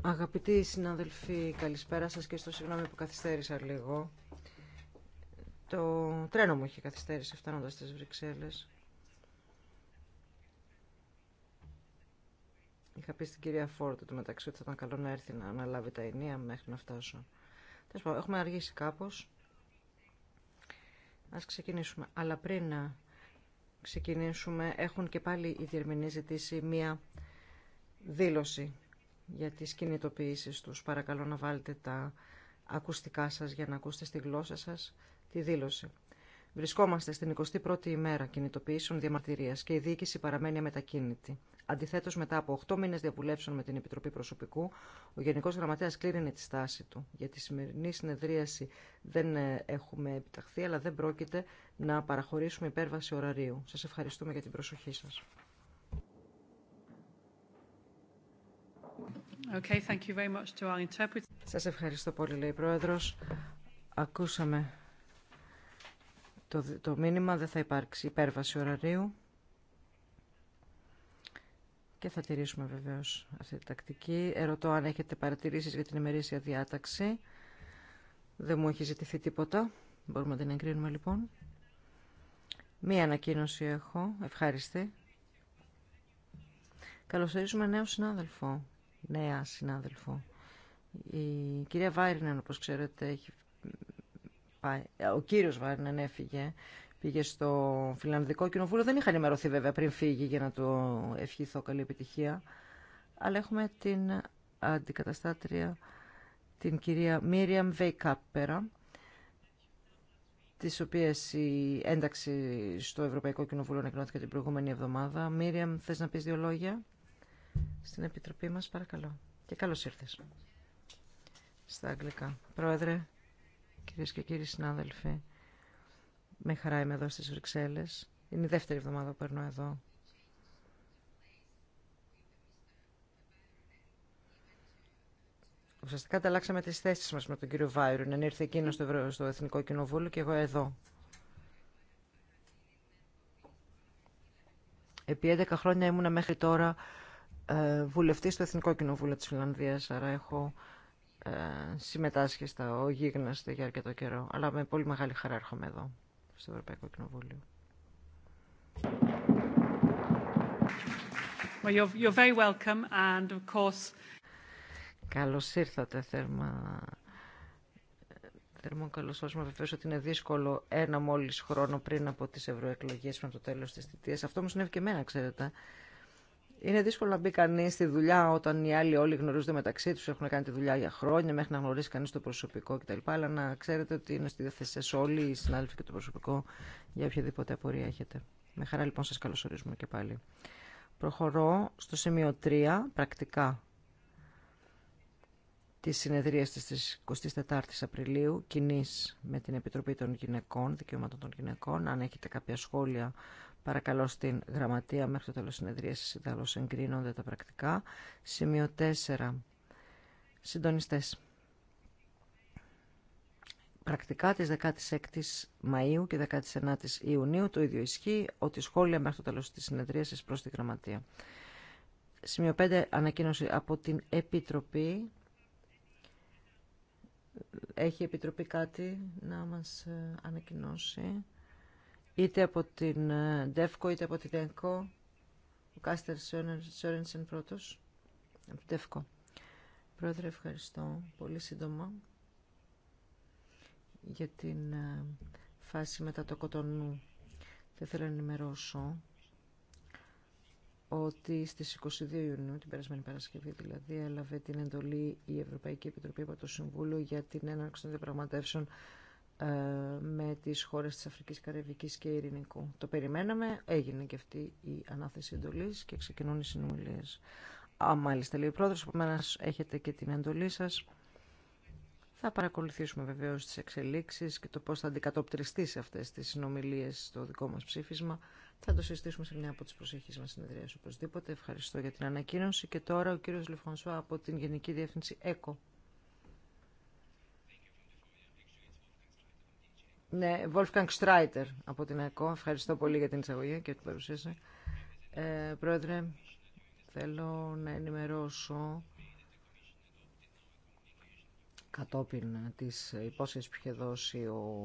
Αγαπητοί συναδελφοί, καλησπέρα σας και στο συγγνώμη που καθυστέρησα λίγο. Το τρένο μου είχε καθυστέρησει φτάνοντας στις Βρυξέλλες. Είχα πει στην κυρία Φόρτ το μεταξύ ότι θα ήταν καλό να έρθει να αναλάβει τα ενία μέχρι να φτάσω. Έχουμε αργήσει κάπως. Ας ξεκινήσουμε. Αλλά πριν να ξεκινήσουμε, έχουν και πάλι οι διερμηνείς ζητήσει μία δήλωση για τις κινητοποιήσεις τους. Παρακαλώ να βάλετε τα ακουστικά σας για να ακούσετε στη γλώσσα σας τη δήλωση. Βρισκόμαστε στην 21η ημέρα κινητοποιήσεων διαμαρτυρία και η διοίκηση παραμένει αμετακίνητη. Αντιθέτω, μετά από 8 μήνε διαβουλεύσεων με την Επιτροπή Προσωπικού, ο Γενικό Γραμματέα κλείνει τη στάση του. Για τη σημερινή συνεδρίαση δεν ε, έχουμε επιταχθεί, αλλά δεν πρόκειται να παραχωρήσουμε υπέρβαση ωραρίου. Σα ευχαριστούμε για την προσοχή σα. Okay, Σας ευχαριστώ πολύ, λέει η Πρόεδρος. Ακούσαμε το, το μήνυμα, δεν θα υπάρξει υπέρβαση ωραρίου και θα τηρήσουμε βεβαίως αυτή τη τακτική. Ερωτώ αν έχετε παρατηρήσεις για την ημερήσια διάταξη. Δεν μου έχει ζητηθεί τίποτα. Μπορούμε να την εγκρίνουμε λοιπόν. Μία ανακοίνωση έχω. Ευχάριστη. Καλωσορίζουμε νέο συνάδελφο νέα συνάδελφο. Η κυρία Βάιρνεν, όπως ξέρετε, έχει πάει. Ο κύριος Βάιρνεν έφυγε, πήγε στο Φιλανδικό Κοινοβούλιο. Δεν είχα ενημερωθεί βέβαια πριν φύγει για να του ευχηθώ καλή επιτυχία. Αλλά έχουμε την αντικαταστάτρια, την κυρία Μίριαμ Βέικάπερα, της οποία η ένταξη στο Ευρωπαϊκό Κοινοβούλιο ανακοινώθηκε την προηγούμενη εβδομάδα. Μίριαμ, θες να πεις δύο λόγια στην Επιτροπή μας, παρακαλώ. Και καλώς ήρθες. Στα αγγλικά. Πρόεδρε, κυρίες και κύριοι συνάδελφοι, με χαρά είμαι εδώ στις Βρυξέλλες. Είναι η δεύτερη εβδομάδα που περνώ εδώ. Ουσιαστικά ανταλλάξαμε τις θέσεις μας με τον κύριο Βάιρου. Αν ήρθε εκείνο στο, στο Εθνικό Κοινοβούλιο και εγώ εδώ. Επί 11 χρόνια ήμουνα μέχρι τώρα ε, βουλευτής στο Εθνικό Κοινοβούλιο της Φιλανδίας, άρα έχω ε, συμμετάσχει στα ογίγναστα για αρκετό καιρό, αλλά με πολύ μεγάλη χαρά έρχομαι εδώ, στο Ευρωπαϊκό Κοινοβούλιο. Well, you're, very welcome and of course... Καλώς ήρθατε θέρμα. Θερμό καλώς όσμα βεβαίως ότι είναι δύσκολο ένα μόλις χρόνο πριν από τις ευρωεκλογές με το τέλος της θητείας. Αυτό μου συνέβη και εμένα, ξέρετε. Είναι δύσκολο να μπει κανεί στη δουλειά όταν οι άλλοι όλοι γνωρίζονται μεταξύ του, έχουν κάνει τη δουλειά για χρόνια, μέχρι να γνωρίσει κανεί το προσωπικό κτλ. Αλλά να ξέρετε ότι είναι στη διάθεσή σα όλοι οι συνάδελφοι και το προσωπικό για οποιαδήποτε απορία έχετε. Με χαρά λοιπόν σα καλωσορίζουμε και πάλι. Προχωρώ στο σημείο 3, πρακτικά τη συνεδρία τη 24 η Απριλίου, κοινή με την Επιτροπή των Γυναικών, Δικαιωμάτων των Γυναικών. Αν έχετε κάποια σχόλια παρακαλώ στην γραμματεία μέχρι το τέλος συνεδρίασης ιδάλλως εγκρίνονται τα πρακτικά. Σημείο 4. Συντονιστές. Πρακτικά της 16ης Μαΐου και 19ης Ιουνίου το ίδιο ισχύει ότι σχόλια μέχρι το τέλος της συνεδρίασης προς τη γραμματεία. Σημείο 5. Ανακοίνωση από την Επιτροπή. Έχει η Επιτροπή κάτι να μας ε, ανακοινώσει είτε από την ΔΕΦΚΟ είτε από την Ενκό, Ο Κάστερ Σόρενσεν πρώτος, από την ΔΕΦΚΟ. Πρόεδρε, ευχαριστώ πολύ σύντομα για την ε, φάση μετά το κοτονού. Θα ήθελα να ενημερώσω ότι στις 22 Ιουνίου, την περασμένη Παρασκευή δηλαδή, έλαβε την εντολή η Ευρωπαϊκή Επιτροπή από το Συμβούλιο για την έναρξη των διαπραγματεύσεων ε, με τις χώρες της Αφρικής Καραϊβικής και Ειρηνικού. Το περιμέναμε, έγινε και αυτή η ανάθεση εντολή και ξεκινούν οι συνομιλίες. μάλιστα, λέει ο πρόεδρος, επομένως έχετε και την εντολή σας. Θα παρακολουθήσουμε βεβαίω τι εξελίξει και το πώ θα αντικατοπτριστεί σε αυτές τι συνομιλίε το δικό μα ψήφισμα. Θα το συζητήσουμε σε μια από τι προσεχείς μα συνεδρίε οπωσδήποτε. Ευχαριστώ για την ανακοίνωση και τώρα ο κύριο Λεφανσου από την Γενική Διεύθυνση ΕΚΟ. Ναι, Wolfgang Streiter από την ΕΚΟ. Ευχαριστώ πολύ για την εισαγωγή και την παρουσίαση. Ε, πρόεδρε, θέλω να ενημερώσω κατόπιν της υπόσχεσης που είχε δώσει ο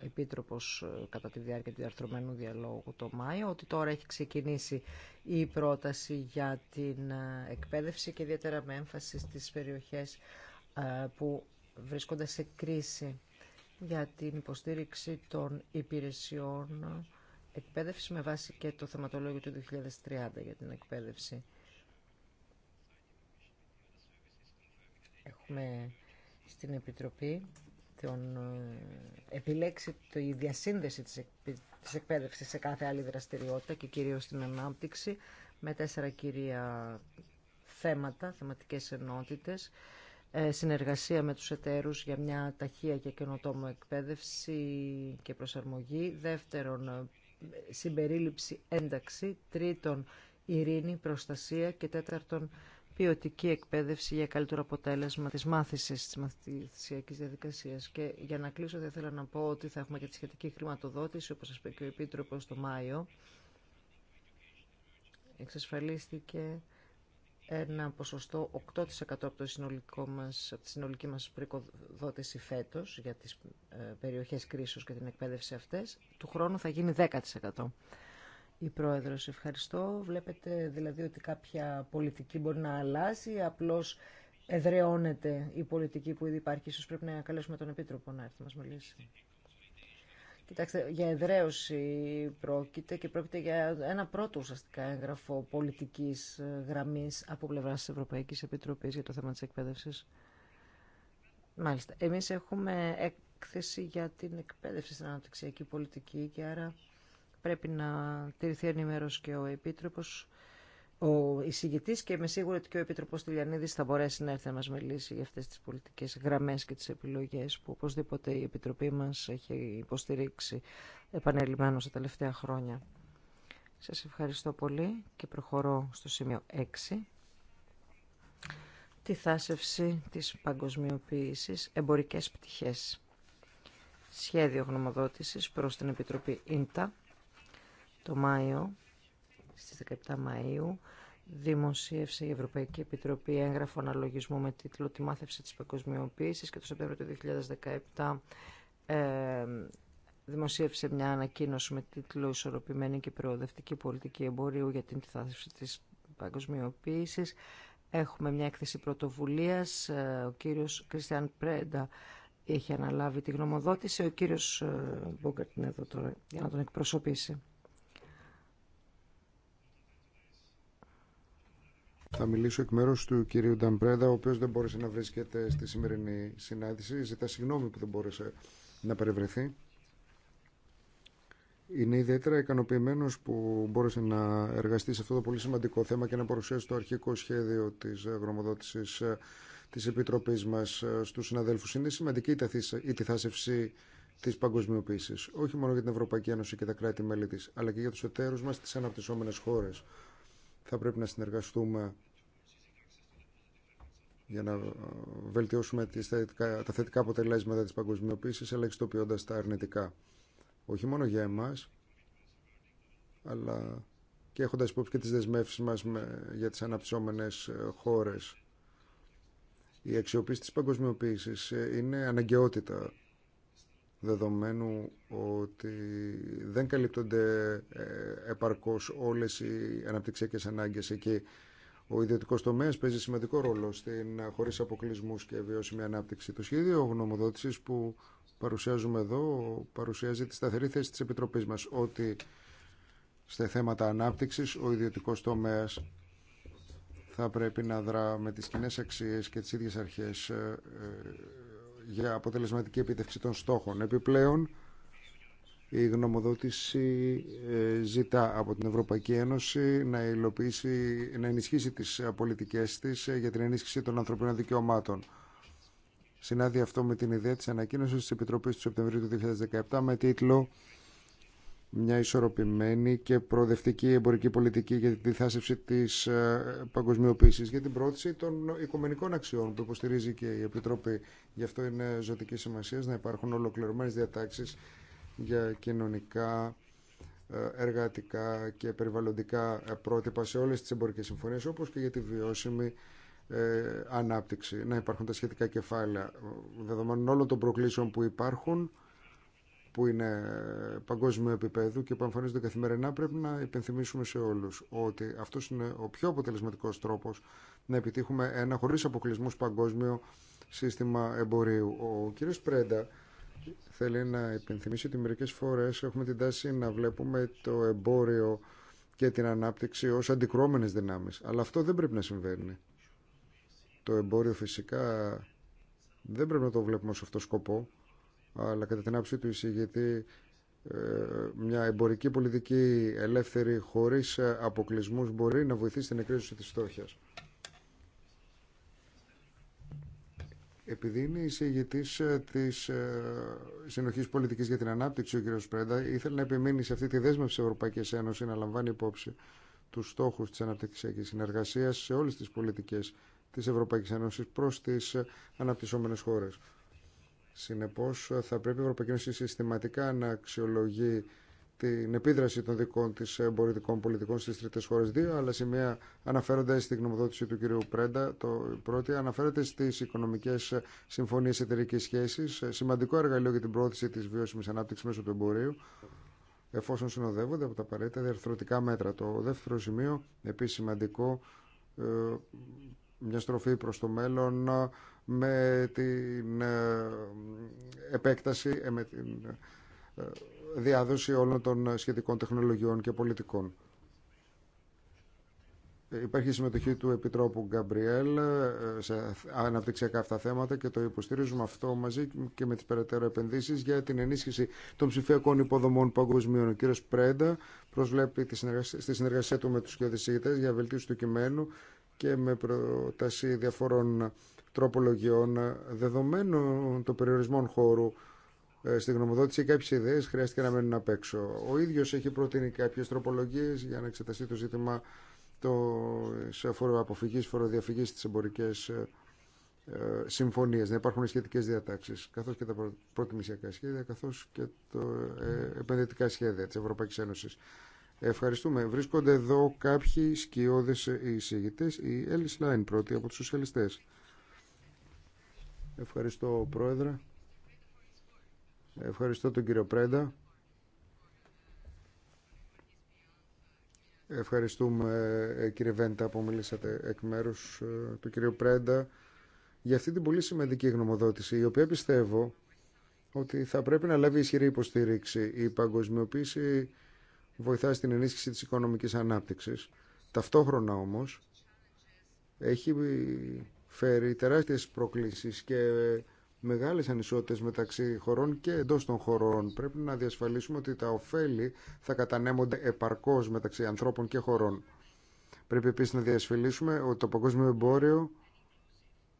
Επίτροπος ε, κατά τη διάρκεια του διαρθρωμένου διαλόγου το Μάιο, ότι τώρα έχει ξεκινήσει η πρόταση για την ε, εκπαίδευση και ιδιαίτερα με έμφαση στις περιοχές ε, που βρίσκονται σε κρίση για την υποστήριξη των υπηρεσιών εκπαίδευση με βάση και το θεματολόγιο του 2030 για την εκπαίδευση. Έχουμε στην Επιτροπή τον, ε, επιλέξει τη διασύνδεση της, της εκπαίδευσης σε κάθε άλλη δραστηριότητα και κυρίως στην ανάπτυξη με τέσσερα κυρία θέματα, θεματικές ενότητες ε, συνεργασία με τους εταίρους για μια ταχεία και καινοτόμο εκπαίδευση και προσαρμογή. Δεύτερον, ε, συμπερίληψη ένταξη. Τρίτον, ειρήνη, προστασία. Και τέταρτον, ποιοτική εκπαίδευση για καλύτερο αποτέλεσμα της μάθησης της μαθησιακής διαδικασίας. Και για να κλείσω θα ήθελα να πω ότι θα έχουμε και τη σχετική χρηματοδότηση, όπως σας είπε και ο Επίτροπος το Μάιο. Εξασφαλίστηκε ένα ποσοστό 8% από, συνολικό μας, από τη συνολική μας πρικοδότηση φέτος για τις ε, περιοχές κρίσεως και την εκπαίδευση αυτές, του χρόνου θα γίνει 10%. Η Πρόεδρος, ευχαριστώ. Βλέπετε δηλαδή ότι κάποια πολιτική μπορεί να αλλάζει, απλώς εδραιώνεται η πολιτική που ήδη υπάρχει. Ίσως πρέπει να καλέσουμε τον Επίτροπο να έρθει να μας μιλήσει. Κοιτάξτε, για εδραίωση πρόκειται και πρόκειται για ένα πρώτο ουσιαστικά έγγραφο πολιτικής ε, γραμμή από πλευρά τη Ευρωπαϊκής Επιτροπής για το θέμα της εκπαίδευση. Μάλιστα. Εμείς έχουμε έκθεση για την εκπαίδευση στην αναπτυξιακή πολιτική και άρα πρέπει να τηρηθεί ενημέρωση και ο Επίτροπος ο εισηγητής και είμαι σίγουρη ότι και ο Επίτροπο Τηλιανίδη θα μπορέσει να έρθει να μα μιλήσει για αυτέ τι πολιτικέ γραμμέ και τι επιλογέ που οπωσδήποτε η Επιτροπή μα έχει υποστηρίξει επανελειμμένως τα τελευταία χρόνια. Σα ευχαριστώ πολύ και προχωρώ στο σημείο 6 τη θάσευση της παγκοσμιοποίησης, εμπορικές πτυχές. Σχέδιο γνωμοδότησης προς την Επιτροπή ΙΝΤΑ το Μάιο στις 17 Μαΐου δημοσίευσε η Ευρωπαϊκή Επιτροπή έγγραφο αναλογισμού με τίτλο «Τη μάθευση της παγκοσμιοποίησης» και το Σεπτέμβριο του 2017 ε, δημοσίευσε μια ανακοίνωση με τίτλο «Ισορροπημένη και προοδευτική πολιτική εμπορίου για την μάθευση της παγκοσμιοποίησης». Έχουμε μια έκθεση πρωτοβουλίας. Ε, ο κύριος Κριστιαν Πρέντα είχε αναλάβει τη γνωμοδότηση. Ο κύριος ε, Μπόγκαρτ είναι εδώ τώρα για να τον εκπροσωπήσει. Θα μιλήσω εκ μέρου του κυρίου Νταμπρέδα, ο οποίο δεν μπόρεσε να βρίσκεται στη σημερινή συνάντηση. Ζητά συγγνώμη που δεν μπόρεσε να παρευρεθεί. Είναι ιδιαίτερα ικανοποιημένο που μπόρεσε να εργαστεί σε αυτό το πολύ σημαντικό θέμα και να παρουσιάσει το αρχικό σχέδιο τη γνωμοδότηση ε, τη Επιτροπή μα ε, στου συναδέλφου. Είναι σημαντική η τυθάσευση τη παγκοσμιοποίηση, όχι μόνο για την Ευρωπαϊκή Ένωση και τα κράτη-μέλη τη, αλλά και για του εταίρου μα στι αναπτυσσόμενε χώρε. Θα πρέπει να συνεργαστούμε για να βελτιώσουμε τις θετικά, τα θετικά αποτελέσματα της παγκοσμιοποίησης, αλλά τα αρνητικά. Όχι μόνο για εμάς, αλλά και έχοντας υπόψη και τις δεσμεύσεις μας με, για τις αναπτυσσόμενες ε, χώρες. Η αξιοποίηση της παγκοσμιοποίησης ε, είναι αναγκαιότητα δεδομένου ότι δεν καλύπτονται ε, επαρκώς όλες οι αναπτυξιακές ανάγκες εκεί. Ο ιδιωτικό τομέα παίζει σημαντικό ρόλο στην ε, χωρί αποκλεισμού και βιώσιμη ανάπτυξη. Το σχέδιο γνωμοδότηση που παρουσιάζουμε εδώ παρουσιάζει τη σταθερή θέση τη Επιτροπή μα ότι στα θέματα ανάπτυξη ο ιδιωτικό τομέα θα πρέπει να δρά με τι κοινέ αξίε και τι ίδιε αρχέ ε, για αποτελεσματική επίτευξη των στόχων. Επιπλέον, η γνωμοδότηση ε, ζητά από την Ευρωπαϊκή Ένωση να, υλοποιήσει, να ενισχύσει τις πολιτικές της ε, για την ενίσχυση των ανθρωπίνων δικαιωμάτων. Συνάδει αυτό με την ιδέα της ανακοίνωσης της Επιτροπής του Σεπτεμβρίου του 2017 με τίτλο μια ισορροπημένη και προοδευτική εμπορική πολιτική για τη διθάσευση της ε, παγκοσμιοποίησης, για την πρόθεση των οικομενικών αξιών που υποστηρίζει και η Επιτροπή. Γι' αυτό είναι ζωτική σημασία να υπάρχουν ολοκληρωμένες διατάξεις για κοινωνικά, ε, εργατικά και περιβαλλοντικά πρότυπα σε όλες τις εμπορικές συμφωνίες, όπως και για τη βιώσιμη ε, ανάπτυξη. Να υπάρχουν τα σχετικά κεφάλαια δεδομένων όλων των προκλήσεων που υπάρχουν που είναι παγκόσμιο επίπεδου και που εμφανίζονται καθημερινά, πρέπει να υπενθυμίσουμε σε όλους ότι αυτό είναι ο πιο αποτελεσματικός τρόπος να επιτύχουμε ένα χωρίς αποκλεισμούς παγκόσμιο σύστημα εμπορίου. Ο κύριος Πρέντα θέλει να υπενθυμίσει ότι μερικέ φορές έχουμε την τάση να βλέπουμε το εμπόριο και την ανάπτυξη ως αντικρώμενες δυνάμεις. Αλλά αυτό δεν πρέπει να συμβαίνει. Το εμπόριο φυσικά δεν πρέπει να το βλέπουμε ως αυτό σκοπό αλλά κατά την άψη του εισηγητή ε, μια εμπορική πολιτική ελεύθερη χωρίς ε, αποκλεισμούς μπορεί να βοηθήσει την εκρίζωση της στόχιας. Επειδή είναι εισηγητή ε, τη Συνοχή Πολιτική για την Ανάπτυξη, ο κ. Πρέντα ήθελε να επιμείνει σε αυτή τη δέσμευση τη Ευρωπαϊκή Ένωση να λαμβάνει υπόψη του στόχου τη αναπτυξιακής συνεργασίας σε όλες τις πολιτικές της Ευρωπαϊκή Ένωση προ τι αναπτυσσόμενες χώρε. Συνεπώ θα πρέπει η Ευρωπαϊκή Ένωση συστηματικά να αξιολογεί την επίδραση των δικών τη εμπορικών πολιτικών στι τρίτε χώρε Δύο άλλα σημεία αναφέρονται στην γνωμοδότηση του κ. Πρέντα. Το πρώτο αναφέρεται στι οικονομικέ συμφωνίε εταιρική σχέση. Σημαντικό εργαλείο για την πρόθεση τη βιώσιμη ανάπτυξη μέσω του εμπορίου εφόσον συνοδεύονται από τα απαραίτητα διαρθρωτικά μέτρα. Το δεύτερο σημείο, επίσης σημαντικό, ε, μια στροφή προς το μέλλον ε, με την ε, επέκταση, ε, με την διάδοση όλων των σχετικών τεχνολογιών και πολιτικών. Υπάρχει συμμετοχή του Επιτρόπου Γκαμπριέλ σε αναπτυξιακά αυτά θέματα και το υποστηρίζουμε αυτό μαζί και με τις περαιτέρω επενδύσεις για την ενίσχυση των ψηφιακών υποδομών παγκοσμίων. Ο κύριος Πρέντα προσβλέπει στη συνεργασία του με τους για βελτίωση του κειμένου και με πρόταση διαφορών τροπολογιών δεδομένου των περιορισμών χώρου ε, στην γνωμοδότηση κάποιε ιδέε χρειάστηκε να μένουν απ' έξω. Ο ίδιο έχει προτείνει κάποιε τροπολογίε για να εξεταστεί το ζήτημα τη φοροδιαφυγής στις εμπορικές εμπορικέ συμφωνίες. να υπάρχουν σχετικές διατάξεις, καθώς και τα προτιμησιακά σχέδια, καθώς και τα ε, επενδυτικά σχέδια της Ευρωπαϊκής Ένωσης. Ευχαριστούμε. Βρίσκονται εδώ κάποιοι σκιώδε εισηγητέ. Η Έλλης Λάιν πρώτη από τους σοσιαλιστές. Ευχαριστώ Πρόεδρε. Ευχαριστώ τον κύριο Πρέντα. Ευχαριστούμε ε, κύριε Βέντα που μιλήσατε εκ μέρου ε, του κύριου Πρέντα για αυτή την πολύ σημαντική γνωμοδότηση η οποία πιστεύω ότι θα πρέπει να λάβει ισχυρή υποστήριξη. Η παγκοσμιοποίηση βοηθάει στην ενίσχυση της οικονομικής ανάπτυξης. Ταυτόχρονα όμως έχει φέρει τεράστιες προκλήσεις και μεγάλες ανισότητες μεταξύ χωρών και εντός των χωρών. Πρέπει να διασφαλίσουμε ότι τα ωφέλη θα κατανέμονται επαρκώς μεταξύ ανθρώπων και χωρών. Πρέπει επίσης να διασφαλίσουμε ότι το παγκόσμιο εμπόριο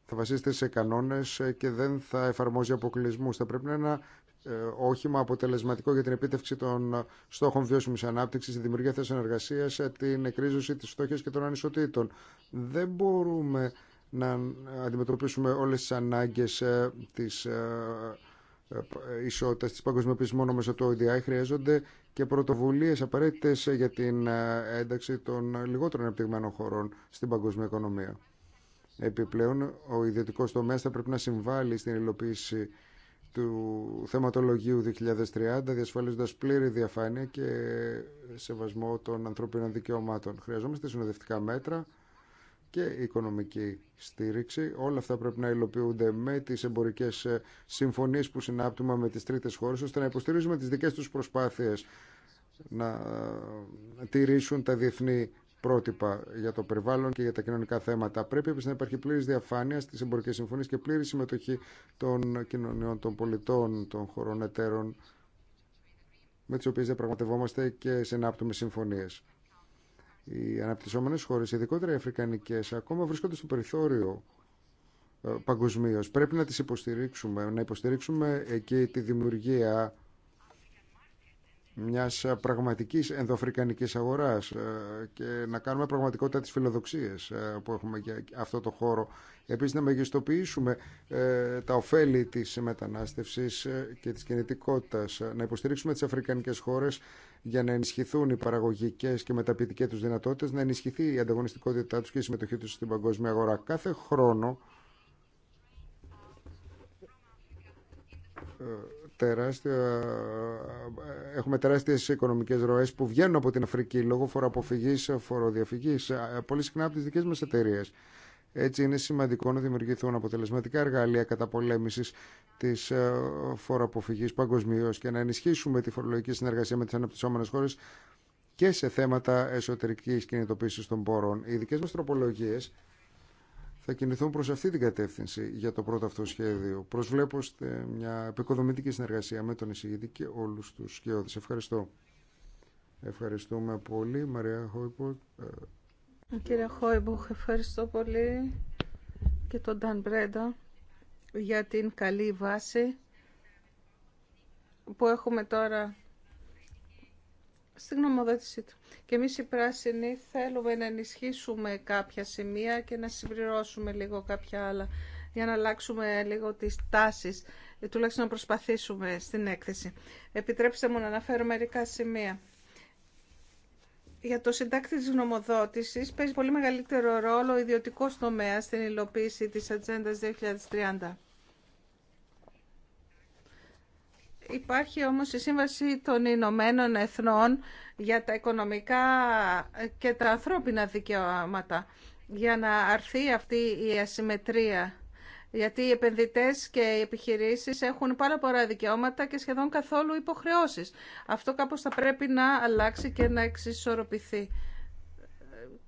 θα βασίζεται σε κανόνες και δεν θα εφαρμόζει αποκλεισμού. Θα πρέπει να είναι ένα ε, όχημα αποτελεσματικό για την επίτευξη των στόχων βιώσιμη ανάπτυξη, τη δημιουργία θέσεων εργασία, ε, την εκρίζωση τη φτώχεια και των ανισοτήτων. Δεν μπορούμε να αντιμετωπίσουμε όλε τι ανάγκε ε, τη ισότητα τη παγκοσμιοποίηση μόνο μέσω του ODI. Χρειάζονται και πρωτοβουλίε απαραίτητε για την ένταξη των λιγότερων ανεπτυγμένων χωρών στην παγκοσμία οικονομία. Επιπλέον, ο ιδιωτικό τομέα θα πρέπει να συμβάλλει στην υλοποίηση του θεματολογίου 2030 διασφαλίζοντας πλήρη διαφάνεια και σεβασμό των ανθρωπίνων δικαιωμάτων. Χρειαζόμαστε συνοδευτικά μέτρα και οικονομική στήριξη. Όλα αυτά πρέπει να υλοποιούνται με τις εμπορικές συμφωνίες που συνάπτουμε με τις τρίτες χώρες ώστε να υποστηρίζουμε τις δικές τους προσπάθειες να τηρήσουν τα διεθνή πρότυπα για το περιβάλλον και για τα κοινωνικά θέματα. Πρέπει επίση να υπάρχει πλήρη διαφάνεια στι εμπορικέ συμφωνίε και πλήρη συμμετοχή των κοινωνιών, των πολιτών, των χωρών εταίρων με τι οποίε διαπραγματευόμαστε και συνάπτουμε συμφωνίε. Οι αναπτυσσόμενε χώρε, ειδικότερα οι αφρικανικέ, ακόμα βρίσκονται στο περιθώριο ε, παγκοσμίω. Πρέπει να τι υποστηρίξουμε, να υποστηρίξουμε εκεί τη δημιουργία μιας ε, πραγματικής ενδοφρικανικής αγοράς ε, και να κάνουμε πραγματικότητα τις φιλοδοξίες ε, που έχουμε για αυτό το χώρο. Επίσης να μεγιστοποιήσουμε τα ωφέλη της μετανάστευσης και της κινητικότητας, να υποστηρίξουμε τις αφρικανικές χώρες για να ενισχυθούν οι παραγωγικές και μεταπητικές τους δυνατότητες, να ενισχυθεί η ανταγωνιστικότητά τους και η συμμετοχή τους στην παγκόσμια αγορά. Κάθε χρόνο τεράστια, έχουμε τεράστιες οικονομικές ροές που βγαίνουν από την Αφρική λόγω φοροαποφυγής, φοροδιαφυγής, ε, πολύ συχνά από τις δικές μας εταιρείε. Έτσι είναι σημαντικό να δημιουργηθούν αποτελεσματικά εργαλεία καταπολέμησης της ε, φοροαποφυγής παγκοσμίω και να ενισχύσουμε τη φορολογική συνεργασία με τις αναπτυσσόμενες χώρες και σε θέματα εσωτερικής κινητοποίησης των πόρων. Οι δικές μας τροπολογίες θα κινηθούν προς αυτή την κατεύθυνση για το πρώτο αυτό σχέδιο. Προσβλέπω μια επικοδομητική συνεργασία με τον εισηγητή και όλους τους σκιώδες. Ευχαριστώ. Ευχαριστούμε πολύ. Μαρία Χόιμπου. Ε, Κύριε Χόιμπου, ευχαριστώ πολύ και τον Ταν Μπρέντα για την καλή βάση που έχουμε τώρα στη γνωμοδότησή του. Και εμείς οι πράσινοι θέλουμε να ενισχύσουμε κάποια σημεία και να συμπληρώσουμε λίγο κάποια άλλα για να αλλάξουμε λίγο τις τάσεις, τουλάχιστον να προσπαθήσουμε στην έκθεση. Επιτρέψτε μου να αναφέρω μερικά σημεία. Για το συντάκτη της γνωμοδότησης παίζει πολύ μεγαλύτερο ρόλο ο ιδιωτικός τομέας στην υλοποίηση της Ατζέντας 2030. Υπάρχει όμως η Σύμβαση των Ηνωμένων Εθνών για τα οικονομικά και τα ανθρώπινα δικαιώματα για να αρθεί αυτή η ασυμμετρία. Γιατί οι επενδυτές και οι επιχειρήσεις έχουν πάρα πολλά δικαιώματα και σχεδόν καθόλου υποχρεώσεις. Αυτό κάπως θα πρέπει να αλλάξει και να εξισορροπηθεί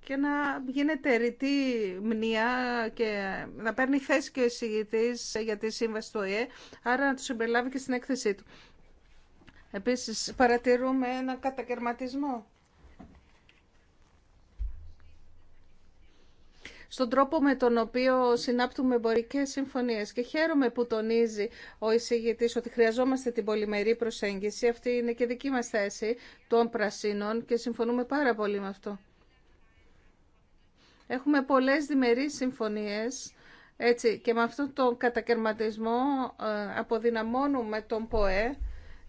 και να γίνεται ρητή μνήα και να παίρνει θέση και ο εισηγητής για τη σύμβαση του άρα να του συμπεριλάβει και στην έκθεσή του. Επίσης παρατηρούμε ένα κατακαιρματισμό. στον τρόπο με τον οποίο συνάπτουμε εμπορικέ συμφωνίες. Και χαίρομαι που τονίζει ο εισηγητής ότι χρειαζόμαστε την πολυμερή προσέγγιση. Αυτή είναι και δική μας θέση των πρασίνων και συμφωνούμε πάρα πολύ με αυτό. Έχουμε πολλές διμερείς συμφωνίες έτσι, και με αυτόν τον κατακαιρματισμό ε, αποδυναμώνουμε τον ΠΟΕ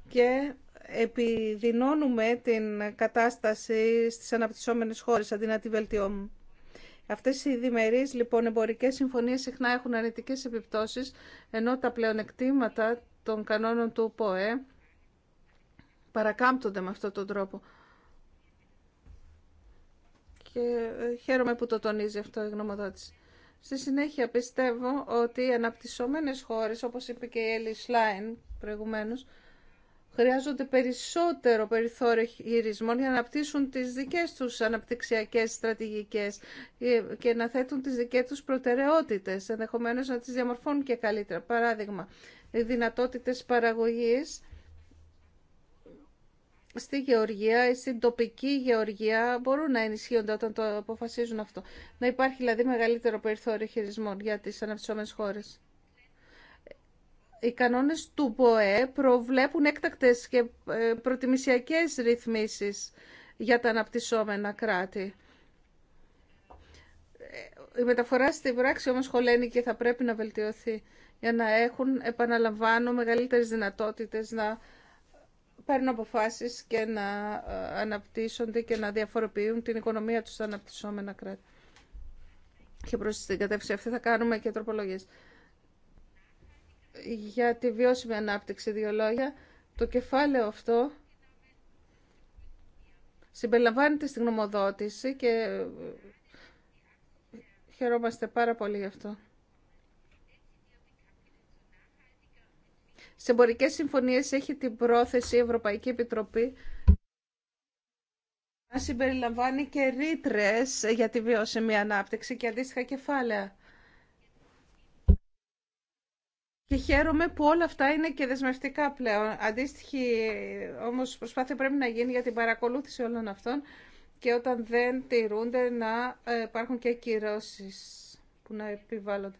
και επιδεινώνουμε την κατάσταση στις αναπτυσσόμενες χώρες αντί να τη βελτιώνουμε. Αυτές οι διμερείς λοιπόν εμπορικές συμφωνίες συχνά έχουν αρνητικές επιπτώσεις ενώ τα πλεονεκτήματα των κανόνων του ΠΟΕ παρακάμπτονται με αυτόν τον τρόπο και ε, χαίρομαι που το τονίζει αυτό η γνωμοδότηση. Στη συνέχεια πιστεύω ότι οι αναπτυσσόμενες χώρες, όπως είπε και η Έλλη Σλάιν προηγουμένως, χρειάζονται περισσότερο περιθώριο γυρισμών για να αναπτύσσουν τις δικές τους αναπτυξιακές στρατηγικές και να θέτουν τις δικές τους προτεραιότητες, ενδεχομένως να τις διαμορφώνουν και καλύτερα. Παράδειγμα, οι δυνατότητες παραγωγής στη γεωργία ή στην τοπική γεωργία μπορούν να ενισχύονται όταν το αποφασίζουν αυτό. Να υπάρχει δηλαδή μεγαλύτερο περιθώριο χειρισμών για τις αναπτυσσόμενες χώρες. Οι κανόνες του ΠΟΕ προβλέπουν έκτακτες και ε, προτιμησιακές ρυθμίσεις για τα αναπτυσσόμενα κράτη. Ε, η μεταφορά στη πράξη όμως χωλαίνει και θα πρέπει να βελτιωθεί για να έχουν, επαναλαμβάνω, μεγαλύτερες δυνατότητες να παίρνουν αποφάσει και να ε, αναπτύσσονται και να διαφοροποιούν την οικονομία του στα αναπτυσσόμενα κράτη. Και προ την κατεύθυνση αυτή θα κάνουμε και τροπολογίες. Για τη βιώσιμη ανάπτυξη, δύο λόγια, το κεφάλαιο αυτό συμπεριλαμβάνεται στην γνωμοδότηση και ε, χαιρόμαστε πάρα πολύ γι' αυτό. σε εμπορικέ συμφωνίε έχει την πρόθεση η Ευρωπαϊκή Επιτροπή να συμπεριλαμβάνει και ρήτρε για τη βιώσιμη ανάπτυξη και αντίστοιχα κεφάλαια. Και χαίρομαι που όλα αυτά είναι και δεσμευτικά πλέον. Αντίστοιχη όμως προσπάθεια πρέπει να γίνει για την παρακολούθηση όλων αυτών και όταν δεν τηρούνται να ε, υπάρχουν και κυρώσεις που να επιβάλλονται.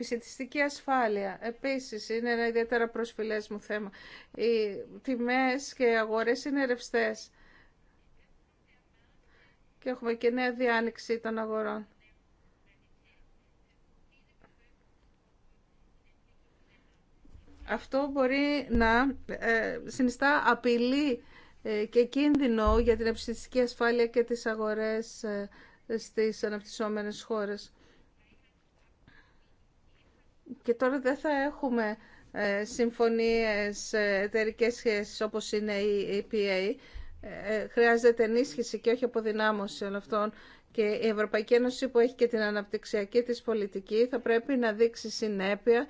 Επιστημιστική ασφάλεια, επίσης, είναι ένα ιδιαίτερα προσφυλές μου θέμα. Οι τιμές και οι αγορές είναι ρευστές. Και έχουμε και νέα διάνοιξη των αγορών. Αυτό μπορεί να ε, συνιστά απειλή ε, και κίνδυνο για την επιστημιστική ασφάλεια και τις αγορές ε, στις αναπτυσσόμενες χώρες. Και τώρα δεν θα έχουμε ε, συμφωνίες ε, εταιρικέ σχέσεις όπως είναι η EPA. Ε, χρειάζεται ενίσχυση και όχι αποδυνάμωση όλων αυτών. Και η Ευρωπαϊκή Ένωση που έχει και την αναπτυξιακή της πολιτική θα πρέπει να δείξει συνέπεια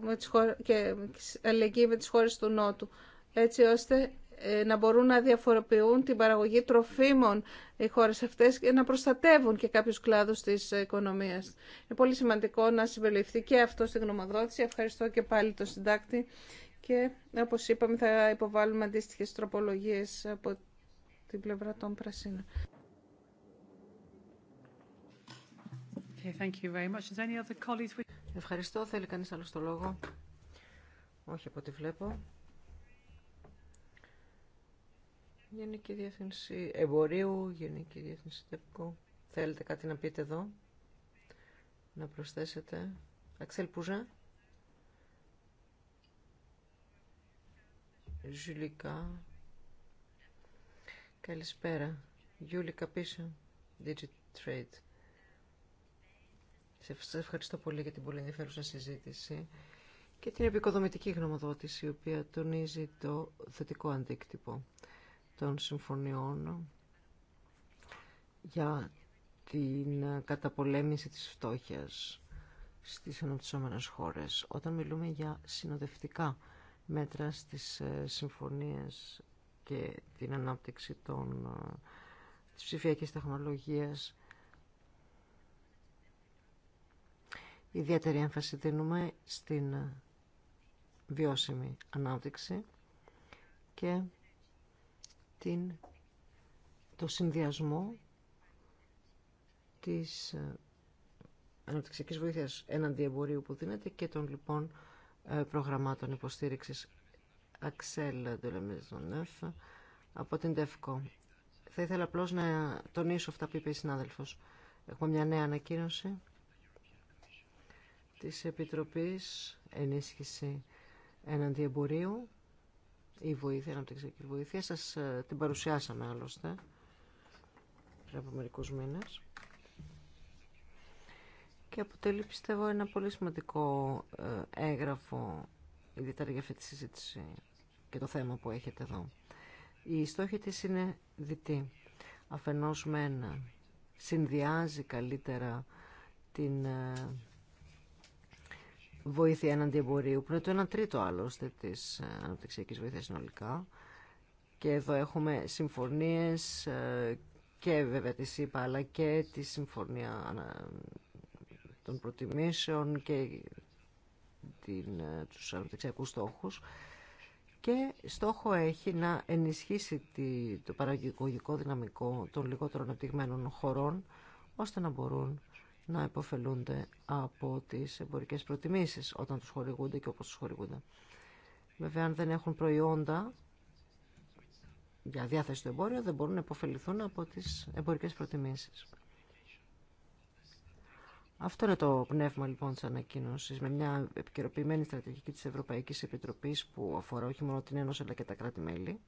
με και αλληλεγγύη με τις χώρες του Νότου, έτσι ώστε ε, να μπορούν να διαφοροποιούν την παραγωγή τροφίμων οι χώρες αυτές και να προστατεύουν και κάποιους κλάδους της οικονομίας. Είναι πολύ σημαντικό να συμπεριληφθεί και αυτό στην γνωμοδότηση. Ευχαριστώ και πάλι τον συντάκτη και όπως είπαμε θα υποβάλουμε αντίστοιχε τροπολογίες από την πλευρά των Πρασίνων. Ευχαριστώ. Θέλει κανείς άλλο το λόγο. Όχι από ό,τι βλέπω. Γενική Διεύθυνση Εμπορίου, Γενική Διεύθυνση ΤΕΠΚΟ. Θέλετε κάτι να πείτε εδώ, να προσθέσετε. Αξέλ Πουζά. Ζουλικά. Καλησπέρα. Γιούλικα πίσω. Trade σε ευχαριστώ πολύ για την πολύ ενδιαφέρουσα συζήτηση και την επικοδομητική γνωμοδότηση η οποία τονίζει το θετικό αντίκτυπο των συμφωνιών για την καταπολέμηση της φτώχειας στις αναπτυσσόμενες χώρες. Όταν μιλούμε για συνοδευτικά μέτρα στις ε, συμφωνίες και την ανάπτυξη των, ε, της ψηφιακής τεχνολογίας, ιδιαίτερη έμφαση δίνουμε στην βιώσιμη ανάπτυξη και την, το συνδυασμό της ε, αναπτυξιακής βοήθειας έναντι εμπορίου που δίνεται και των λοιπόν προγραμμάτων υποστήριξης Αξέλα de από την ΤΕΦΚΟ. Θα ήθελα απλώ να τονίσω αυτά που είπε η συνάδελφος. Έχουμε μια νέα ανακοίνωση της Επιτροπής Ενίσχυση Έναντι Εμπορίου η βοήθεια, η αναπτυξιακή βοήθεια. Σας ε, την παρουσιάσαμε άλλωστε πριν από μερικού μήνε. Και αποτελεί πιστεύω ένα πολύ σημαντικό ε, έγγραφο ιδιαίτερα για αυτή τη συζήτηση και το θέμα που έχετε εδώ. Η στόχη της είναι διτή. Αφενός με ένα συνδυάζει καλύτερα την ε, βοήθεια εναντί εμπορίου, που είναι το 1 τρίτο άλλωστε τη ε, αναπτυξιακή βοήθεια συνολικά. Και εδώ έχουμε συμφωνίε ε, και βέβαια τη ΣΥΠΑ, αλλά και τη Συμφωνία ε, των Προτιμήσεων και του τους στόχου, και στόχο έχει να ενισχύσει το παραγωγικό δυναμικό των λιγότερων αναπτυγμένων χωρών ώστε να μπορούν να υποφελούνται από τις εμπορικές προτιμήσεις όταν τους χορηγούνται και όπως τους χορηγούνται. Βέβαια, αν δεν έχουν προϊόντα για διάθεση του εμπόριο, δεν μπορούν να υποφεληθούν από τις εμπορικές προτιμήσεις. Αυτό είναι το πνεύμα λοιπόν της ανακοίνωσης, με μια επικαιροποιημένη στρατηγική της Ευρωπαϊκής Επιτροπής που αφορά όχι μόνο την Ένωση αλλά και τα κράτη-μέλη.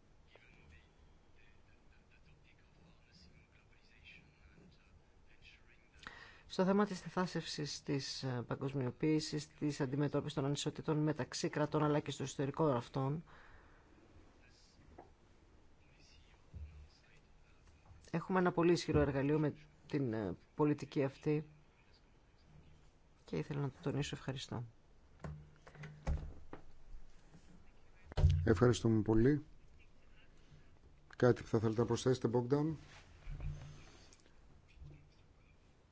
στο θέμα της θεθάσευσης της ε, παγκοσμιοποίησης, της αντιμετώπισης των ανισοτήτων μεταξύ κρατών αλλά και στο ιστορικό αυτών. Έχουμε ένα πολύ ισχυρό εργαλείο με την ε, πολιτική αυτή και ήθελα να το τονίσω ευχαριστώ. Ευχαριστούμε πολύ. Κάτι που θα θέλετε να προσθέσετε, Μπογκτάν;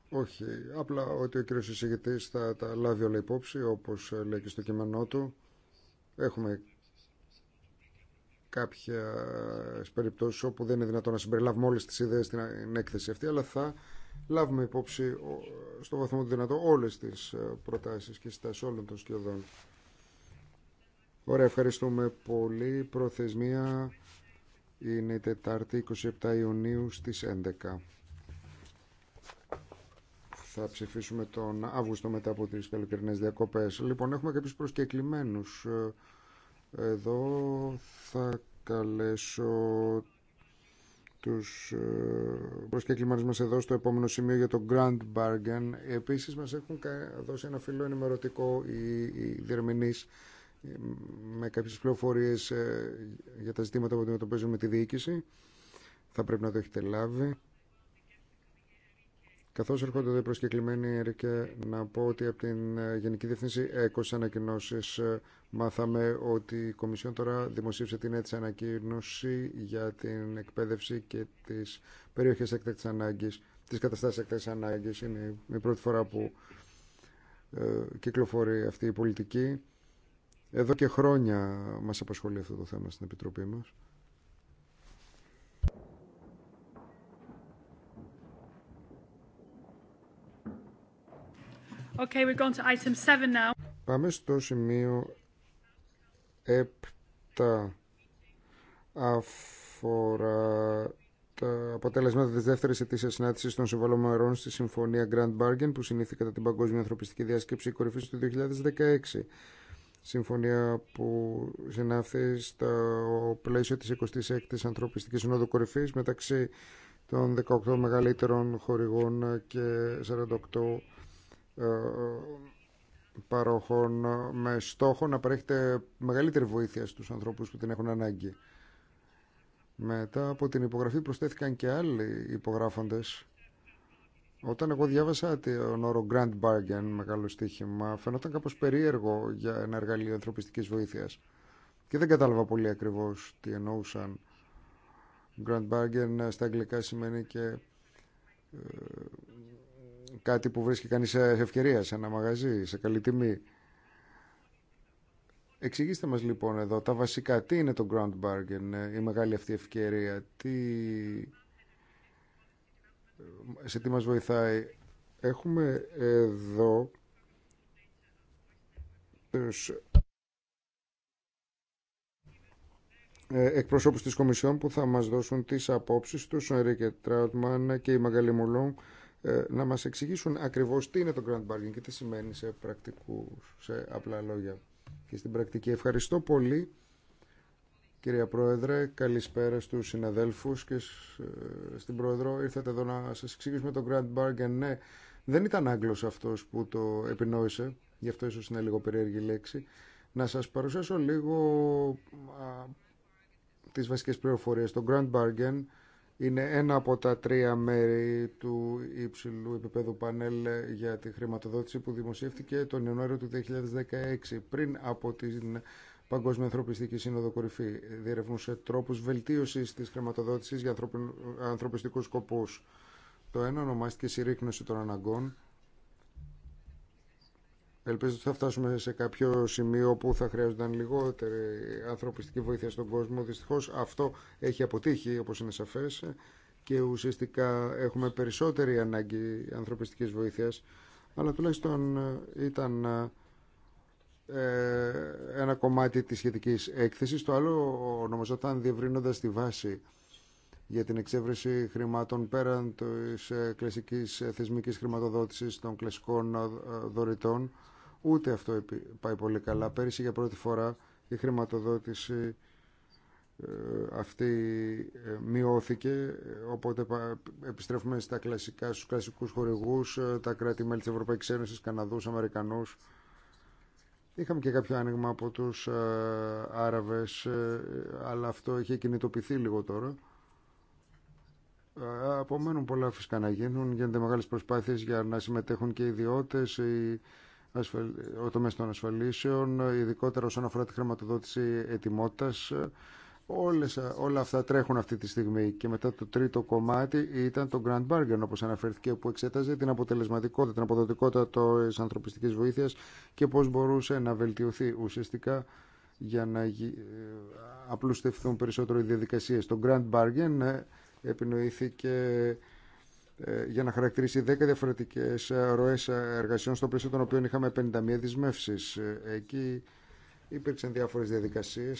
Όχι, απλά ότι ο κύριο εισηγητή θα τα λάβει όλα υπόψη, όπω λέει και στο κείμενό του. Έχουμε κάποια περιπτώσει όπου δεν είναι δυνατόν να συμπεριλάβουμε όλε τι ιδέε στην έκθεση αυτή, αλλά θα λάβουμε υπόψη στο βαθμό του δυνατό όλε τι προτάσει και συστάσει όλων των σκιωδών. Ωραία, ευχαριστούμε πολύ. Προθεσμία είναι η Τετάρτη 27 Ιουνίου στις 11 θα ψηφίσουμε τον Αύγουστο μετά από τις καλοκαιρινές διακοπές. Λοιπόν, έχουμε κάποιους προσκεκλημένους. Ε, εδώ θα καλέσω τους ε, προσκεκλημένους μας εδώ στο επόμενο σημείο για το Grand Bargain. Επίσης μας έχουν δώσει ένα φίλο ενημερωτικό οι, οι διερμηνείς ε, με κάποιες πληροφορίες για τα ζητήματα που αντιμετωπίζουμε με τη διοίκηση. Θα πρέπει να το έχετε λάβει. Καθώ έρχονται εδώ οι προσκεκλημένοι, Ερικέ, να πω ότι από την ε, Γενική Διευθύνση ΕΚΟ στι ανακοινώσει ε, μάθαμε ότι η Κομισιόν τώρα δημοσίευσε την έτσι ανακοίνωση για την εκπαίδευση και τι περιοχέ έκτακτη ανάγκη, τι καταστάσεις έκτακτη ανάγκη. Είναι η πρώτη φορά που ε, κυκλοφορεί αυτή η πολιτική. Εδώ και χρόνια μας απασχολεί αυτό το θέμα στην Επιτροπή μας. Πάμε στο σημείο 7 αφορά τα αποτελέσματα της δεύτερης ετήσιας συνάντηση των συμβαλωμαρών στη Συμφωνία Grand Bargain που συνήθη κατά την Παγκόσμια Ανθρωπιστική Διάσκεψη κορυφή του 2016. Συμφωνία που συνάφθη στο πλαίσιο της 26ης Ανθρωπιστικής Συνόδου Κορυφής μεταξύ των 18 μεγαλύτερων χορηγών και 48 ε, παρόχων ε, με στόχο να παρέχεται μεγαλύτερη βοήθεια στους ανθρώπους που την έχουν ανάγκη. Μετά από την υπογραφή προσθέθηκαν και άλλοι υπογράφοντες. Όταν εγώ διάβασα τον όρο Grand Bargain, μεγάλο στοίχημα, φαινόταν κάπως περίεργο για ένα εργαλείο ανθρωπιστικής βοήθειας. Και δεν κατάλαβα πολύ ακριβώς τι εννοούσαν. Grand Bargain στα αγγλικά σημαίνει και ε, κάτι που βρίσκει κανείς σε ευκαιρία, σε ένα μαγαζί, σε καλή τιμή. Εξηγήστε μας λοιπόν εδώ τα βασικά. Τι είναι το ground bargain, ε, η μεγάλη αυτή ευκαιρία, τι... Ε, σε τι μας βοηθάει. Έχουμε εδώ τους ε, εκπροσώπους της Κομισιόν που θα μας δώσουν τις απόψεις τους, ο Ερίκε Τράουτμαν και η Μαγκαλή Μουλόγκ ε, να μας εξηγήσουν ακριβώς τι είναι το grand bargain και τι σημαίνει σε, πρακτικού, σε απλά λόγια και στην πρακτική. Ευχαριστώ πολύ κυρία Πρόεδρε, καλησπέρα στους συναδέλφους και ε, στην Πρόεδρο. Ήρθατε εδώ να σας εξηγήσουμε το grand bargain. Ναι, δεν ήταν Άγγλος αυτός που το επινόησε, γι' αυτό ίσως είναι λίγο περίεργη λέξη. Να σας παρουσιάσω λίγο α, τις βασικές πληροφορίες. Το grand bargain είναι ένα από τα τρία μέρη του υψηλού επίπεδου πανέλ για τη χρηματοδότηση που δημοσιεύτηκε τον Ιανουάριο του 2016 πριν από την Παγκόσμια Ανθρωπιστική Σύνοδο Κορυφή. Διερευνούσε τρόπους βελτίωσης της χρηματοδότησης για ανθρωπιστικούς σκοπούς. Το ένα ονομάστηκε συρρήκνωση των αναγκών Ελπίζω ότι θα φτάσουμε σε κάποιο σημείο που θα χρειάζονταν λιγότερη ανθρωπιστική βοήθεια στον κόσμο. Δυστυχώς αυτό έχει αποτύχει, όπως είναι σαφές, και ουσιαστικά έχουμε περισσότερη ανάγκη ανθρωπιστικής βοήθειας. Αλλά τουλάχιστον ε, ήταν ε, ένα κομμάτι της σχετικής έκθεσης. Το άλλο ονομαζόταν διευρύνοντας τη βάση για την εξέβρεση χρημάτων πέραν της ε, κλασικής θεσμικής χρηματοδότησης των κλασικών δωρητών Ούτε αυτό πάει πολύ καλά. Πέρυσι για πρώτη φορά η χρηματοδότηση ε, αυτή ε, μειώθηκε οπότε επιστρέφουμε στα κλασικά, στους κλασικούς χορηγούς ε, τα κράτη-μέλη της Ευρωπαϊκής Ένωσης Καναδούς, Αμερικανούς είχαμε και κάποιο άνοιγμα από τους Άραβες αλλά αυτό έχει κινητοποιηθεί λίγο τώρα απομένουν πολλά φυσικά να γίνουν γίνονται μεγάλες προσπάθειες για να συμμετέχουν και ιδιώτες οι ο τομέα των ασφαλίσεων, ειδικότερα όσον αφορά τη χρηματοδότηση ετοιμότητα. Όλες, όλα αυτά τρέχουν αυτή τη στιγμή και μετά το τρίτο κομμάτι ήταν το Grand Bargain όπως αναφέρθηκε που εξέταζε την αποτελεσματικότητα, την αποδοτικότητα της ανθρωπιστικής βοήθειας και πώς μπορούσε να βελτιωθεί ουσιαστικά για να απλουστευθούν περισσότερο οι διαδικασίες. Το Grand Bargain ε, επινοήθηκε ε, για να χαρακτηρίσει 10 διαφορετικέ ε, ροέ ε, εργασιών, στο πλαίσιο των οποίων είχαμε 51 δεσμεύσει. Εκεί υπήρξαν διάφορε διαδικασίε.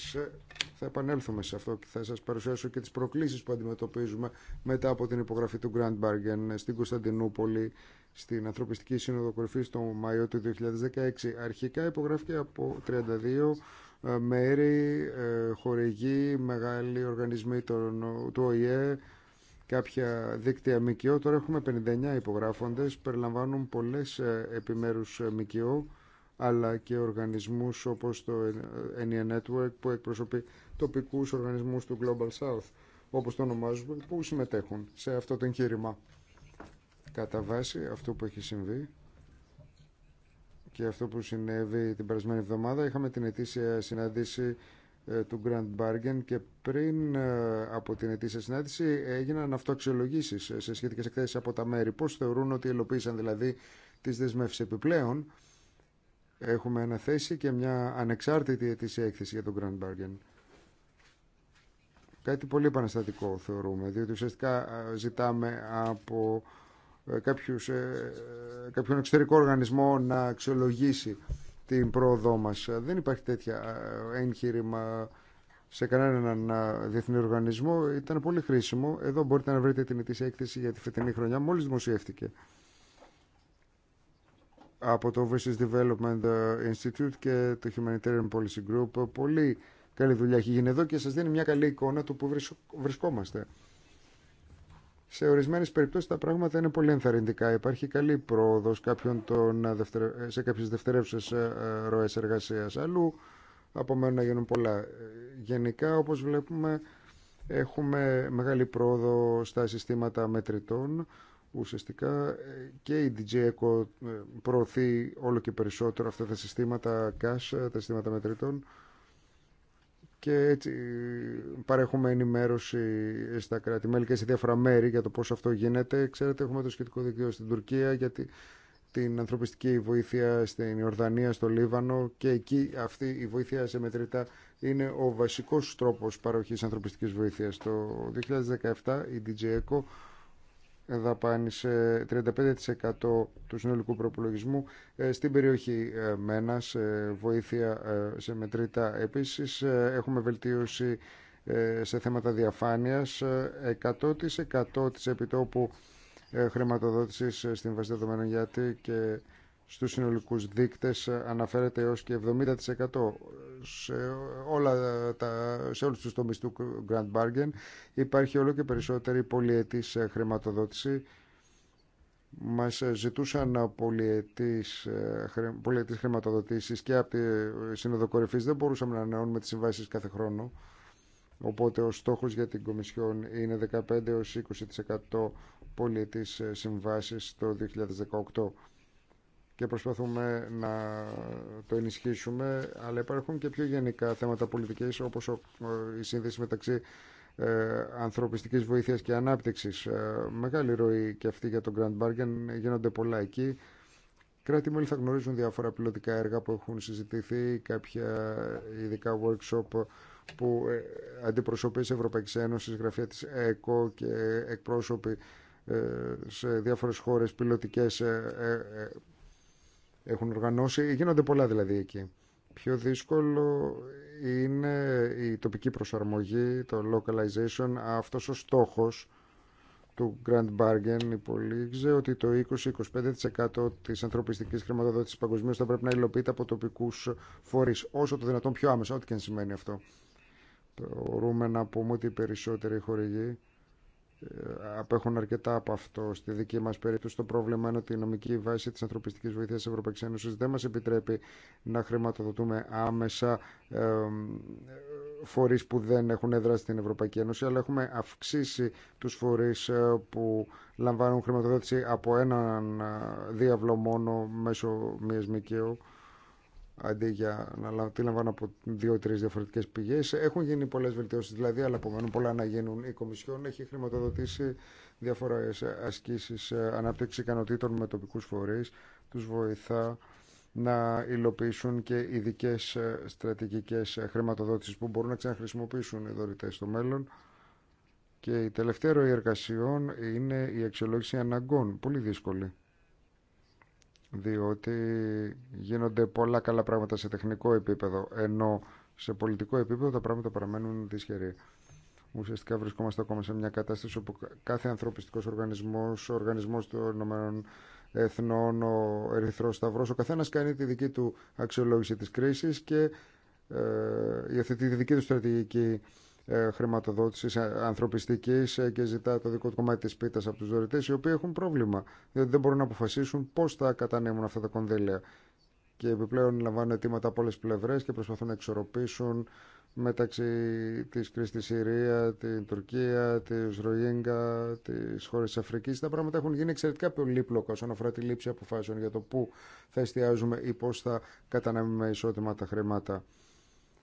Θα επανέλθουμε σε αυτό και θα σα παρουσιάσω και τι προκλήσει που αντιμετωπίζουμε μετά από την υπογραφή του Grand Bargain στην Κωνσταντινούπολη, στην Ανθρωπιστική Σύνοδο Κορυφή στο Μάιο του 2016. Αρχικά υπογράφηκε από 32 μέρη, χορηγοί, μεγάλοι οργανισμοί του ΟΗΕ, κάποια δίκτυα ΜΚΟ. Τώρα έχουμε 59 υπογράφοντες, περιλαμβάνουν πολλές ε, επιμέρους ε, ΜΚΟ αλλά και οργανισμούς όπως το ε, Enia Network που εκπροσωπεί τοπικούς οργανισμούς του Global South όπως το ονομάζουμε που συμμετέχουν σε αυτό το εγχείρημα. Κατά βάση αυτό που έχει συμβεί και αυτό που συνέβη την περασμένη εβδομάδα είχαμε την ετήσια συνάντηση ε, του Grand Bargain και πριν ε, από την ετήσια συνάντηση έγιναν αυτοαξιολογήσεις ε, σε σχετικές εκθέσεις από τα μέρη. Πώς θεωρούν ότι ελοπίσαν δηλαδή τις δεσμεύσεις επιπλέον. Έχουμε ένα θέση και μια ανεξάρτητη ετήσια έκθεση για τον Grand Bargain. Κάτι πολύ επαναστατικό θεωρούμε, διότι ουσιαστικά ζητάμε από κάποιους, κάποιον εξωτερικό οργανισμό να αξιολογήσει την πρόοδό μα. Δεν υπάρχει τέτοια εγχείρημα σε κανέναν ε, διεθνή οργανισμό. Ήταν πολύ χρήσιμο. Εδώ μπορείτε να βρείτε την ετήσια έκθεση για τη φετινή χρονιά. μόλι δημοσιεύτηκε από το Overseas Development ε, Institute και το Humanitarian Policy Group. Πολύ καλή δουλειά έχει γίνει εδώ και σα δίνει μια καλή εικόνα του που βρισκόμαστε. Σε ορισμένες περιπτώσεις τα πράγματα είναι πολύ ενθαρρυντικά. Υπάρχει καλή πρόοδος ε, ε, σε κάποιες δευτερεύουσες ε, ροές εργασίας. Αλλού απομένουν να γίνουν πολλά. Γενικά, όπως βλέπουμε, έχουμε μεγάλη πρόοδο στα συστήματα μετρητών. Ουσιαστικά και η DJ προωθεί όλο και περισσότερο αυτά τα συστήματα cash, τα συστήματα μετρητών και έτσι παρέχουμε ενημέρωση στα κράτη-μέλη και σε διάφορα μέρη για το πώς αυτό γίνεται. Ξέρετε, έχουμε το σχετικό δίκτυο στην Τουρκία για την ανθρωπιστική βοήθεια στην Ιορδανία, στο Λίβανο και εκεί αυτή η βοήθεια σε μετρητά είναι ο βασικός τρόπος παροχής ανθρωπιστικής βοήθειας. Το 2017 η DJECO δαπάνησε 35% του συνολικού προπολογισμού ε, στην περιοχή ε, Μένας, ε, βοήθεια σε μετρητά. Επίσης έχουμε βελτίωση σε θέματα διαφάνειας 100% της επιτόπου χρηματοδότησης στην βάση δεδομένων γιατί και στους συνολικούς δείκτες αναφέρεται έως και 70% σε, όλα τα, σε όλους τους τομείς του Grand Bargain υπάρχει όλο και περισσότερη πολυετής χρηματοδότηση μας ζητούσαν πολυετής, πολυετής χρηματοδοτήσεις και από τη Σύνοδο δεν μπορούσαμε να ανανεώνουμε τις συμβάσεις κάθε χρόνο οπότε ο στόχος για την Κομισιόν είναι 15 20% πολυετής συμβάσεις το 2018 και προσπαθούμε να το ενισχύσουμε, αλλά υπάρχουν και πιο γενικά θέματα πολιτικής όπως η σύνδεση μεταξύ ε, ανθρωπιστικής βοήθειας και ανάπτυξης. Ε, μεγάλη ροή και αυτή για τον Grand Bargain, γίνονται πολλά εκεί. Κράτη μέλη θα γνωρίζουν διάφορα πιλωτικά έργα που έχουν συζητηθεί, κάποια ειδικά workshop που ε, αντιπροσωπείς Ευρωπαϊκή Ένωση, γραφεία της ΕΚΟ και εκπρόσωποι σε διάφορες χώρες πιλωτικές έχουν οργανώσει. Γίνονται πολλά δηλαδή εκεί. Πιο δύσκολο είναι η τοπική προσαρμογή, το localization, αυτός ο στόχος του Grand Bargain υπολογίζει ότι το 20-25% της ανθρωπιστικής χρηματοδότησης παγκοσμίω θα πρέπει να υλοποιείται από τοπικούς φορείς, όσο το δυνατόν πιο άμεσα, ό,τι και αν σημαίνει αυτό. Μπορούμε να πούμε ότι οι περισσότεροι χορηγοί ε, απέχουν αρκετά από αυτό. Στη δική μα περίπτωση, το πρόβλημα είναι ότι η νομική βάση τη ανθρωπιστική βοήθεια τη Ευρωπαϊκή Ένωση δεν μα επιτρέπει να χρηματοδοτούμε άμεσα ε, φορεί που δεν έχουν έδρα στην Ευρωπαϊκή Ένωση, αλλά έχουμε αυξήσει του φορεί ε, που λαμβάνουν χρηματοδότηση από έναν διάβλο μόνο μέσω μια αντί για να τη λαμβάνω από δύο-τρει διαφορετικέ πηγέ. Έχουν γίνει πολλέ βελτιώσει δηλαδή, αλλά απομένουν πολλά να γίνουν. Η Κομισιόν έχει χρηματοδοτήσει διάφορε ασκήσει ε, ανάπτυξη ικανοτήτων με τοπικού φορεί. Του βοηθά να υλοποιήσουν και ειδικέ ε, στρατηγικέ ε, χρηματοδότηση που μπορούν να ξαναχρησιμοποιήσουν οι δωρητέ στο μέλλον. Και η τελευταία ροή εργασιών είναι η αξιολόγηση αναγκών. Πολύ δύσκολη διότι γίνονται πολλά καλά πράγματα σε τεχνικό επίπεδο, ενώ σε πολιτικό επίπεδο τα πράγματα παραμένουν δυσχερή. Ουσιαστικά βρισκόμαστε ακόμα σε μια κατάσταση όπου κάθε ανθρωπιστικός οργανισμός, ο οργανισμός των Ηνωμένων Εθνών, ο Ερυθρός Σταυρός, ο καθένας κάνει τη δική του αξιολόγηση της κρίσης και ε, τη δική του στρατηγική ε, Χρηματοδότηση ε, ανθρωπιστική ε, και ζητά το δικό του κομμάτι τη πίτα από του δωρητέ, οι οποίοι έχουν πρόβλημα διότι δεν μπορούν να αποφασίσουν πώ θα κατανέμουν αυτά τα κονδύλια και επιπλέον λαμβάνουν αιτήματα από τι πλευρές και προσπαθούν να εξορροπήσουν μεταξύ τη κρίση Συρία, την Τουρκία, τη Ρογίνγκα, τι χώρε της Αφρικής. Τα πράγματα έχουν γίνει εξαιρετικά πολύπλοκα όσον αφορά τη λήψη αποφάσεων για το πού θα εστιάζουμε ή πώ θα καταναμούμε ισότιμα τα χρήματα.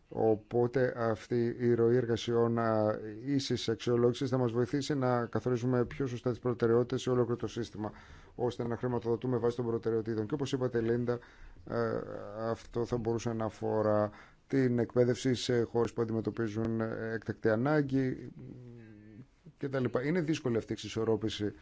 Οπότε αυτή η ροή εργασιών ίση αξιολόγηση θα μα βοηθήσει να καθορίζουμε πιο σωστά τι προτεραιότητε σε ολόκληρο το σύστημα, ώστε να χρηματοδοτούμε βάσει των προτεραιοτήτων. Και όπω είπατε, Λίντα, αυτό θα μπορούσε να αφορά την εκπαίδευση σε χώρε που αντιμετωπίζουν εκτακτή ανάγκη κτλ. Είναι δύσκολη αυτή η εξισορρόπηση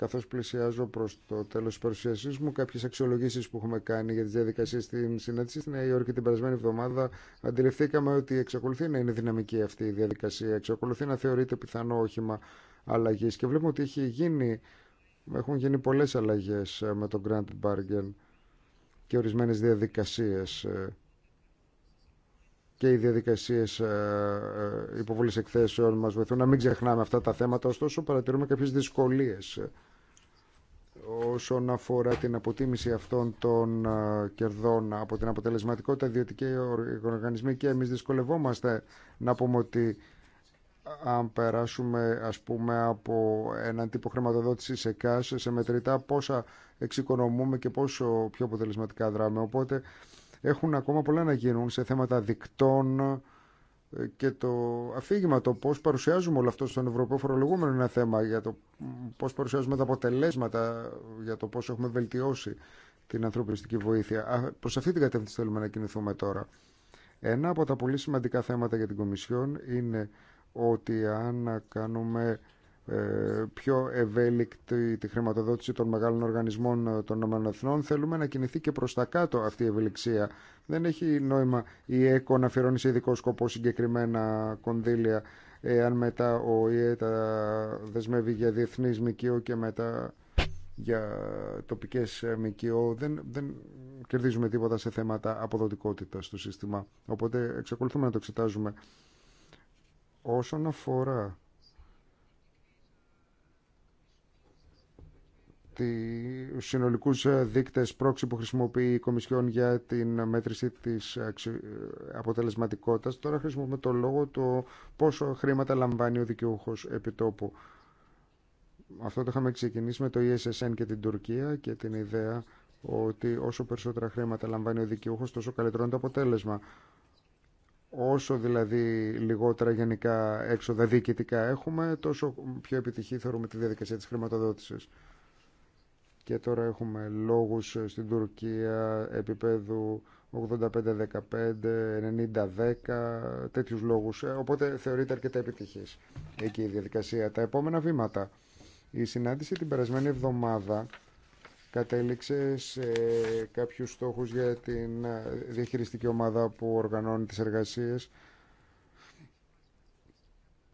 Καθώ πλησιάζω προ το τέλο τη παρουσίασή μου κάποιε αξιολογήσει που έχουμε κάνει για τι διαδικασίε στην συνάντηση στη Νέα Υόρκη την περασμένη εβδομάδα αντιληφθήκαμε ότι εξακολουθεί να είναι δυναμική αυτή η διαδικασία, εξακολουθεί να θεωρείται πιθανό όχημα αλλαγή και βλέπουμε ότι έχει γίνει, έχουν γίνει πολλέ αλλαγέ ε, με το Grand Bargain και ορισμένε διαδικασίε ε, και οι διαδικασίε ε, υποβολή εκθέσεων μα βοηθούν να μην ξεχνάμε αυτά τα θέματα. Ωστόσο, παρατηρούμε κάποιε δυσκολίε όσον αφορά την αποτίμηση αυτών των ε, κερδών από την αποτελεσματικότητα, διότι και οι οργανισμοί και εμείς δυσκολευόμαστε να πούμε ότι αν περάσουμε ας πούμε από έναν τύπο χρηματοδότηση σε cash, σε μετρητά, πόσα εξοικονομούμε και πόσο πιο αποτελεσματικά δράμε. Οπότε έχουν ακόμα πολλά να γίνουν σε θέματα δικτών, ε, και το αφήγημα το πώς παρουσιάζουμε όλο αυτό στον Ευρωπαίο Φορολογούμενο είναι ένα θέμα για το πώς παρουσιάζουμε τα αποτελέσματα για το πώς έχουμε βελτιώσει την ανθρωπιστική βοήθεια. Προς αυτή την κατεύθυνση θέλουμε να κινηθούμε τώρα. Ένα από τα πολύ σημαντικά θέματα για την Κομισιόν είναι ότι αν κάνουμε ε, πιο ευέλικτη τη χρηματοδότηση των μεγάλων οργανισμών ε, των εθνών Θέλουμε να κινηθεί και προς τα κάτω αυτή η ευελιξία. Δεν έχει νόημα η ΕΚΟ να αφιερώνει σε ειδικό σκοπό συγκεκριμένα κονδύλια εάν μετά ο ΙΕ τα δεσμεύει για διεθνείς ΜΚΟ και μετά για τοπικές ε, ΜΚΟ δεν, δεν κερδίζουμε τίποτα σε θέματα αποδοτικότητας του σύστημα οπότε εξακολουθούμε να το εξετάζουμε όσον αφορά στους συνολικούς ε, δείκτες πρόξη που χρησιμοποιεί η Κομισιόν για την μέτρηση της ε, ε, αποτελεσματικότητας. Τώρα χρησιμοποιούμε το λόγο το πόσο χρήματα λαμβάνει ο δικαιούχος επιτόπου. Αυτό το είχαμε ξεκινήσει με το ESSN και την Τουρκία και την ιδέα ότι όσο περισσότερα χρήματα λαμβάνει ο δικαιούχος τόσο καλύτερο είναι το αποτέλεσμα. Όσο δηλαδή λιγότερα γενικά έξοδα διοικητικά έχουμε, τόσο πιο επιτυχή θεωρούμε τη διαδικασία της χρηματοδότησης και τώρα έχουμε λόγους ε, στην Τουρκία επίπεδου 85-15, 90-10, τέτοιους λόγους. Ε, οπότε θεωρείται αρκετά επιτυχής εκεί η διαδικασία. Τα επόμενα βήματα. Η συνάντηση την περασμένη εβδομάδα κατέληξε σε κάποιους στόχους για την ε, διαχειριστική ομάδα που οργανώνει τις εργασίες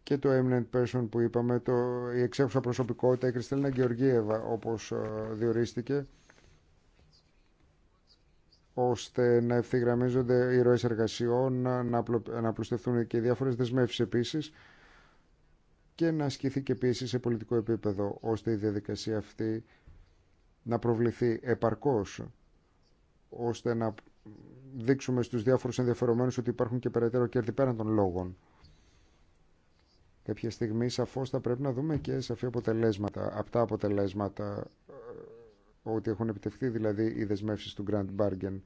και το eminent person που είπαμε, το, η εξέχουσα προσωπικότητα, η Κριστέλνα Γεωργίευα, όπως ε, διορίστηκε, ώστε να ευθυγραμμίζονται οι ροές εργασιών, να, απλο, να απλουστευτούν και διάφορες δεσμεύσεις επίσης και να ασκηθεί και πίεση σε πολιτικό επίπεδο, ώστε η διαδικασία αυτή να προβληθεί επαρκώς, ώστε να δείξουμε στους διάφορους ενδιαφερομένους ότι υπάρχουν και περαιτέρω κέρδη πέραν των λόγων. Κάποια στιγμή σαφώς θα πρέπει να δούμε και σαφή αποτελέσματα, τα αποτελέσματα ε, ότι έχουν επιτευχθεί δηλαδή οι δεσμεύσεις του Grand Bargain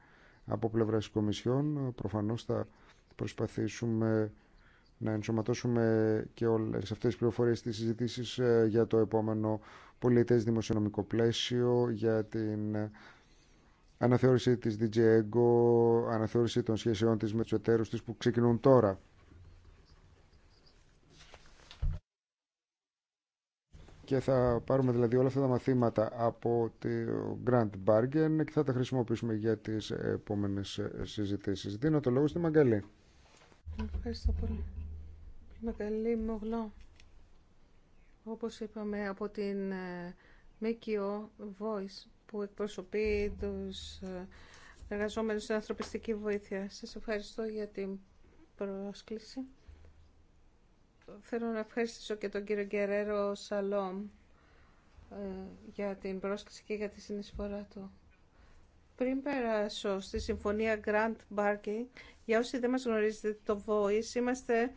από πλευράς Κομισιόν. Ε, προφανώς θα προσπαθήσουμε να ενσωματώσουμε και όλες αυτές τις πληροφορίες τις συζητήσεις ε, για το επόμενο πολιτές δημοσιονομικό πλαίσιο, για την αναθεώρηση της DJ αναθεώρηση των σχέσεών της με τους εταίρους της που ξεκινούν τώρα. Και θα πάρουμε δηλαδή όλα αυτά τα μαθήματα από το Grand Bargain και θα τα χρησιμοποιήσουμε για τις επόμενες συζητήσεις. Δίνω το λόγο στη Μαγκαλή. Ευχαριστώ πολύ. Μαγκαλή Μογλό. Όπως είπαμε από την ε, ΜΚΟ Voice που εκπροσωπεί τους ε, εργαζόμενους στην ανθρωπιστική βοήθεια. Σας ευχαριστώ για την πρόσκληση. Θέλω να ευχαριστήσω και τον κύριο Γκερέρο Σαλόμ ε, για την πρόσκληση και για τη συνεισφορά του. Πριν περάσω στη συμφωνία Grand Barking, για όσοι δεν μας γνωρίζετε το Voice, είμαστε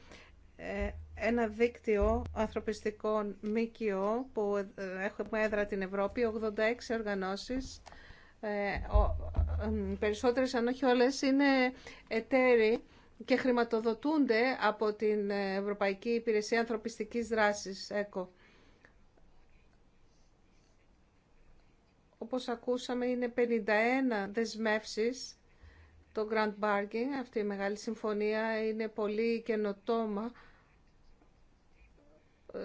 ε, ένα δίκτυο ανθρωπιστικών ΜΚΟ που ε, έχουμε έδρα την Ευρώπη, 86 οργανώσεις. περισσότερες αν όχι όλες είναι εταίροι και χρηματοδοτούνται από την Ευρωπαϊκή Υπηρεσία Ανθρωπιστικής Δράσης, ΕΚΟ. Όπως ακούσαμε είναι 51 δεσμεύσεις το Grand Bargain, αυτή η μεγάλη συμφωνία είναι πολύ καινοτόμα.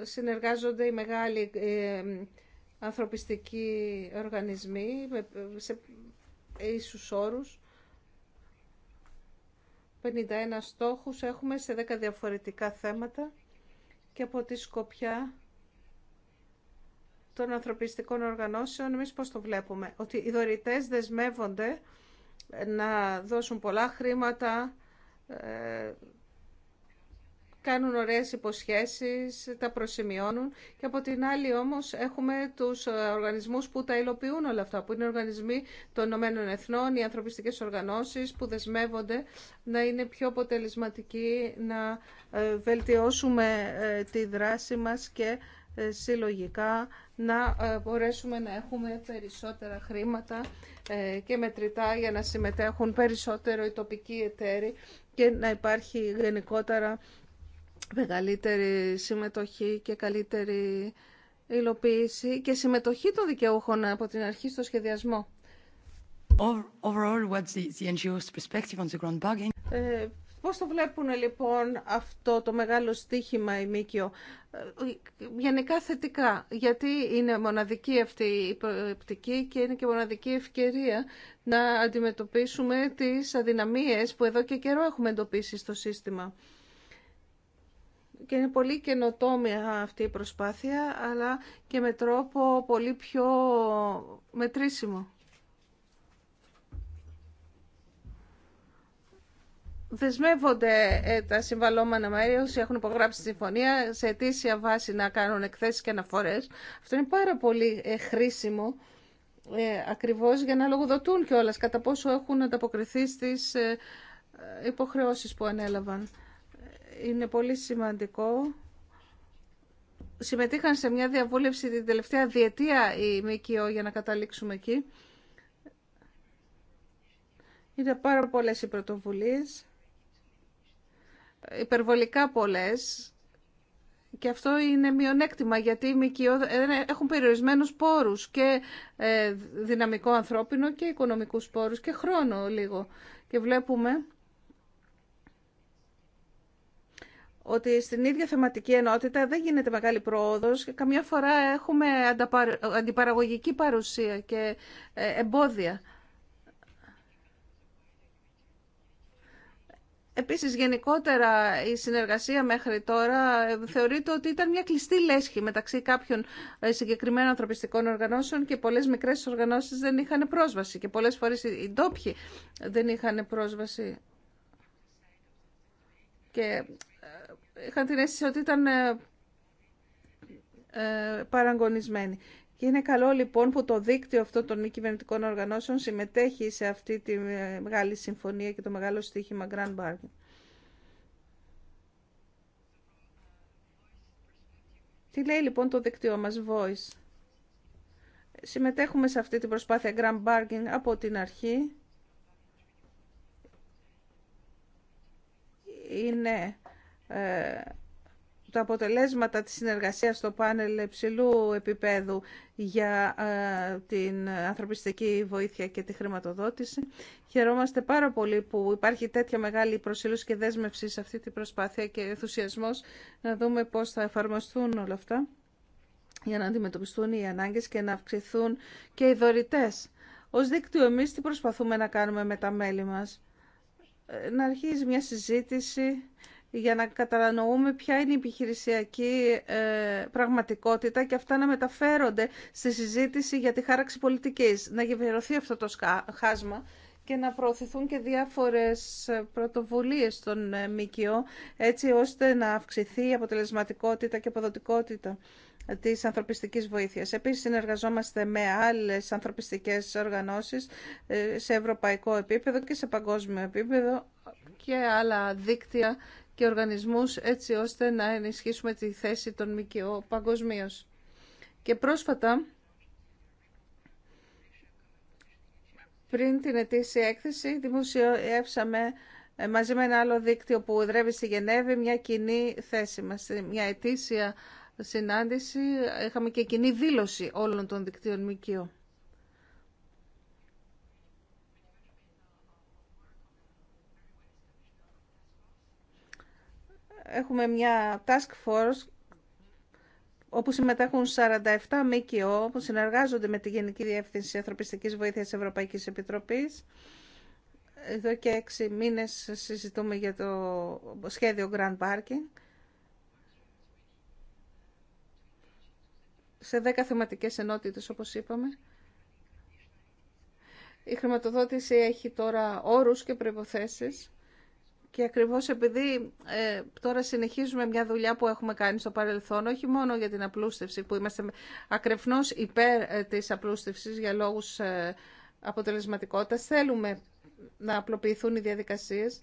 Συνεργάζονται οι μεγάλοι ε, ανθρωπιστικοί οργανισμοί σε ίσους όρους 51 στόχους έχουμε σε 10 διαφορετικά θέματα και από τη σκοπιά των ανθρωπιστικών οργανώσεων, εμείς πώς το βλέπουμε, ότι οι δωρητές δεσμεύονται να δώσουν πολλά χρήματα ε, κάνουν ωραίες υποσχέσεις, τα προσημειώνουν και από την άλλη όμως έχουμε τους ε, οργανισμούς που τα υλοποιούν όλα αυτά, που είναι οργανισμοί των Ηνωμένων Εθνών, οι ανθρωπιστικές οργανώσεις που δεσμεύονται να είναι πιο αποτελεσματικοί, να ε, βελτιώσουμε ε, τη δράση μας και συλλογικά να μπορέσουμε να έχουμε περισσότερα χρήματα και μετρητά για να συμμετέχουν περισσότερο οι τοπικοί εταίροι και να υπάρχει γενικότερα μεγαλύτερη συμμετοχή και καλύτερη υλοποίηση και συμμετοχή των δικαιούχων από την αρχή στο σχεδιασμό. Overall, what's the, the NGO's perspective on the ground ε, πώς το βλέπουν λοιπόν αυτό το μεγάλο στίχημα η Μίκιο. Ε, γενικά θετικά, γιατί είναι μοναδική αυτή η προεπτική και είναι και μοναδική ευκαιρία να αντιμετωπίσουμε τις αδυναμίες που εδώ και καιρό έχουμε εντοπίσει στο σύστημα και είναι πολύ καινοτόμια αυτή η προσπάθεια, αλλά και με τρόπο πολύ πιο μετρήσιμο. Δεσμεύονται ε, τα συμβαλόμενα μέρη όσοι έχουν υπογράψει τη συμφωνία σε αιτήσια βάση να κάνουν εκθέσεις και αναφορές. Αυτό είναι πάρα πολύ ε, χρήσιμο ε, ακριβώς για να λογοδοτούν κιόλας κατά πόσο έχουν ανταποκριθεί στις υποχρεώσεις που ανέλαβαν είναι πολύ σημαντικό. Συμμετείχαν σε μια διαβούλευση την τελευταία διετία η ΜΚΟ για να καταλήξουμε εκεί. Είναι πάρα πολλές οι πρωτοβουλίες, υπερβολικά πολλές και αυτό είναι μειονέκτημα γιατί οι ΜΚΟ έχουν περιορισμένους πόρους και ε, δυναμικό ανθρώπινο και οικονομικούς πόρους και χρόνο λίγο και βλέπουμε ότι στην ίδια θεματική ενότητα δεν γίνεται μεγάλη πρόοδος και καμιά φορά έχουμε αντιπαραγωγική παρουσία και ε, εμπόδια. Επίσης, γενικότερα, η συνεργασία μέχρι τώρα ε, θεωρείται ότι ήταν μια κλειστή λέσχη μεταξύ κάποιων ε, συγκεκριμένων ανθρωπιστικών οργανώσεων και πολλές μικρές οργανώσεις δεν είχαν πρόσβαση και πολλές φορές οι ντόπιοι δεν είχαν πρόσβαση. Και είχαν την αίσθηση ότι ήταν ε, ε, παραγωνισμένοι. Και είναι καλό λοιπόν που το δίκτυο αυτό των μη κυβερνητικών οργανώσεων συμμετέχει σε αυτή τη ε, μεγάλη συμφωνία και το μεγάλο στοίχημα Grand Bargain. Τι λέει λοιπόν το δίκτυό μας Voice. Συμμετέχουμε σε αυτή την προσπάθεια Grand Bargain από την αρχή. Είναι ε, τα αποτελέσματα της συνεργασίας στο πάνελ υψηλού επίπεδου για ε, την ανθρωπιστική βοήθεια και τη χρηματοδότηση. Χαιρόμαστε πάρα πολύ που υπάρχει τέτοια μεγάλη προσήλωση και δέσμευση σε αυτή την προσπάθεια και ενθουσιασμός να δούμε πώς θα εφαρμοστούν όλα αυτά για να αντιμετωπιστούν οι ανάγκες και να αυξηθούν και οι δωρητές. Ως δίκτυο εμείς τι προσπαθούμε να κάνουμε με τα μέλη μας. Ε, να αρχίζει μια συζήτηση για να κατανοούμε ποια είναι η επιχειρησιακή ε, πραγματικότητα και αυτά να μεταφέρονται στη συζήτηση για τη χάραξη πολιτικής. Να γεβαιρωθεί αυτό το χάσμα και να προωθηθούν και διάφορες ε, πρωτοβουλίες στον ε, ΜΚΟ, έτσι ώστε να αυξηθεί η αποτελεσματικότητα και αποδοτικότητα της ανθρωπιστικής βοήθειας. Επίσης, συνεργαζόμαστε με άλλες ανθρωπιστικές οργανώσεις σε ευρωπαϊκό επίπεδο και σε παγκόσμιο επίπεδο και άλλα δίκτυα και οργανισμούς έτσι ώστε να ενισχύσουμε τη θέση των ΜΚΟ παγκοσμίω. Και πρόσφατα, πριν την ετήσια έκθεση, δημοσιεύσαμε ε, μαζί με ένα άλλο δίκτυο που εδρεύει στη Γενέβη μια κοινή θέση μας, μια ετήσια συνάντηση. Ε, είχαμε και κοινή δήλωση όλων των δικτύων ΜΚΟ. έχουμε μια task force όπου συμμετέχουν 47 ΜΚΟ που συνεργάζονται με τη Γενική Διεύθυνση Ανθρωπιστικής Βοήθειας Ευρωπαϊκής Επιτροπής. Εδώ και έξι μήνες συζητούμε για το σχέδιο Grand Parking. Σε 10 θεματικές ενότητες, όπως είπαμε. Η χρηματοδότηση έχει τώρα όρους και προϋποθέσεις. Και ακριβώς επειδή ε, τώρα συνεχίζουμε μια δουλειά που έχουμε κάνει στο παρελθόν, όχι μόνο για την απλούστευση, που είμαστε ακρεφνώς υπέρ ε, της απλούστευσης για λόγους ε, αποτελεσματικότητας, θέλουμε να απλοποιηθούν οι διαδικασίες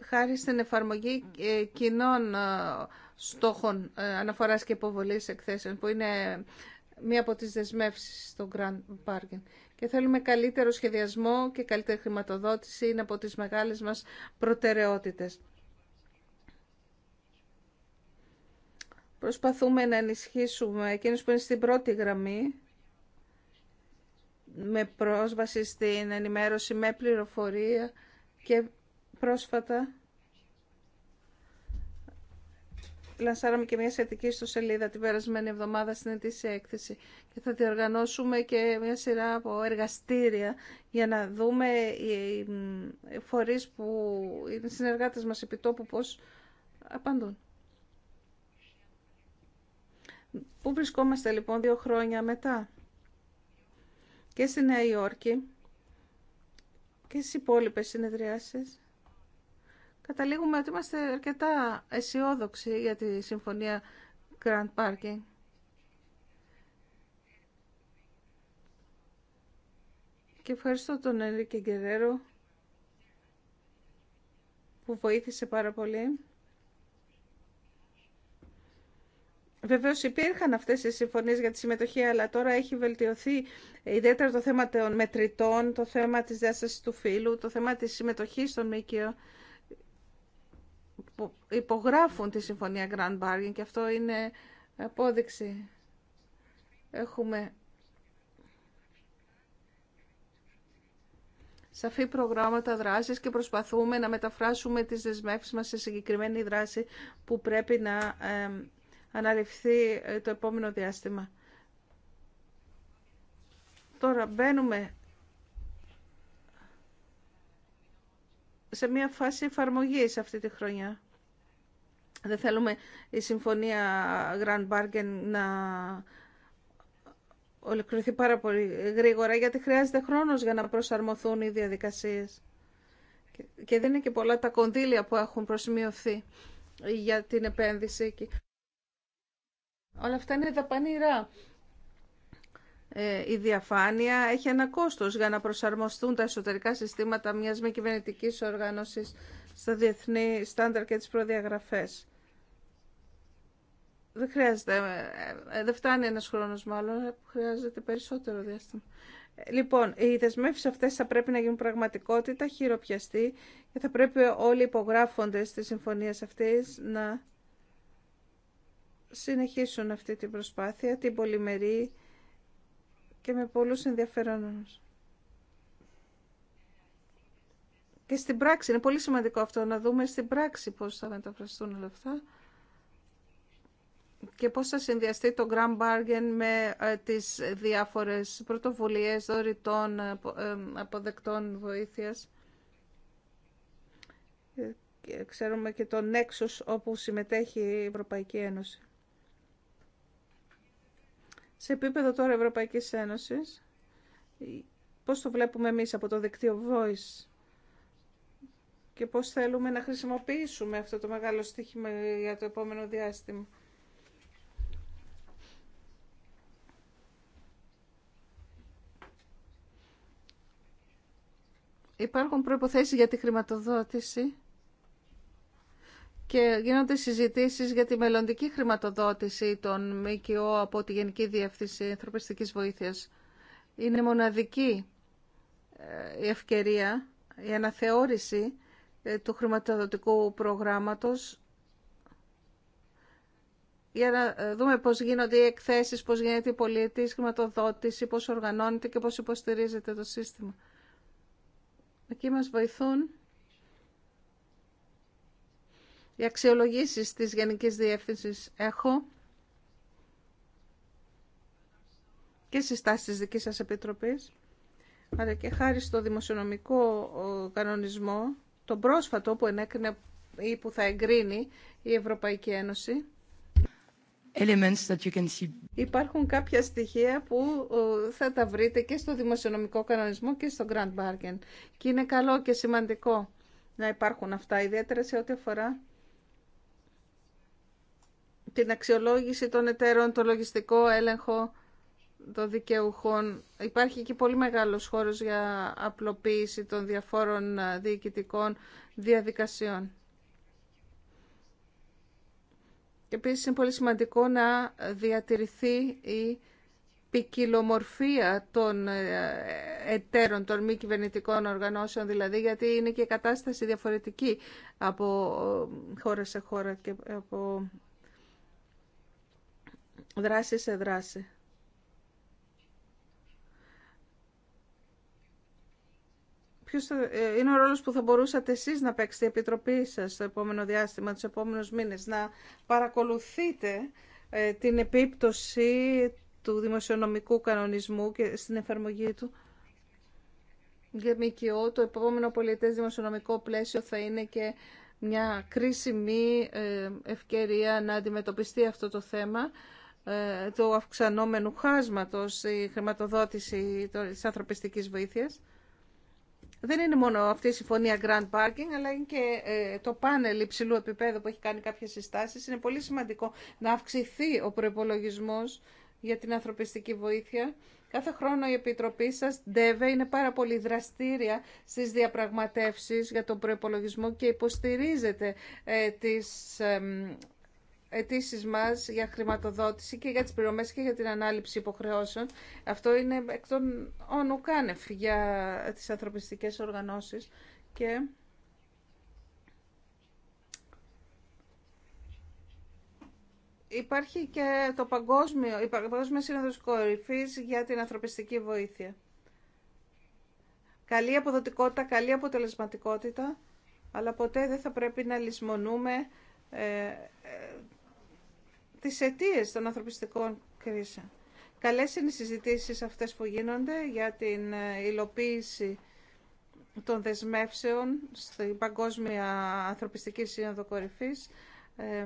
χάρη στην εφαρμογή ε, κοινών ε, στόχων αναφοράς και υποβολής εκθέσεων, που είναι μία από τις δεσμεύσεις στο Grand Bargain και θέλουμε καλύτερο σχεδιασμό και καλύτερη χρηματοδότηση είναι από τις μεγάλες μας προτεραιότητες. Προσπαθούμε να ενισχύσουμε εκείνους που είναι στην πρώτη γραμμή με πρόσβαση στην ενημέρωση, με πληροφορία και πρόσφατα λανσάραμε και μια σχετική στο σελίδα την περασμένη εβδομάδα στην ετήσια έκθεση και θα διοργανώσουμε και μια σειρά από εργαστήρια για να δούμε οι φορείς που οι συνεργάτες μας τόπου πώς απαντούν. Πού βρισκόμαστε λοιπόν δύο χρόνια μετά και στη Νέα Υόρκη και στις υπόλοιπες συνεδριάσεις καταλήγουμε ότι είμαστε αρκετά αισιόδοξοι για τη συμφωνία Grand Parking. Και ευχαριστώ τον Ενρίκη Γκερέρο που βοήθησε πάρα πολύ. Βεβαίω υπήρχαν αυτέ οι συμφωνίε για τη συμμετοχή, αλλά τώρα έχει βελτιωθεί ιδιαίτερα το θέμα των μετρητών, το θέμα τη διάσταση του φύλου, το θέμα τη συμμετοχή στον ΜΚΟ που υπογράφουν τη Συμφωνία Grand Bargain και αυτό είναι απόδειξη. Έχουμε σαφή προγράμματα δράσης και προσπαθούμε να μεταφράσουμε τις δεσμεύσεις μας σε συγκεκριμένη δράση που πρέπει να αναλυφθεί ε, το επόμενο διάστημα. Τώρα μπαίνουμε σε μια φάση εφαρμογής αυτή τη χρονιά. Δεν θέλουμε η συμφωνία Grand Bargain να ολοκληρωθεί πάρα πολύ γρήγορα, γιατί χρειάζεται χρόνος για να προσαρμοθούν οι διαδικασίες. Και δεν είναι και πολλά τα κονδύλια που έχουν προσημειωθεί για την επένδυση εκεί. Όλα αυτά είναι δαπανηρά ε, η διαφάνεια έχει ένα κόστος για να προσαρμοστούν τα εσωτερικά συστήματα μιας μη κυβερνητική οργάνωσης στα διεθνή στάνταρ και τις προδιαγραφές. Δεν χρειάζεται, ε, δεν φτάνει ένας χρόνος μάλλον, χρειάζεται περισσότερο διάστημα. Ε, λοιπόν, οι δεσμεύσει αυτέ θα πρέπει να γίνουν πραγματικότητα, χειροπιαστή και θα πρέπει όλοι οι υπογράφοντε τη συμφωνία αυτής να συνεχίσουν αυτή την προσπάθεια, την πολυμερή και με πολλούς ενδιαφερόμενους. Και στην πράξη, είναι πολύ σημαντικό αυτό να δούμε στην πράξη πώς θα μεταφραστούν όλα αυτά και πώς θα συνδυαστεί το Grand Bargain με ε, τις διάφορες πρωτοβουλίες δωρητών ε, αποδεκτών βοήθειας. Ε, ξέρουμε και τον Nexus όπου συμμετέχει η Ευρωπαϊκή Ένωση. Σε επίπεδο τώρα Ευρωπαϊκής Ένωσης, πώς το βλέπουμε εμείς από το δικτύο Voice και πώς θέλουμε να χρησιμοποιήσουμε αυτό το μεγάλο στοίχημα για το επόμενο διάστημα. Υπάρχουν προϋποθέσεις για τη χρηματοδότηση και γίνονται συζητήσεις για τη μελλοντική χρηματοδότηση των ΜΚΟ από τη Γενική Διεύθυνση Ανθρωπιστικής Βοήθειας. Είναι μοναδική ε, η ευκαιρία, η αναθεώρηση ε, του χρηματοδοτικού προγράμματος για να ε, δούμε πώς γίνονται οι εκθέσεις, πώς γίνεται η πολιτική χρηματοδότηση, πώς οργανώνεται και πώς υποστηρίζεται το σύστημα. Εκεί μας βοηθούν οι αξιολογήσεις της Γενικής Διεύθυνσης έχω και συστάσεις της δικής σας Επιτροπής, αλλά και χάρη στο δημοσιονομικό κανονισμό, το πρόσφατο που ενέκρινε ή που θα εγκρίνει η Ευρωπαϊκή Ένωση, that you can see. Υπάρχουν κάποια στοιχεία που θα τα βρείτε και στο δημοσιονομικό κανονισμό και στο Grand Bargain. Και είναι καλό και σημαντικό να υπάρχουν αυτά, ιδιαίτερα σε ό,τι αφορά την αξιολόγηση των εταίρων, το λογιστικό έλεγχο των δικαιούχων. Υπάρχει και πολύ μεγάλος χώρος για απλοποίηση των διαφόρων διοικητικών διαδικασιών. Και επίσης είναι πολύ σημαντικό να διατηρηθεί η ποικιλομορφία των ε, εταίρων, των μη κυβερνητικών οργανώσεων, δηλαδή γιατί είναι και η κατάσταση διαφορετική από ε, χώρα σε χώρα και από δράση σε δράση. Ποιος ε, είναι ο ρόλος που θα μπορούσατε εσείς να παίξετε η Επιτροπή σας στο επόμενο διάστημα, τους επόμενους μήνες, να παρακολουθείτε ε, την επίπτωση του δημοσιονομικού κανονισμού και στην εφαρμογή του. Για ΜΚΟ, το επόμενο πολιτές δημοσιονομικό πλαίσιο θα είναι και μια κρίσιμη ε, ευκαιρία να αντιμετωπιστεί αυτό το θέμα ε, του αυξανόμενου χάσματος η χρηματοδότηση της ανθρωπιστικής βοήθειας. Δεν είναι μόνο αυτή η συμφωνία Grand Parking, αλλά είναι και ε, το πάνελ υψηλού επίπεδου που έχει κάνει κάποιες συστάσεις. Είναι πολύ σημαντικό να αυξηθεί ο προπολογισμό για την ανθρωπιστική βοήθεια. Κάθε χρόνο η Επιτροπή σας, ΔΕΒΕ, είναι πάρα πολύ δραστήρια στις διαπραγματεύσεις για τον προπολογισμό και υποστηρίζεται ε, τις αιτήσει μα για χρηματοδότηση και για τις πληρωμέ και για την ανάληψη υποχρεώσεων. Αυτό είναι εκ των όνου για τις ανθρωπιστικές οργανώσεις και υπάρχει και το παγκόσμιο, η Παγκόσμια Σύνοδος για την ανθρωπιστική βοήθεια. Καλή αποδοτικότητα, καλή αποτελεσματικότητα, αλλά ποτέ δεν θα πρέπει να λησμονούμε ε, ε, τι αιτίε των ανθρωπιστικών κρίσεων. Καλέ είναι οι συζητήσεις αυτές που γίνονται για την ε, υλοποίηση των δεσμεύσεων στην Παγκόσμια Ανθρωπιστική Σύνοδο Κορυφή, ε,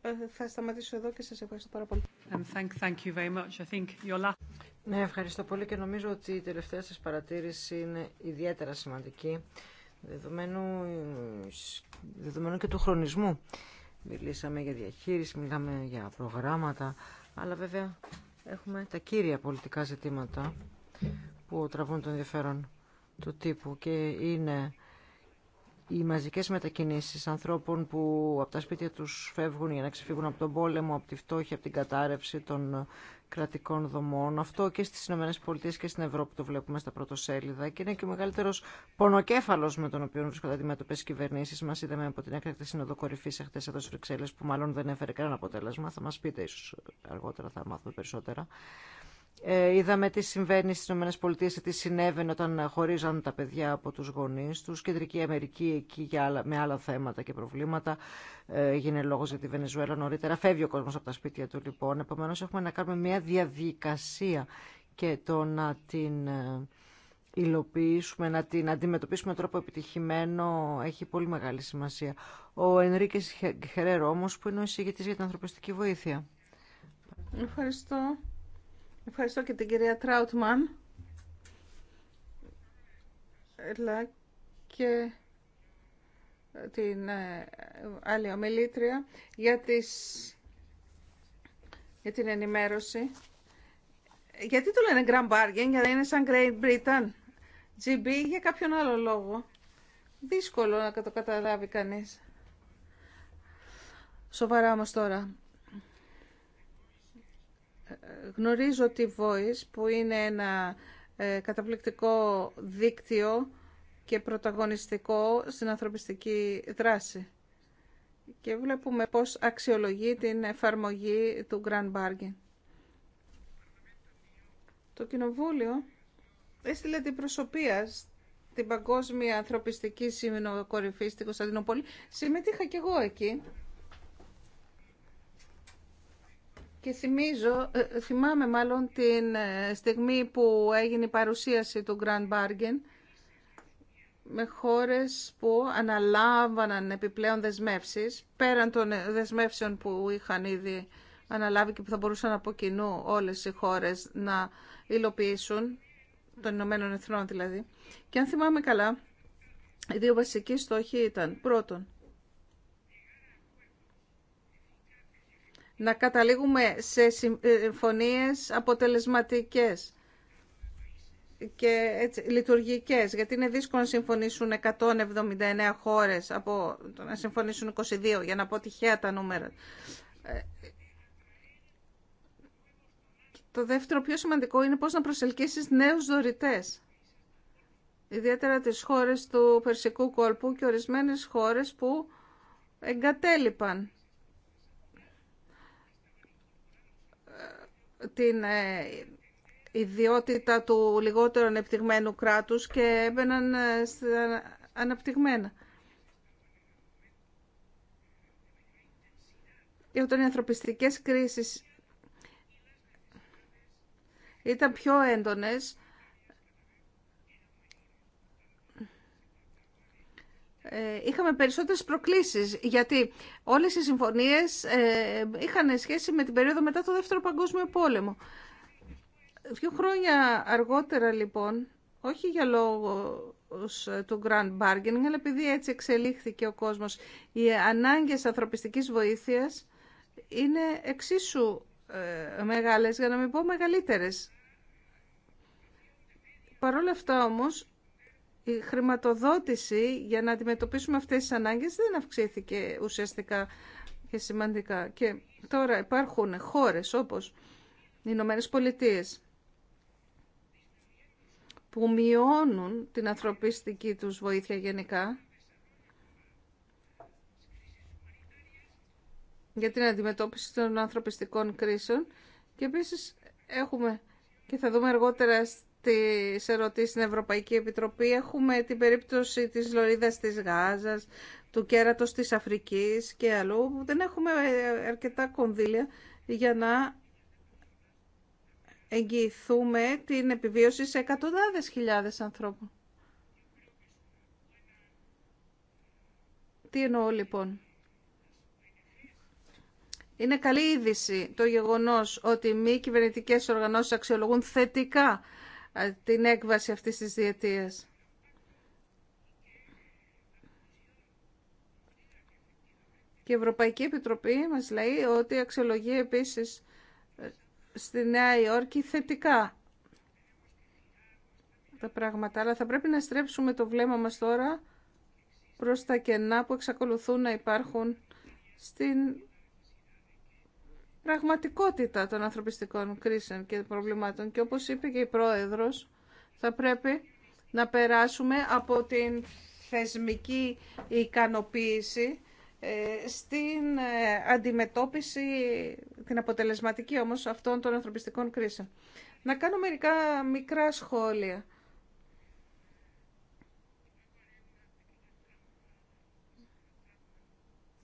ε, θα σταματήσω εδώ και σας ευχαριστώ πάρα πολύ. ευχαριστώ πολύ και νομίζω ότι η τελευταία σας παρατήρηση είναι ιδιαίτερα σημαντική, δεδομένου, ε, δεδομένου και του χρονισμού Μιλήσαμε για διαχείριση, μιλάμε για προγράμματα, αλλά βέβαια έχουμε τα κύρια πολιτικά ζητήματα που τραβούν τον ενδιαφέρον του τύπου και είναι οι μαζικές μετακινήσεις ανθρώπων που από τα σπίτια τους φεύγουν για να ξεφύγουν από τον πόλεμο, από τη φτώχεια, από την κατάρρευση των κρατικών δομών. Αυτό και στις ΗΠΑ και στην Ευρώπη το βλέπουμε στα πρωτοσέλιδα και είναι και ο μεγαλύτερος πονοκέφαλος με τον οποίο βρίσκονται αντιμέτωπες κυβερνήσεις. Μας είδαμε από την έκτακτη Σύνοδο Κορυφής εχθές εδώ στις Βρυξέλλες που μάλλον δεν έφερε κανένα αποτέλεσμα. Θα μας πείτε ίσω αργότερα θα μάθουμε περισσότερα. Ε, είδαμε τι συμβαίνει στις ΗΠΑ, τι συνέβαινε όταν χωρίζαν τα παιδιά από του γονεί του. Κεντρική Αμερική εκεί για άλλα, με άλλα θέματα και προβλήματα. Ε, γίνεται λόγος για τη Βενεζουέλα νωρίτερα. Φεύγει ο κόσμος από τα σπίτια του λοιπόν. Επομένω έχουμε να κάνουμε μια διαδικασία και το να την ε, υλοποιήσουμε, να την αντιμετωπίσουμε με τρόπο επιτυχημένο έχει πολύ μεγάλη σημασία. Ο Ενρίκε Χερέρο όμω, που είναι ο εισηγητή για την ανθρωπιστική βοήθεια. Ευχαριστώ. Ευχαριστώ και την κυρία Τράουτμαν. ελά, και την ε, άλλη ομιλήτρια για, για την ενημέρωση. Γιατί το λένε Grand Bargain, για είναι σαν Great Britain. GB για κάποιον άλλο λόγο. Δύσκολο να το καταλάβει κανείς. Σοβαρά όμως τώρα γνωρίζω τη Voice που είναι ένα ε, καταπληκτικό δίκτυο και πρωταγωνιστικό στην ανθρωπιστική δράση. Και βλέπουμε πώς αξιολογεί την εφαρμογή του Grand Bargain. Το Κοινοβούλιο έστειλε την προσωπία στην Παγκόσμια Ανθρωπιστική Σύνοδο Κορυφή στην Κωνσταντινούπολη. Συμμετείχα κι εγώ εκεί. Και θυμίζω, ε, θυμάμαι μάλλον την ε, στιγμή που έγινε η παρουσίαση του Grand Bargain με χώρες που αναλάμβαναν επιπλέον δεσμεύσεις, πέραν των ε, δεσμεύσεων που είχαν ήδη αναλάβει και που θα μπορούσαν από κοινού όλες οι χώρες να υλοποιήσουν, των Ηνωμένων Εθνών δηλαδή. Και αν θυμάμαι καλά, οι δύο βασικοί στόχοι ήταν πρώτον, να καταλήγουμε σε ε, συμφωνίες αποτελεσματικές και έτσι, λειτουργικές, γιατί είναι δύσκολο να συμφωνήσουν 179 χώρες από να συμφωνήσουν 22, για να πω τυχαία τα νούμερα. Ε, το δεύτερο πιο σημαντικό είναι πώς να προσελκύσεις νέους δωρητές. Ιδιαίτερα τις χώρες του Περσικού κόλπου και ορισμένες χώρες που εγκατέλειπαν την ε, ιδιότητα του λιγότερο ανεπτυγμένου κράτους και έμπαιναν ε, αναπτυγμένα. Και όταν οι ανθρωπιστικές κρίσεις ήταν πιο έντονες, Ε, είχαμε περισσότερες προκλήσεις, γιατί όλες οι συμφωνίες ε, είχαν σχέση με την περίοδο μετά το Δεύτερο Παγκόσμιο Πόλεμο. Δύο χρόνια αργότερα, λοιπόν, όχι για λόγο ε, του grand bargaining, αλλά επειδή έτσι εξελίχθηκε ο κόσμος, οι ανάγκες ανθρωπιστικής βοήθειας είναι εξίσου μεγάλες, για να μην πω μεγαλύτερες. Παρόλα αυτά όμως, η χρηματοδότηση για να αντιμετωπίσουμε αυτές τις ανάγκες δεν αυξήθηκε ουσιαστικά και σημαντικά. Και τώρα υπάρχουν χώρες όπως οι Ηνωμένε Πολιτείε που μειώνουν την ανθρωπιστική τους βοήθεια γενικά για την αντιμετώπιση των ανθρωπιστικών κρίσεων και επίσης έχουμε και θα δούμε αργότερα σε ερωτήσεις στην Ευρωπαϊκή Επιτροπή. Έχουμε την περίπτωση της Λωρίδας της Γάζας, του κέρατος της Αφρικής και αλλού. Δεν έχουμε αρκετά κονδύλια για να εγγυηθούμε την επιβίωση σε εκατοντάδες χιλιάδες ανθρώπων. Τι εννοώ λοιπόν. Είναι καλή είδηση το γεγονός ότι μη κυβερνητικές οργανώσεις αξιολογούν θετικά την έκβαση αυτής της διετίας. Και η Ευρωπαϊκή Επιτροπή μας λέει ότι αξιολογεί επίσης ε, στη Νέα Υόρκη θετικά τα πράγματα. Αλλά θα πρέπει να στρέψουμε το βλέμμα μας τώρα προς τα κενά που εξακολουθούν να υπάρχουν στην πραγματικότητα των ανθρωπιστικών κρίσεων και προβλημάτων. Και όπως είπε και η Πρόεδρος, θα πρέπει να περάσουμε από την θεσμική ικανοποίηση ε, στην ε, αντιμετώπιση, την αποτελεσματική όμως, αυτών των ανθρωπιστικών κρίσεων. Να κάνω μερικά μικρά σχόλια.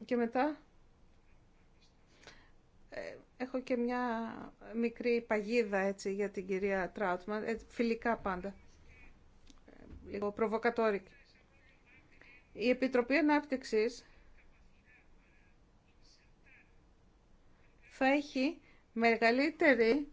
Και μετά Έχω και μια μικρή παγίδα έτσι για την κυρία Τράουτμαν, ε, φιλικά πάντα, λίγο προβοκατόρικη. Η Επιτροπή Ανάπτυξης θα έχει μεγαλύτερη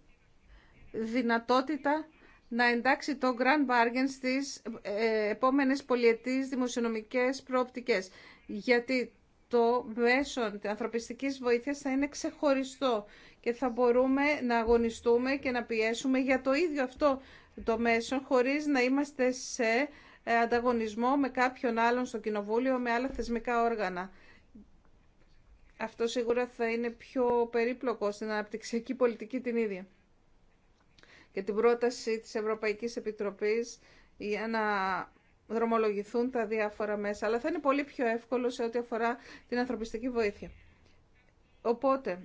δυνατότητα να εντάξει το Grand Bargain στις ε, επόμενες πολιετής δημοσιονομικές προοπτικές. Γιατί το μέσο ανθρωπιστικής βοήθειας θα είναι ξεχωριστό και θα μπορούμε να αγωνιστούμε και να πιέσουμε για το ίδιο αυτό το μέσο χωρίς να είμαστε σε ε, ανταγωνισμό με κάποιον άλλον στο κοινοβούλιο, με άλλα θεσμικά όργανα. Αυτό σίγουρα θα είναι πιο περίπλοκο στην αναπτυξιακή πολιτική την ίδια. Και την πρόταση της Ευρωπαϊκής Επιτροπής για να δρομολογηθούν τα διάφορα μέσα, αλλά θα είναι πολύ πιο εύκολο σε ό,τι αφορά την ανθρωπιστική βοήθεια. Οπότε,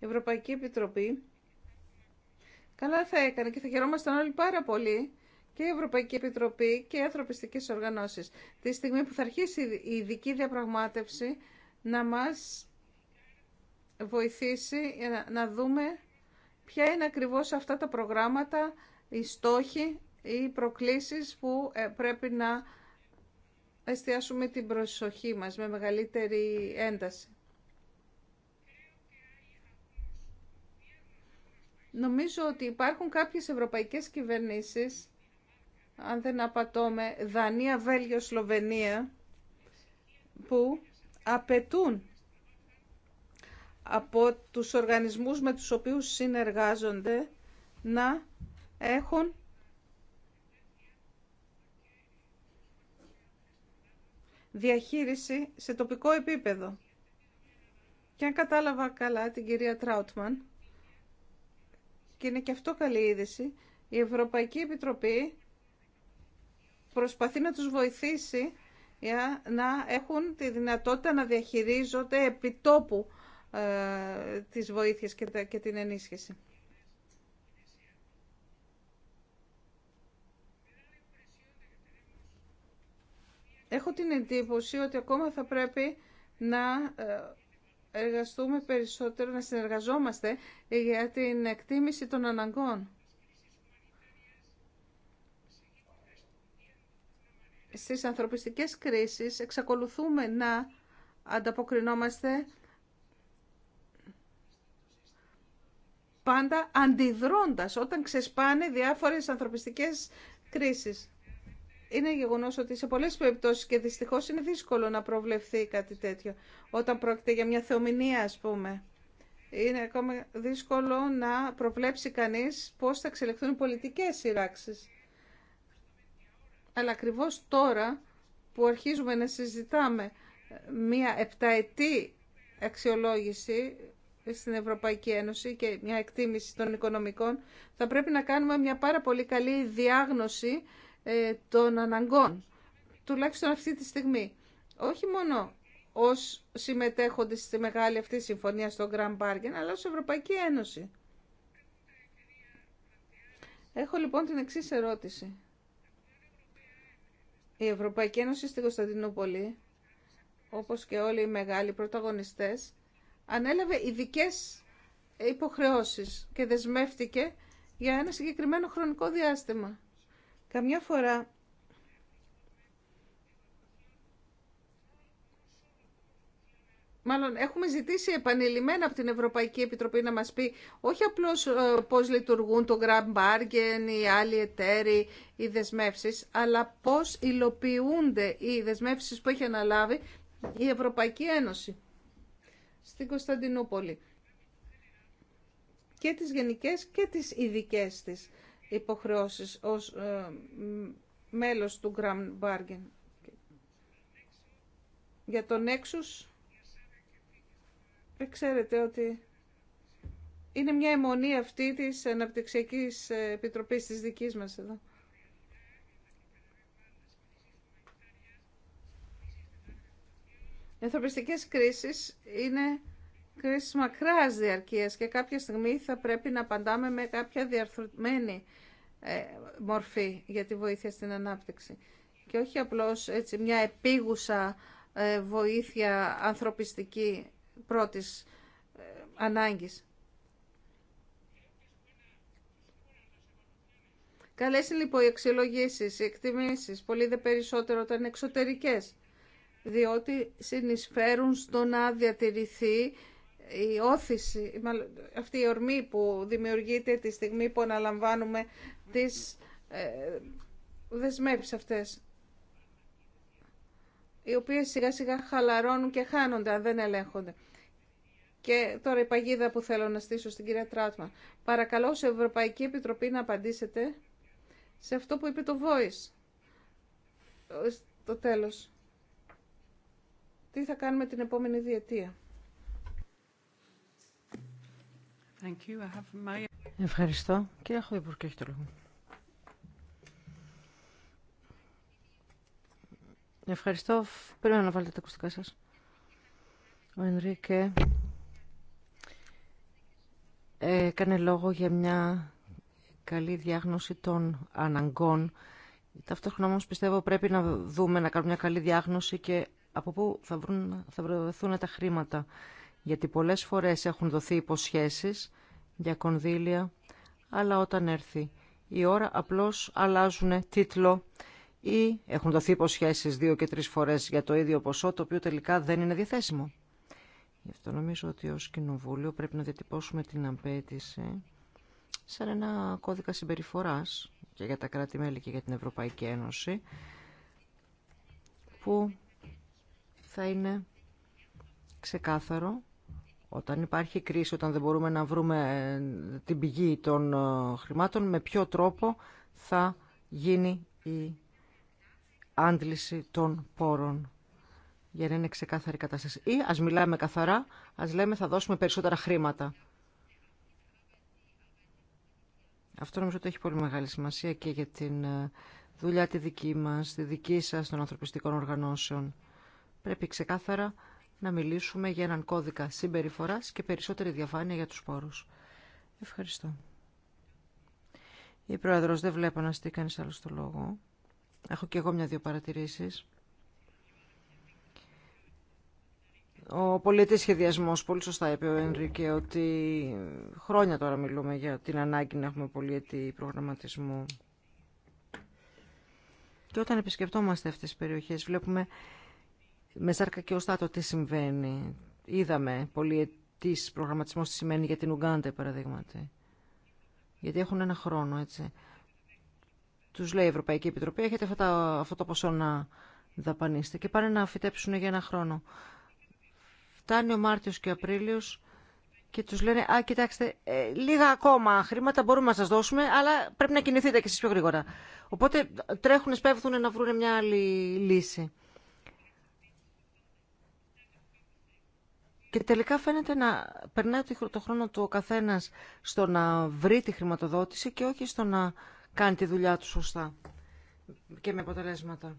η Ευρωπαϊκή Επιτροπή καλά θα έκανε και θα χαιρόμασταν όλοι πάρα πολύ και η Ευρωπαϊκή Επιτροπή και οι ανθρωπιστικές οργανώσεις. Τη στιγμή που θα αρχίσει η ειδική διαπραγμάτευση να μας βοηθήσει να δούμε ποια είναι ακριβώς αυτά τα προγράμματα οι στόχοι ή οι προκλήσεις που ε, πρέπει να εστιάσουμε την προσοχή μας με μεγαλύτερη ένταση. Νομίζω ότι υπάρχουν κάποιες ευρωπαϊκές κυβερνήσεις, αν δεν απατώμε, Δανία, Βέλγιο, Σλοβενία, που απαιτούν από τους οργανισμούς με τους οποίους συνεργάζονται να έχουν διαχείριση σε τοπικό επίπεδο. Και αν κατάλαβα καλά την κυρία Τράουτμαν, και είναι και αυτό καλή είδηση, η Ευρωπαϊκή Επιτροπή προσπαθεί να τους βοηθήσει για να έχουν τη δυνατότητα να διαχειρίζονται επιτόπου ε, τις βοήθειες και την ενίσχυση. Έχω την εντύπωση ότι ακόμα θα πρέπει να ε, εργαστούμε περισσότερο, να συνεργαζόμαστε για την εκτίμηση των αναγκών. Στις ανθρωπιστικές κρίσεις εξακολουθούμε να ανταποκρινόμαστε πάντα αντιδρώντας όταν ξεσπάνε διάφορες ανθρωπιστικές κρίσεις είναι γεγονό ότι σε πολλέ περιπτώσει και δυστυχώ είναι δύσκολο να προβλεφθεί κάτι τέτοιο. Όταν πρόκειται για μια θεομηνία, α πούμε. Είναι ακόμα δύσκολο να προβλέψει κανεί πώ θα εξελιχθούν οι πολιτικέ σειράξει. Αλλά ακριβώ τώρα που αρχίζουμε να συζητάμε μια επταετή αξιολόγηση στην Ευρωπαϊκή Ένωση και μια εκτίμηση των οικονομικών, θα πρέπει να κάνουμε μια πάρα πολύ καλή διάγνωση ε, των αναγκών, τουλάχιστον αυτή τη στιγμή. Όχι μόνο ως συμμετέχοντες στη μεγάλη αυτή συμφωνία στο Grand Bargain, αλλά ως Ευρωπαϊκή Ένωση. Έχω λοιπόν την εξής ερώτηση. Η Ευρωπαϊκή Ένωση στην Κωνσταντινούπολη, όπως και όλοι οι μεγάλοι πρωταγωνιστές, ανέλαβε ειδικέ υποχρεώσεις και δεσμεύτηκε για ένα συγκεκριμένο χρονικό διάστημα. Καμιά φορά Μάλλον έχουμε ζητήσει επανειλημμένα από την Ευρωπαϊκή Επιτροπή να μας πει όχι απλώς ε, πώς λειτουργούν το Grand Bargain, οι άλλοι εταίροι, οι δεσμεύσεις, αλλά πώς υλοποιούνται οι δεσμεύσεις που έχει αναλάβει η Ευρωπαϊκή Ένωση στην Κωνσταντινούπολη και τις γενικές και τις ειδικές της υποχρεώσεις ως ε, μέλος του Grand Bargain. Για τον Nexus, ε, ξέρετε ότι είναι μια αιμονή αυτή της Αναπτυξιακής Επιτροπής της δικής μας εδώ. Οι ανθρωπιστικές κρίσεις είναι κρίση μακρά διαρκεία και κάποια στιγμή θα πρέπει να απαντάμε με κάποια διαρθρωμένη ε, μορφή για τη βοήθεια στην ανάπτυξη. Και όχι απλώς μια επίγουσα ε, βοήθεια ανθρωπιστική πρώτης ε, ανάγκης. Καλέ είναι λοιπόν οι αξιολογήσει, οι εκτιμήσεις, πολύ δε περισσότερο όταν είναι εξωτερικές, διότι συνεισφέρουν στο να διατηρηθεί η όθηση, αυτή η ορμή που δημιουργείται τη στιγμή που αναλαμβάνουμε τις ε, αυτές οι οποίες σιγά σιγά χαλαρώνουν και χάνονται αν δεν ελέγχονται. Και τώρα η παγίδα που θέλω να στήσω στην κυρία Τράτμα. Παρακαλώ σε Ευρωπαϊκή Επιτροπή να απαντήσετε σε αυτό που είπε το Voice. Ε, το τέλος. Τι θα κάνουμε την επόμενη διετία. Thank Ευχαριστώ. Κύριε και έχει το λόγο. Ευχαριστώ. Πρέπει να βάλετε τα ακουστικά σας. Ο Ενρίκε ε, έκανε λόγο για μια καλή διάγνωση των αναγκών. Ταυτόχρονα όμως πιστεύω πρέπει να δούμε, να κάνουμε μια καλή διάγνωση και από πού θα, βρουν, θα βρεθούν τα χρήματα γιατί πολλές φορές έχουν δοθεί υποσχέσεις για κονδύλια, αλλά όταν έρθει η ώρα απλώς αλλάζουν τίτλο ή έχουν δοθεί υποσχέσεις δύο και τρεις φορές για το ίδιο ποσό, το οποίο τελικά δεν είναι διαθέσιμο. Γι' αυτό νομίζω ότι ως Κοινοβούλιο πρέπει να διατυπώσουμε την απέτηση σαν ένα κώδικα συμπεριφοράς και για τα κράτη-μέλη και για την Ευρωπαϊκή Ένωση που θα είναι ξεκάθαρο όταν υπάρχει κρίση, όταν δεν μπορούμε να βρούμε ε, την πηγή των ε, χρημάτων, με ποιο τρόπο θα γίνει η άντληση των πόρων για να είναι ξεκάθαρη η κατάσταση. Ή ας μιλάμε καθαρά, ας λέμε θα δώσουμε περισσότερα χρήματα. Αυτό νομίζω ότι έχει πολύ μεγάλη σημασία και για την ε, δουλειά τη δική μας, τη δική σας των ανθρωπιστικών οργανώσεων. Πρέπει ξεκάθαρα να μιλήσουμε για έναν κώδικα συμπεριφοράς και περισσότερη διαφάνεια για τους πόρους. Ευχαριστώ. Η Πρόεδρος δεν βλέπω να στεί κανείς άλλο το λόγο. Έχω και εγώ μια-δύο παρατηρήσεις. Ο πολιτής σχεδιασμός, πολύ σωστά είπε ο Ενρικέ, ότι χρόνια τώρα μιλούμε για την ανάγκη να έχουμε πολιετή προγραμματισμού. Και όταν επισκεπτόμαστε αυτές τις περιοχές βλέπουμε με σάρκα και το τι συμβαίνει. Είδαμε τι προγραμματισμό τι σημαίνει για την Ουγγάντα, παραδείγματι. Γιατί έχουν ένα χρόνο, έτσι. Του λέει η Ευρωπαϊκή Επιτροπή, έχετε αυτό το ποσό να δαπανίσετε και πάνε να φυτέψουν για ένα χρόνο. Φτάνει ο Μάρτιο και ο Απρίλιο. και του λένε «Α, κοιτάξτε, ε, λίγα ακόμα χρήματα μπορούμε να σα δώσουμε, αλλά πρέπει να κινηθείτε κι εσεί πιο γρήγορα». Οπότε τρέχουν, σπέβδουν να βρουν μια άλλη λύση. Και τελικά φαίνεται να περνάει το χρόνο του ο καθένα στο να βρει τη χρηματοδότηση και όχι στο να κάνει τη δουλειά του σωστά και με αποτελέσματα.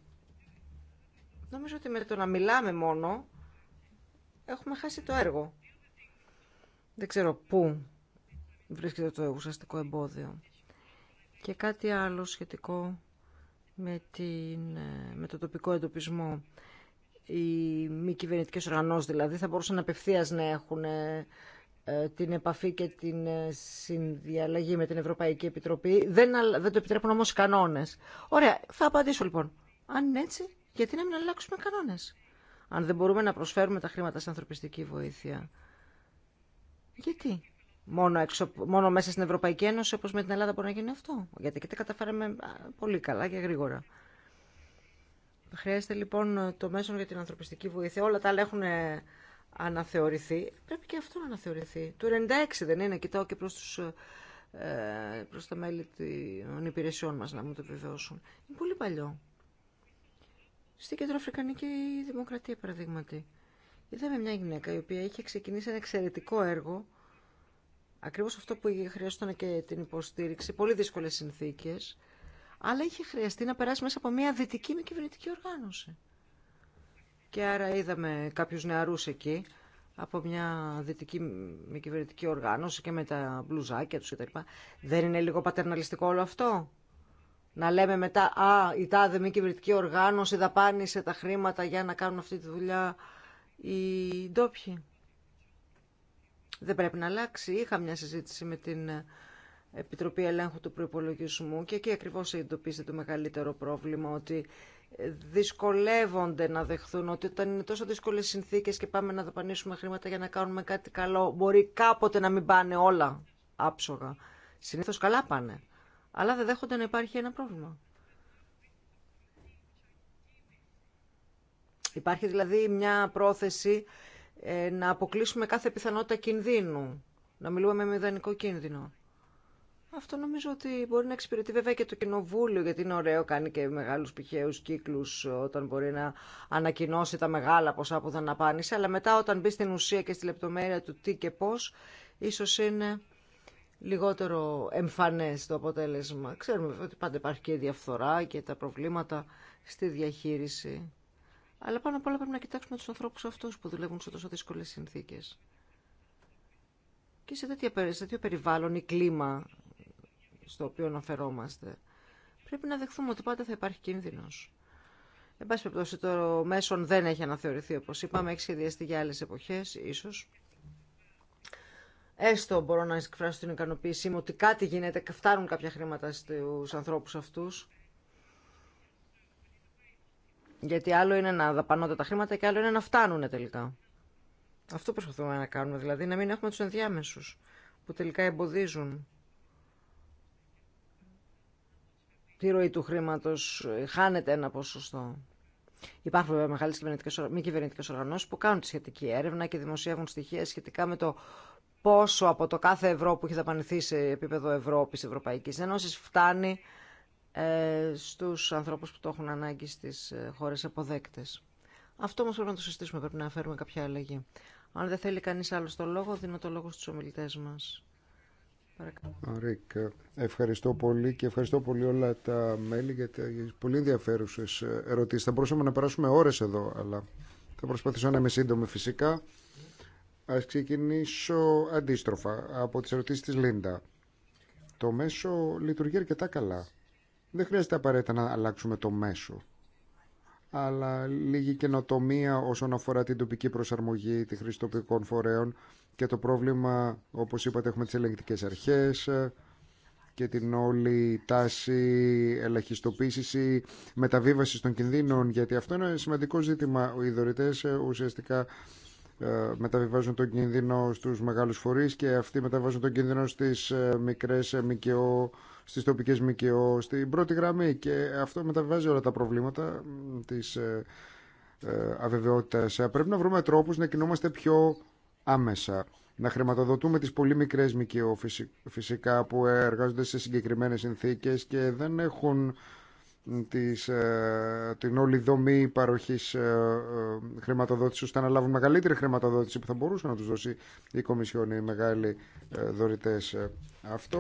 Νομίζω ότι με το να μιλάμε μόνο έχουμε χάσει το έργο. Δεν ξέρω πού βρίσκεται το ουσιαστικό εμπόδιο. Και κάτι άλλο σχετικό με, την, ε, με το τοπικό εντοπισμό οι μη κυβερνητικέ οργανώσει δηλαδή θα μπορούσαν απευθεία να έχουν ε, ε, την επαφή και την ε, συνδιαλλαγή με την Ευρωπαϊκή Επιτροπή. Δεν, δεν το επιτρέπουν όμω οι κανόνες. Ωραία, θα απαντήσω λοιπόν. Αν είναι έτσι, γιατί να μην αλλάξουμε κανόνε. Αν δεν μπορούμε να προσφέρουμε τα χρήματα σε ανθρωπιστική βοήθεια. Γιατί. Μόνο, μόνο μέσα στην Ευρωπαϊκή Ένωση, όπως με την Ελλάδα, μπορεί να γίνει αυτό. Γιατί και τα καταφέραμε πολύ καλά και γρήγορα. Χρειάζεται λοιπόν το μέσο για την ανθρωπιστική βοήθεια. Όλα τα άλλα έχουν ε, αναθεωρηθεί. Πρέπει και αυτό να αναθεωρηθεί. Το 96 δεν είναι. Κοιτάω και προς, τους, ε, προς τα μέλη των υπηρεσιών μας να μου το επιβεβαιώσουν. Είναι πολύ παλιό. Στην Κεντροαφρικανική Δημοκρατία, παραδείγματι. Είδαμε μια γυναίκα η οποία είχε ξεκινήσει ένα εξαιρετικό έργο. Ακριβώς αυτό που χρειαζόταν και την υποστήριξη. Πολύ δύσκολες συνθήκες αλλά είχε χρειαστεί να περάσει μέσα από μια δυτική με κυβερνητική οργάνωση. Και άρα είδαμε κάποιους νεαρούς εκεί, από μια δυτική με κυβερνητική οργάνωση και με τα μπλουζάκια τους κτλ. Δεν είναι λίγο πατερναλιστικό όλο αυτό. Να λέμε μετά, α, η τάδε μη κυβερνητική οργάνωση δαπάνησε τα χρήματα για να κάνουν αυτή τη δουλειά οι ντόπιοι. Δεν πρέπει να αλλάξει. Είχα μια συζήτηση με την Επιτροπή Ελέγχου του προπολογισμού και εκεί ακριβώς εντοπίζεται το μεγαλύτερο πρόβλημα ότι δυσκολεύονται να δεχθούν ότι όταν είναι τόσο δύσκολες συνθήκες και πάμε να δαπανίσουμε χρήματα για να κάνουμε κάτι καλό μπορεί κάποτε να μην πάνε όλα άψογα. Συνήθως καλά πάνε, αλλά δεν δέχονται να υπάρχει ένα πρόβλημα. Υπάρχει δηλαδή μια πρόθεση ε, να αποκλείσουμε κάθε πιθανότητα κινδύνου, να μιλούμε με μηδενικό κίνδυνο. Αυτό νομίζω ότι μπορεί να εξυπηρετεί βέβαια και το κοινοβούλιο, γιατί είναι ωραίο, κάνει και μεγάλου πηχαίου κύκλου όταν μπορεί να ανακοινώσει τα μεγάλα ποσά που θα αναπάνει. αλλά μετά όταν μπει στην ουσία και στη λεπτομέρεια του τι και πώ, ίσω είναι λιγότερο εμφανέ το αποτέλεσμα. Ξέρουμε βέβαια ότι πάντα υπάρχει και η διαφθορά και τα προβλήματα στη διαχείριση. Αλλά πάνω απ' όλα πρέπει να κοιτάξουμε του ανθρώπου αυτού που δουλεύουν σε τόσο δύσκολε συνθήκε. Και σε, σε τέτοιο περιβάλλον ή κλίμα στο οποίο αναφερόμαστε, πρέπει να δεχθούμε ότι πάντα θα υπάρχει κίνδυνο. Εν πάση περιπτώσει, το μέσον δεν έχει αναθεωρηθεί, όπω. είπαμε, έχει σχεδιαστεί για άλλε εποχέ ίσω. Έστω μπορώ να εκφράσω την ικανοποίησή μου ότι κάτι γίνεται, φτάνουν κάποια χρήματα στους ανθρώπους αυτούς. Γιατί άλλο είναι να δαπανώνται τα χρήματα και άλλο είναι να φτάνουν τελικά. Αυτό προσπαθούμε να κάνουμε, δηλαδή να μην έχουμε τους ενδιάμεσους που τελικά εμποδίζουν τη ροή του χρήματο ε, χάνεται ένα ποσοστό. Υπάρχουν βέβαια μεγάλε μη κυβερνητικέ οργανώσει που κάνουν τη σχετική έρευνα και δημοσιεύουν στοιχεία σχετικά με το πόσο από το κάθε ευρώ που έχει δαπανηθεί σε επίπεδο Ευρώπη, Ευρωπαϊκή Ένωση, φτάνει ε, στου ανθρώπου που το έχουν ανάγκη στι ε, χώρε αποδέκτε. Αυτό όμω πρέπει να το συστήσουμε, πρέπει να φέρουμε κάποια αλλαγή. Αν δεν θέλει κανεί άλλο το λόγο, δίνω το λόγο στου ομιλητέ μα. Ρίκ, ευχαριστώ πολύ και ευχαριστώ πολύ όλα τα μέλη για τις πολύ ενδιαφέρουσες ερωτήσεις. Θα μπορούσαμε να περάσουμε ώρες εδώ, αλλά θα προσπαθήσω να είμαι σύντομη φυσικά. Ας ξεκινήσω αντίστροφα από τις ερωτήσεις της Λίντα. Το μέσο λειτουργεί αρκετά καλά. Δεν χρειάζεται απαραίτητα να αλλάξουμε το μέσο αλλά λίγη καινοτομία όσον αφορά την τοπική προσαρμογή, τη χρήση τοπικών φορέων και το πρόβλημα, όπως είπατε, έχουμε τις ελεγκτικές αρχές ε, και την όλη τάση ελαχιστοποίησης ή μεταβίβασης των κινδύνων, γιατί αυτό είναι σημαντικό ζήτημα. Οι δωρητές ε, ουσιαστικά ε, μεταβιβάζουν τον κίνδυνο στους μεγάλους φορείς και αυτοί μεταβάζουν τον κίνδυνο στις μικρές, μικαιό, στις τοπικές ΜΚΟ, στην πρώτη γραμμή και αυτό μεταβάζει όλα τα προβλήματα της ε, ε, αβεβαιότητας. Ε, πρέπει να βρούμε τρόπους να κινούμαστε πιο άμεσα. Να χρηματοδοτούμε τις πολύ μικρές ΜΚΟ φυσικά που εργάζονται σε συγκεκριμένες συνθήκες και δεν έχουν της, ε, την όλη δομή παροχής ε, ε, χρηματοδότησης ώστε να λάβουν μεγαλύτερη χρηματοδότηση που θα μπορούσε να τους δώσει η Κομισιόν οι μεγάλοι δωρητές. Αυτό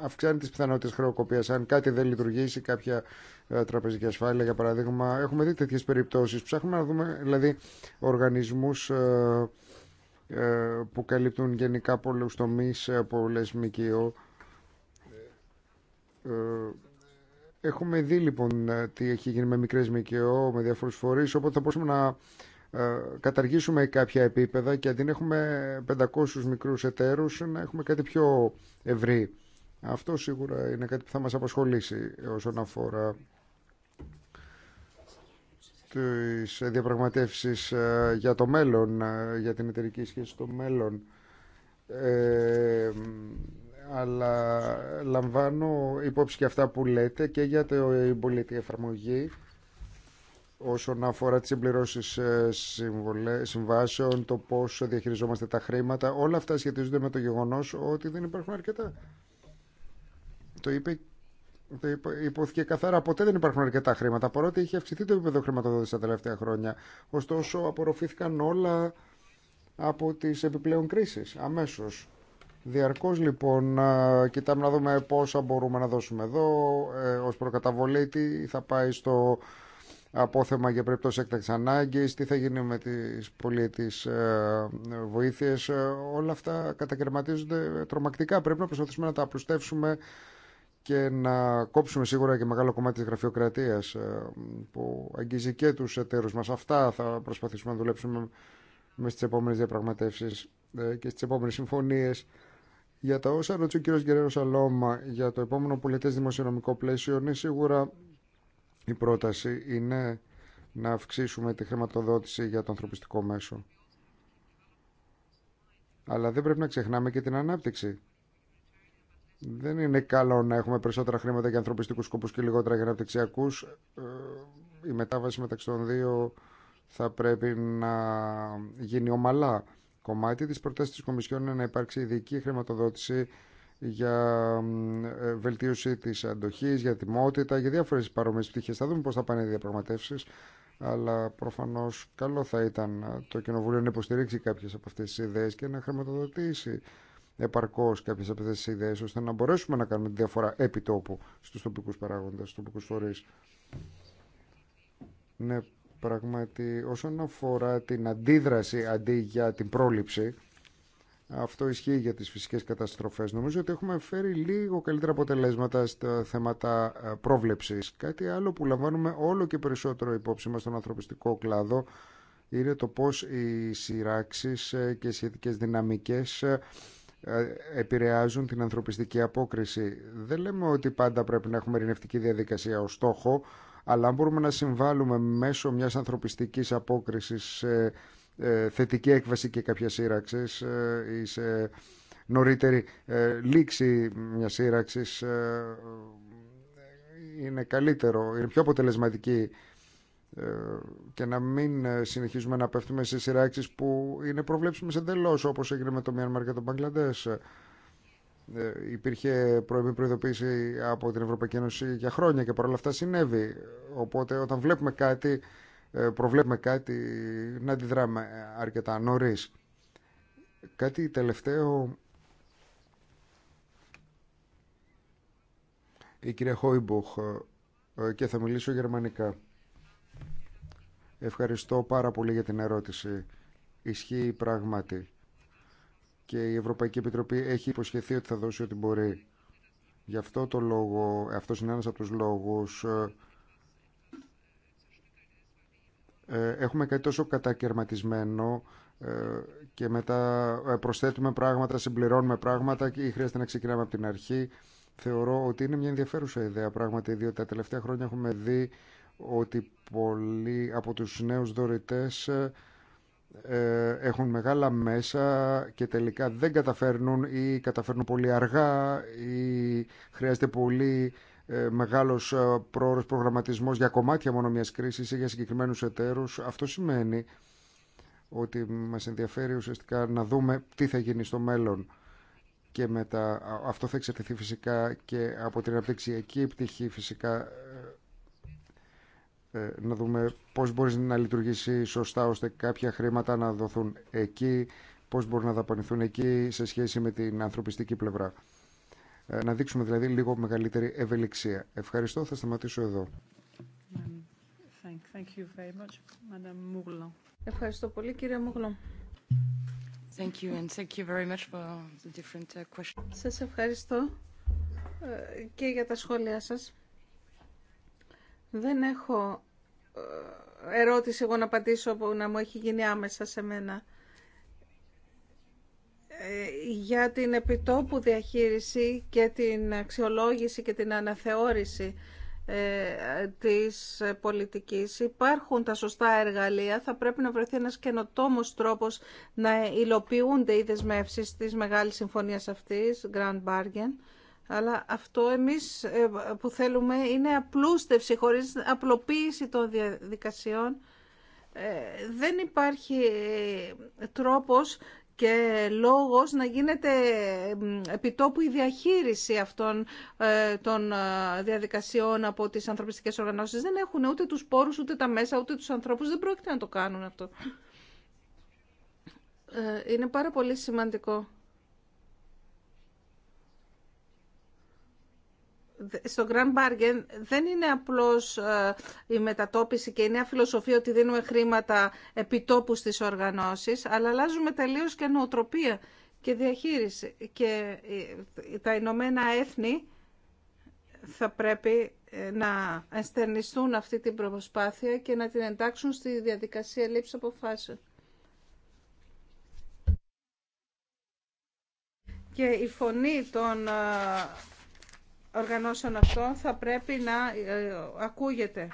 αυξάνει τις πιθανότητες χρεοκοπίας. Αν κάτι δεν λειτουργήσει, κάποια τραπεζική ασφάλεια για παράδειγμα, έχουμε δει τέτοιες περιπτώσεις. Ψάχνουμε να δούμε δηλαδή οργανισμούς που καλύπτουν γενικά πολλούς τομείς, πολλές ε, έχουμε δει λοιπόν ε, τι έχει γίνει με μικρές ΜΚΟ, με διάφορους φορείς, οπότε θα μπορούσαμε να ε, καταργήσουμε κάποια επίπεδα και αντί να έχουμε 500 μικρούς εταίρους, να έχουμε κάτι πιο ευρύ. Αυτό σίγουρα είναι κάτι που θα μας απασχολήσει όσον αφορά τις διαπραγματεύσεις για το μέλλον, για την εταιρική σχέση στο μέλλον αλλά λαμβάνω υπόψη και αυτά που λέτε και για την ε, πολιτική εφαρμογή όσον αφορά τις συμπληρώσεις ε, συμβάσεων, το πώς διαχειριζόμαστε τα χρήματα. Όλα αυτά σχετίζονται με το γεγονός ότι δεν υπάρχουν αρκετά. Το είπε το υπόθηκε καθαρά. Ποτέ δεν υπάρχουν αρκετά χρήματα, παρότι είχε αυξηθεί το επίπεδο χρηματοδότηση τα τελευταία χρόνια. Ωστόσο, απορροφήθηκαν όλα από τις επιπλέον κρίσεις αμέσως. Διαρκώ λοιπόν κοιτάμε να δούμε πόσα μπορούμε να δώσουμε εδώ ε, προκαταβολή τι θα πάει στο απόθεμα για περίπτωση έκτακτη ανάγκη, τι θα γίνει με τι πολιετής ε, ε, Όλα αυτά κατακαιρματίζονται τρομακτικά. Πρέπει να προσπαθήσουμε να τα απλουστεύσουμε και να κόψουμε σίγουρα και μεγάλο κομμάτι της γραφειοκρατίας ε, που αγγίζει και τους εταίρους μας. Αυτά θα προσπαθήσουμε να δουλέψουμε με στις επόμενες διαπραγματεύσεις και στι επόμενε συμφωνίες. Για τα όσα ρώτησε ο κύριος Γκερέρο Σαλώμα για το επόμενο πολιτέ δημοσιονομικό πλαίσιο, είναι σίγουρα η πρόταση είναι να αυξήσουμε τη χρηματοδότηση για το ανθρωπιστικό μέσο. Αλλά δεν πρέπει να ξεχνάμε και την ανάπτυξη. Δεν είναι καλό να έχουμε περισσότερα χρήματα για ανθρωπιστικούς σκοπούς και λιγότερα για αναπτυξιακούς. Ε, η μετάβαση μεταξύ των δύο θα πρέπει να γίνει ομαλά κομμάτι της προτάσης της Κομισιόν είναι να υπάρξει ειδική χρηματοδότηση για ε, βελτίωση της αντοχής, για τιμότητα, για διάφορες παρόμοιες πτυχές. Θα δούμε πώς θα πάνε οι διαπραγματεύσεις, αλλά προφανώ καλό θα ήταν ε, το Κοινοβούλιο να υποστηρίξει κάποιε από αυτέ τι ιδέε και να χρηματοδοτήσει επαρκώ κάποιε από αυτέ τι ιδέε, ώστε να μπορέσουμε να κάνουμε τη διαφορά επί τόπου στους τοπικούς παράγοντες, στους τοπικούς φορείς. Ναι, Πράγματι, όσον αφορά την αντίδραση αντί για την πρόληψη, αυτό ισχύει για τις φυσικές καταστροφές. Νομίζω ότι έχουμε φέρει λίγο καλύτερα αποτελέσματα στα θέματα ε, πρόβλεψης. Κάτι άλλο που λαμβάνουμε όλο και περισσότερο υπόψη μας στον ανθρωπιστικό κλάδο είναι το πώς οι σειράξεις ε, και οι σχετικές δυναμικές ε, επηρεάζουν την ανθρωπιστική απόκριση. Δεν λέμε ότι πάντα πρέπει να έχουμε ειρηνευτική διαδικασία ως στόχο, αλλά αν μπορούμε να συμβάλλουμε μέσω μιας ανθρωπιστικής απόκρισης σε ε, θετική έκβαση και κάποια σύραξη ε, ή σε νωρίτερη ε, λήξη μια σύραξη είναι καλύτερο, είναι πιο αποτελεσματική και να μην συνεχίζουμε να πέφτουμε σε σειράξεις που είναι προβλέψιμες εντελώς όπως έγινε με το Μιανμάρ και το Μπαγκλαντές ε, υπήρχε προειδοποίηση από την Ευρωπαϊκή Ένωση για χρόνια και παρόλα αυτά συνέβη. Οπότε όταν βλέπουμε κάτι, ε, προβλέπουμε κάτι, να αντιδράμε αρκετά νωρί. Κάτι τελευταίο. Η κυρία Χόιμπουχ ε, και θα μιλήσω γερμανικά. Ευχαριστώ πάρα πολύ για την ερώτηση. Ισχύει πράγματι και η Ευρωπαϊκή Επιτροπή έχει υποσχεθεί ότι θα δώσει ό,τι μπορεί. Γι' αυτό το λόγο, αυτός είναι ένας από τους λόγους, ε, ε, έχουμε κάτι τόσο κατακαιρματισμένο ε, και μετά προσθέτουμε πράγματα, συμπληρώνουμε πράγματα ή χρειάζεται να ξεκινάμε από την αρχή. Θεωρώ ότι είναι μια ενδιαφέρουσα ιδέα πράγματι, διότι τα τελευταία χρόνια έχουμε δει ότι πολλοί από τους νέους δωρητές ε, έχουν μεγάλα μέσα και τελικά δεν καταφέρνουν ή καταφέρνουν πολύ αργά ή χρειάζεται πολύ ε, μεγάλος ε, πρόορος προγραμματισμός για κομμάτια μόνο μιας κρίσης ή για συγκεκριμένους εταίρους. Αυτό σημαίνει ότι μας ενδιαφέρει ουσιαστικά να δούμε τι θα γίνει στο μέλλον και μετά αυτό θα εξαρτηθεί φυσικά και από την αναπτυξιακή πτυχή φυσικά ε, να δούμε πώς μπορεί να λειτουργήσει σωστά ώστε κάποια χρήματα να δοθούν εκεί, πώς μπορούν να δαπανηθούν εκεί σε σχέση με την ανθρωπιστική πλευρά. Ε, να δείξουμε δηλαδή λίγο μεγαλύτερη ευελιξία. Ευχαριστώ, θα σταματήσω εδώ. Thank you very much, Ευχαριστώ πολύ, κύριε Μουγλό. Thank you and thank you very much for the different uh, Σας ευχαριστώ ε, και για τα σχόλιά σας. Δεν έχω ε, ερώτηση εγώ να απαντήσω που να μου έχει γίνει άμεσα σε μένα. Ε, για την επιτόπου διαχείριση και την αξιολόγηση και την αναθεώρηση ε, της πολιτικής. Υπάρχουν τα σωστά εργαλεία, θα πρέπει να βρεθεί ένας καινοτόμος τρόπος να υλοποιούνται οι δεσμεύσεις της μεγάλης συμφωνίας αυτής, Grand Bargain. Αλλά αυτό εμείς ε, που θέλουμε είναι απλούστευση, χωρίς απλοποίηση των διαδικασιών. Ε, δεν υπάρχει ε, τρόπος και λόγος να γίνεται επιτόπου η διαχείριση αυτών των διαδικασιών από τις ανθρωπιστικές οργανώσεις. Δεν έχουν ούτε τους πόρους, ούτε τα μέσα, ούτε τους ανθρώπους. Δεν πρόκειται να το κάνουν αυτό. Είναι πάρα πολύ σημαντικό στο Grand Bargain δεν είναι απλώς ε, η μετατόπιση και η νέα φιλοσοφία ότι δίνουμε χρήματα επιτόπου στις οργανώσεις, αλλά αλλάζουμε τελείως και νοοτροπία και διαχείριση. Και ε, τα Ηνωμένα Έθνη θα πρέπει ε, να ενστερνιστούν αυτή την προσπάθεια και να την εντάξουν στη διαδικασία λήψη αποφάσεων. Και η φωνή των οργανώσεων αυτών θα πρέπει να ε, ακούγεται.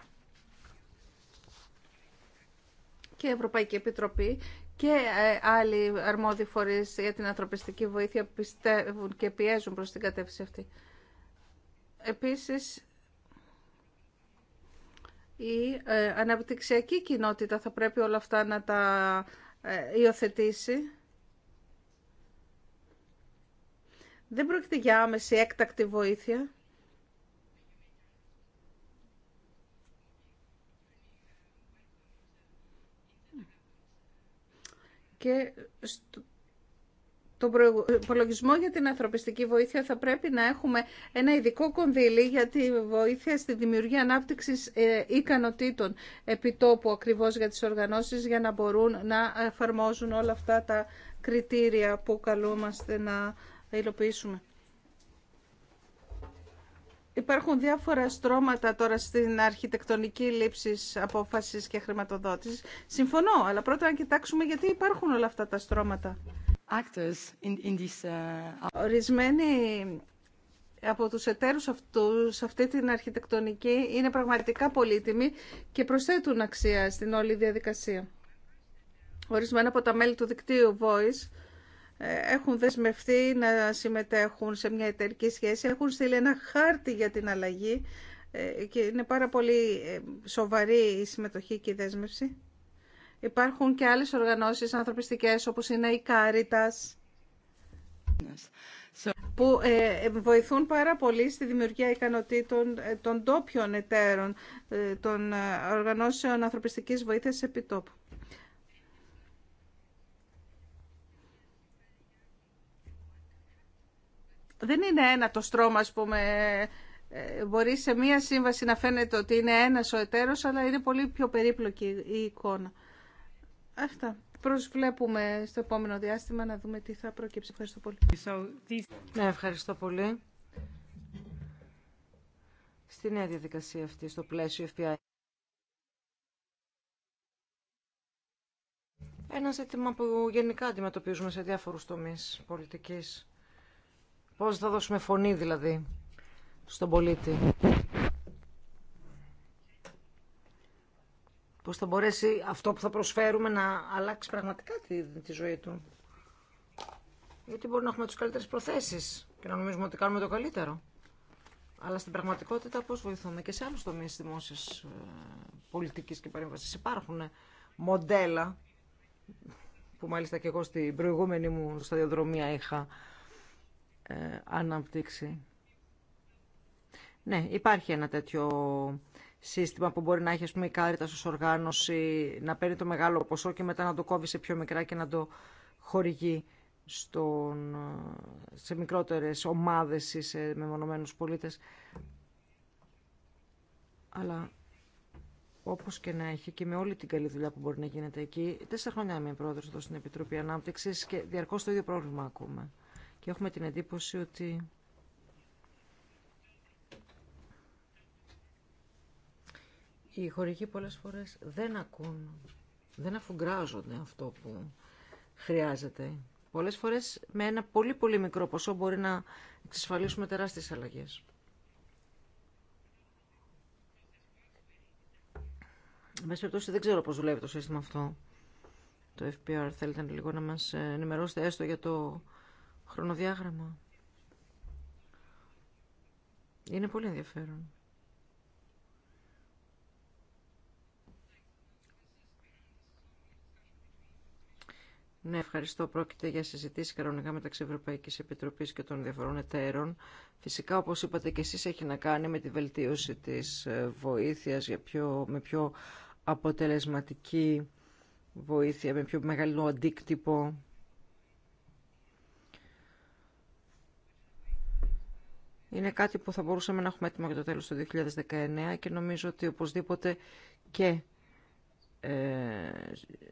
Και η Ευρωπαϊκή Επιτροπή και ε, άλλοι αρμόδιοι φορείς για την ανθρωπιστική βοήθεια πιστεύουν και πιέζουν προς την κατεύθυνση αυτή. Επίσης, η ε, αναπτυξιακή κοινότητα θα πρέπει όλα αυτά να τα υιοθετήσει Δεν πρόκειται για άμεση έκτακτη βοήθεια. Και στον υπολογισμό για την ανθρωπιστική βοήθεια θα πρέπει να έχουμε ένα ειδικό κονδύλι για τη βοήθεια στη δημιουργία ανάπτυξης ε, ικανοτήτων επιτόπου ακριβώς για τις οργανώσεις για να μπορούν να εφαρμόζουν όλα αυτά τα κριτήρια που καλούμαστε να θα υλοποιήσουμε. Υπάρχουν διάφορα στρώματα τώρα στην αρχιτεκτονική λήψη απόφαση και χρηματοδότηση. Συμφωνώ, αλλά πρώτα να κοιτάξουμε γιατί υπάρχουν όλα αυτά τα στρώματα. in, ε, Ορισμένοι από τους εταίρους αυτούς σε αυτή την αρχιτεκτονική είναι πραγματικά πολύτιμοι και προσθέτουν αξία στην όλη διαδικασία. Ορισμένα από τα μέλη του δικτύου Voice ε, έχουν δεσμευτεί να συμμετέχουν σε μια εταιρική σχέση, έχουν στείλει ένα χάρτη για την αλλαγή ε, και είναι πάρα πολύ ε, σοβαρή η συμμετοχή και η δέσμευση. Υπάρχουν και άλλες οργανώσεις ανθρωπιστικές όπως είναι η Κάριτας που βοηθούν πάρα πολύ στη δημιουργία ικανοτήτων των τόπιων εταίρων των οργανώσεων ανθρωπιστικής βοήθειας επιτόπου. δεν είναι ένα το στρώμα, ας πούμε, ε, μπορεί σε μία σύμβαση να φαίνεται ότι είναι ένα ο εταίρος, αλλά είναι πολύ πιο περίπλοκη η εικόνα. Αυτά. Προσβλέπουμε στο επόμενο διάστημα να δούμε τι θα προκύψει. Ευχαριστώ πολύ. Ναι, ευχαριστώ πολύ. Στη νέα διαδικασία αυτή, στο πλαίσιο FBI. Ένα ζήτημα που γενικά αντιμετωπίζουμε σε διάφορους τομείς πολιτικής Πώς θα δώσουμε φωνή δηλαδή στον πολίτη. Πώς θα μπορέσει αυτό που θα προσφέρουμε να αλλάξει πραγματικά τη, ζωή του. Γιατί μπορεί να έχουμε τις καλύτερες προθέσεις και να νομίζουμε ότι κάνουμε το καλύτερο. Αλλά στην πραγματικότητα πώς βοηθούμε. Και σε άλλους τομείς δημόσιας ε, πολιτικής και παρέμβασης υπάρχουν μοντέλα που μάλιστα και εγώ στην προηγούμενη μου σταδιοδρομία είχα ε, αναπτύξει. Ναι, υπάρχει ένα τέτοιο σύστημα που μπορεί να έχει ας πούμε, η κάρτα ως οργάνωση, να παίρνει το μεγάλο ποσό και μετά να το κόβει σε πιο μικρά και να το χορηγεί στον, ε, σε μικρότερες ομάδες ή σε μεμονωμένους πολίτες. Αλλά όπως και να έχει και με όλη την καλή δουλειά που μπορεί να γίνεται εκεί, τέσσερα χρόνια είμαι πρόεδρος εδώ στην Επιτροπή Ανάπτυξης και διαρκώς το ίδιο πρόβλημα ακούμε και έχουμε την εντύπωση ότι οι χορηγοί πολλές φορές δεν ακούν, δεν αφουγκράζονται αυτό που χρειάζεται. Πολλές φορές με ένα πολύ πολύ μικρό ποσό μπορεί να εξασφαλίσουμε τεράστιες αλλαγές. Μέσα περιπτώσει δεν ξέρω πώς δουλεύει το σύστημα αυτό. Το FPR θέλετε λίγο να μας ενημερώσετε έστω για το Χρονοδιάγραμμα. Είναι πολύ ενδιαφέρον. Ναι, ευχαριστώ. Πρόκειται για συζητήσει κανονικά μεταξύ Ευρωπαϊκή Επιτροπή και των διαφορών εταίρων. Φυσικά, όπω είπατε και εσεί, έχει να κάνει με τη βελτίωση τη ε, βοήθεια πιο, με πιο αποτελεσματική βοήθεια, με πιο μεγάλο αντίκτυπο είναι κάτι που θα μπορούσαμε να έχουμε έτοιμο για το τέλος του 2019 και νομίζω ότι οπωσδήποτε και ε,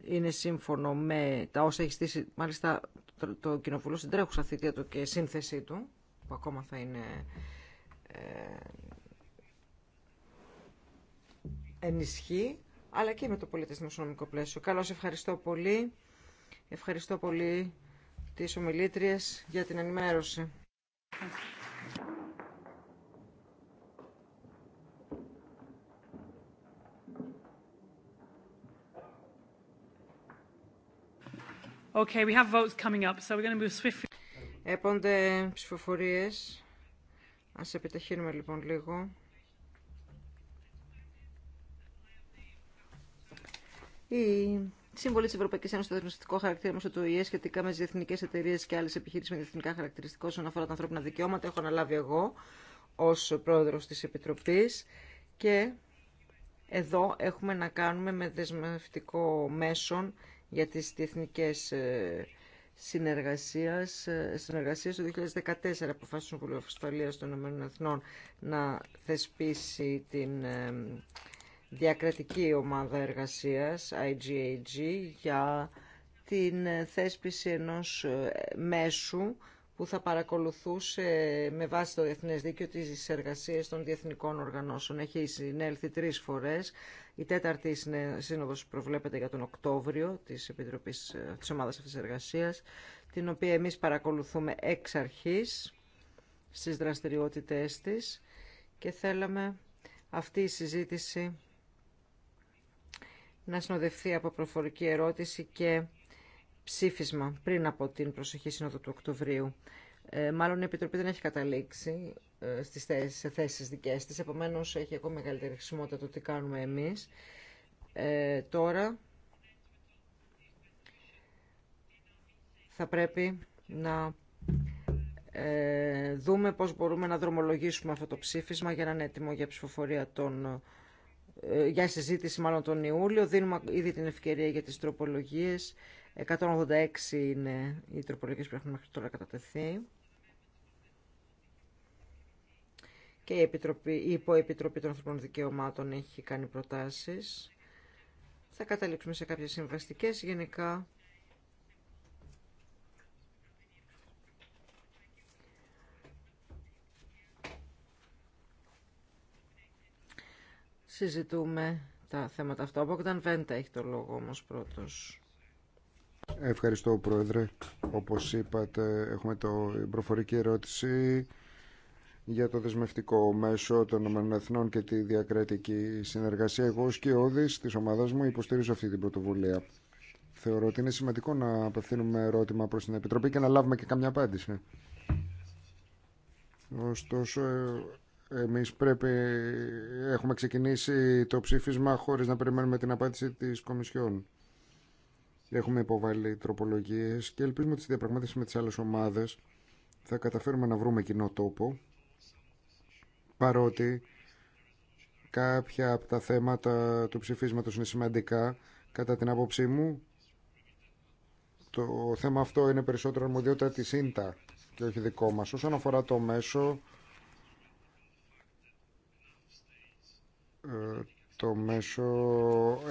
είναι σύμφωνο με τα όσα έχει στήσει μάλιστα το, το συντρέχουσα στην τρέχουσα θητεία του και σύνθεσή του που ακόμα θα είναι ε, αλλά και με το πολιτισμικό πλαίσιο. Καλώς ευχαριστώ πολύ. Ευχαριστώ πολύ τις ομιλήτριες για την ενημέρωση. Okay, we have votes coming up, so we're going to move swiftly. Έπονται ψηφοφορίες. Ας επιταχύνουμε λοιπόν λίγο. Η Σύμβολη τη Ευρωπαϊκή Ένωση στο Διεθνιστικό Χαρακτήρα μα του ΙΕ σχετικά με τι διεθνικέ εταιρείε και άλλε επιχειρήσει με διεθνικά χαρακτηριστικά όσον αφορά τα ανθρώπινα δικαιώματα έχω αναλάβει εγώ ω πρόεδρο τη Επιτροπή και εδώ έχουμε να κάνουμε με δεσμευτικό μέσον για τις διεθνικές ε, συνεργασίες, ε, συνεργασίες του 2014 αποφάσισαν ο Βουλίο Ασφαλείας των ΗΠΑ να θεσπίσει την ε, διακρατική ομάδα εργασίας IGAG για την θέσπιση ενός μέσου που θα παρακολουθούσε με βάση το Διεθνές Δίκαιο τις εργασίες των διεθνικών οργανώσεων. Έχει συνέλθει τρεις φορές. Η τέταρτη σύνοδος προβλέπεται για τον Οκτώβριο της, Επιτροπής, ε, της ομάδας αυτής εργασία, εργασίας, την οποία εμείς παρακολουθούμε εξ αρχής στις δραστηριότητές της και θέλαμε αυτή η συζήτηση να συνοδευτεί από προφορική ερώτηση και ψήφισμα πριν από την προσεχή σύνοδο του Οκτωβρίου. Ε, μάλλον η Επιτροπή δεν έχει καταλήξει ε, στις θέσεις, σε θέσεις δικές της, επομένως έχει ακόμα μεγαλύτερη χρησιμότητα το τι κάνουμε εμείς. Ε, τώρα θα πρέπει να ε, δούμε πώς μπορούμε να δρομολογήσουμε αυτό το ψήφισμα για να είναι έτοιμο για ψηφοφορία των, ε, για συζήτηση μάλλον τον Ιούλιο. Δίνουμε ήδη την ευκαιρία για τις τροπολογίες 186 είναι οι τροπολογίες που έχουν μέχρι τώρα κατατεθεί. Και η, Επιτροπή, η Υποεπιτροπή των ανθρωπινών Δικαιωμάτων έχει κάνει προτάσεις. Θα καταλήξουμε σε κάποιες συμβαστικές γενικά. Συζητούμε τα θέματα αυτά. Ο Μπόγκταν Βέντα έχει το λόγο όμως πρώτος. Ευχαριστώ, Πρόεδρε. Όπως είπατε, έχουμε το προφορική ερώτηση για το δεσμευτικό μέσο των εθνών και τη διακρατική συνεργασία. Εγώ ως και όδης της ομάδας μου υποστηρίζω αυτή την πρωτοβουλία. Θεωρώ ότι είναι σημαντικό να απευθύνουμε ερώτημα προς την Επιτροπή και να λάβουμε και καμιά απάντηση. Ωστόσο, εμείς πρέπει, έχουμε ξεκινήσει το ψήφισμα χωρίς να περιμένουμε την απάντηση της Κομισιόν. Έχουμε υποβάλει τροπολογίες και ελπίζουμε ότι στη διαπραγμάτευση με τι άλλες ομάδες θα καταφέρουμε να βρούμε κοινό τόπο παρότι κάποια από τα θέματα του ψηφίσματος είναι σημαντικά κατά την άποψή μου το θέμα αυτό είναι περισσότερο αρμοδιότητα τη ΣΥΝΤΑ και όχι δικό μας. Όσον αφορά το μέσο, ε, το μέσο.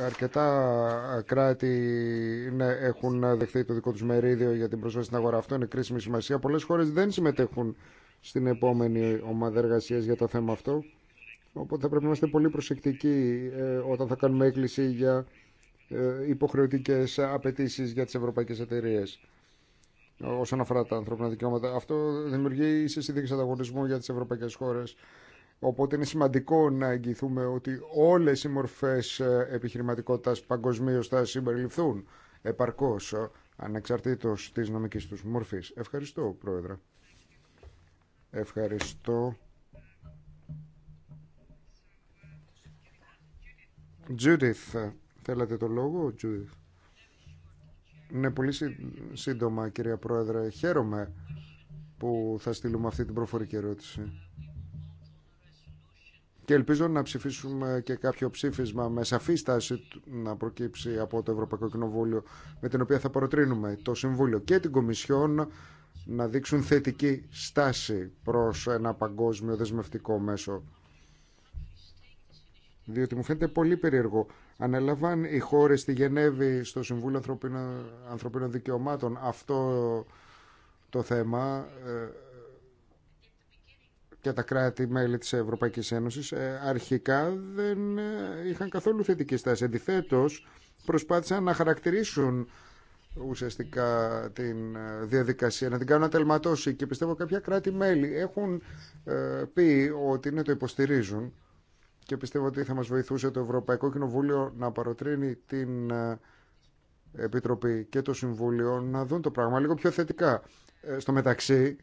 Αρκετά κράτη ναι, έχουν δεχθεί το δικό τους μερίδιο για την προσβάση στην αγορά. Αυτό είναι κρίσιμη σημασία. Πολλές χώρες δεν συμμετέχουν στην επόμενη ομάδα εργασίας για το θέμα αυτό. Οπότε θα πρέπει να είμαστε πολύ προσεκτικοί ε, όταν θα κάνουμε έκκληση για ε, υποχρεωτικές απαιτήσει για τις ευρωπαϊκές εταιρείε ε, όσον αφορά τα ανθρώπινα δικαιώματα. Αυτό δημιουργεί ίσες συνθήκες ανταγωνισμού για τις ευρωπαϊκές χώρες Οπότε είναι σημαντικό να εγγυηθούμε ότι όλες οι μορφές ε, επιχειρηματικότητας παγκοσμίω θα συμπεριληφθούν επαρκώς ε, ανεξαρτήτως της νομικής τους μορφής. Ευχαριστώ, Πρόεδρε. Ευχαριστώ. Τζούτιθ, θέλατε το λόγο, Τζούτιθ. Ναι, πολύ σύντομα, κυρία Πρόεδρε. Χαίρομαι που θα στείλουμε αυτή την προφορική ερώτηση και ελπίζω να ψηφίσουμε και κάποιο ψήφισμα με σαφή στάση να προκύψει από το Ευρωπαϊκό Κοινοβούλιο με την οποία θα παροτρύνουμε το Συμβούλιο και την Κομισιόν να δείξουν θετική στάση προς ένα παγκόσμιο δεσμευτικό μέσο. Διότι μου φαίνεται πολύ περίεργο. Ανέλαβαν οι χώρες στη Γενέβη στο Συμβούλιο Ανθρωπίνων Δικαιωμάτων αυτό το θέμα ε, και τα κράτη-μέλη της Ευρωπαϊκής Ένωσης ε, αρχικά δεν ε, είχαν καθόλου θετική στάση. Αντιθέτω, προσπάθησαν να χαρακτηρίσουν ουσιαστικά την ε, διαδικασία, να την κάνουν να και πιστεύω κάποια κράτη-μέλη έχουν πει ότι είναι το υποστηρίζουν και πιστεύω ότι θα μας βοηθούσε το Ευρωπαϊκό Κοινοβούλιο να παροτρύνει την Επιτροπή και το Συμβούλιο να δουν το πράγμα λίγο πιο θετικά. Στο μεταξύ,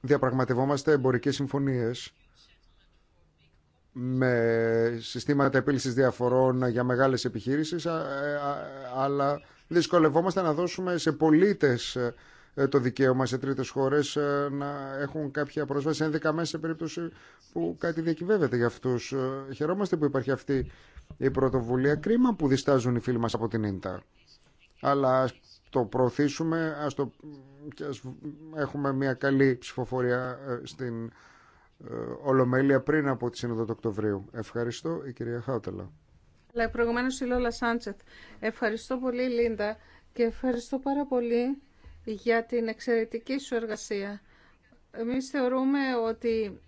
διαπραγματευόμαστε εμπορικές συμφωνίες με συστήματα επίλυσης διαφορών για μεγάλες επιχείρησεις αλλά δυσκολευόμαστε να δώσουμε σε πολίτες ε, το δικαίωμα σε τρίτες χώρες ε, να έχουν κάποια πρόσβαση ένδικα μέσα σε περίπτωση που κάτι διακυβεύεται για αυτούς. Ε, χαιρόμαστε που υπάρχει αυτή η πρωτοβουλία. Κρίμα που διστάζουν οι φίλοι μας από την ίντα. Αλλά το προωθήσουμε ας και έχουμε μια καλή ψηφοφορία ε, στην ε, Ολομέλεια πριν από τη Σύνοδο του Οκτωβρίου. Ευχαριστώ η κυρία Χάουτελα. Αλλά προηγουμένως η Λόλα Σάντσετ. Ευχαριστώ πολύ Λίντα και ευχαριστώ πάρα πολύ για την εξαιρετική σου εργασία. Εμείς θεωρούμε ότι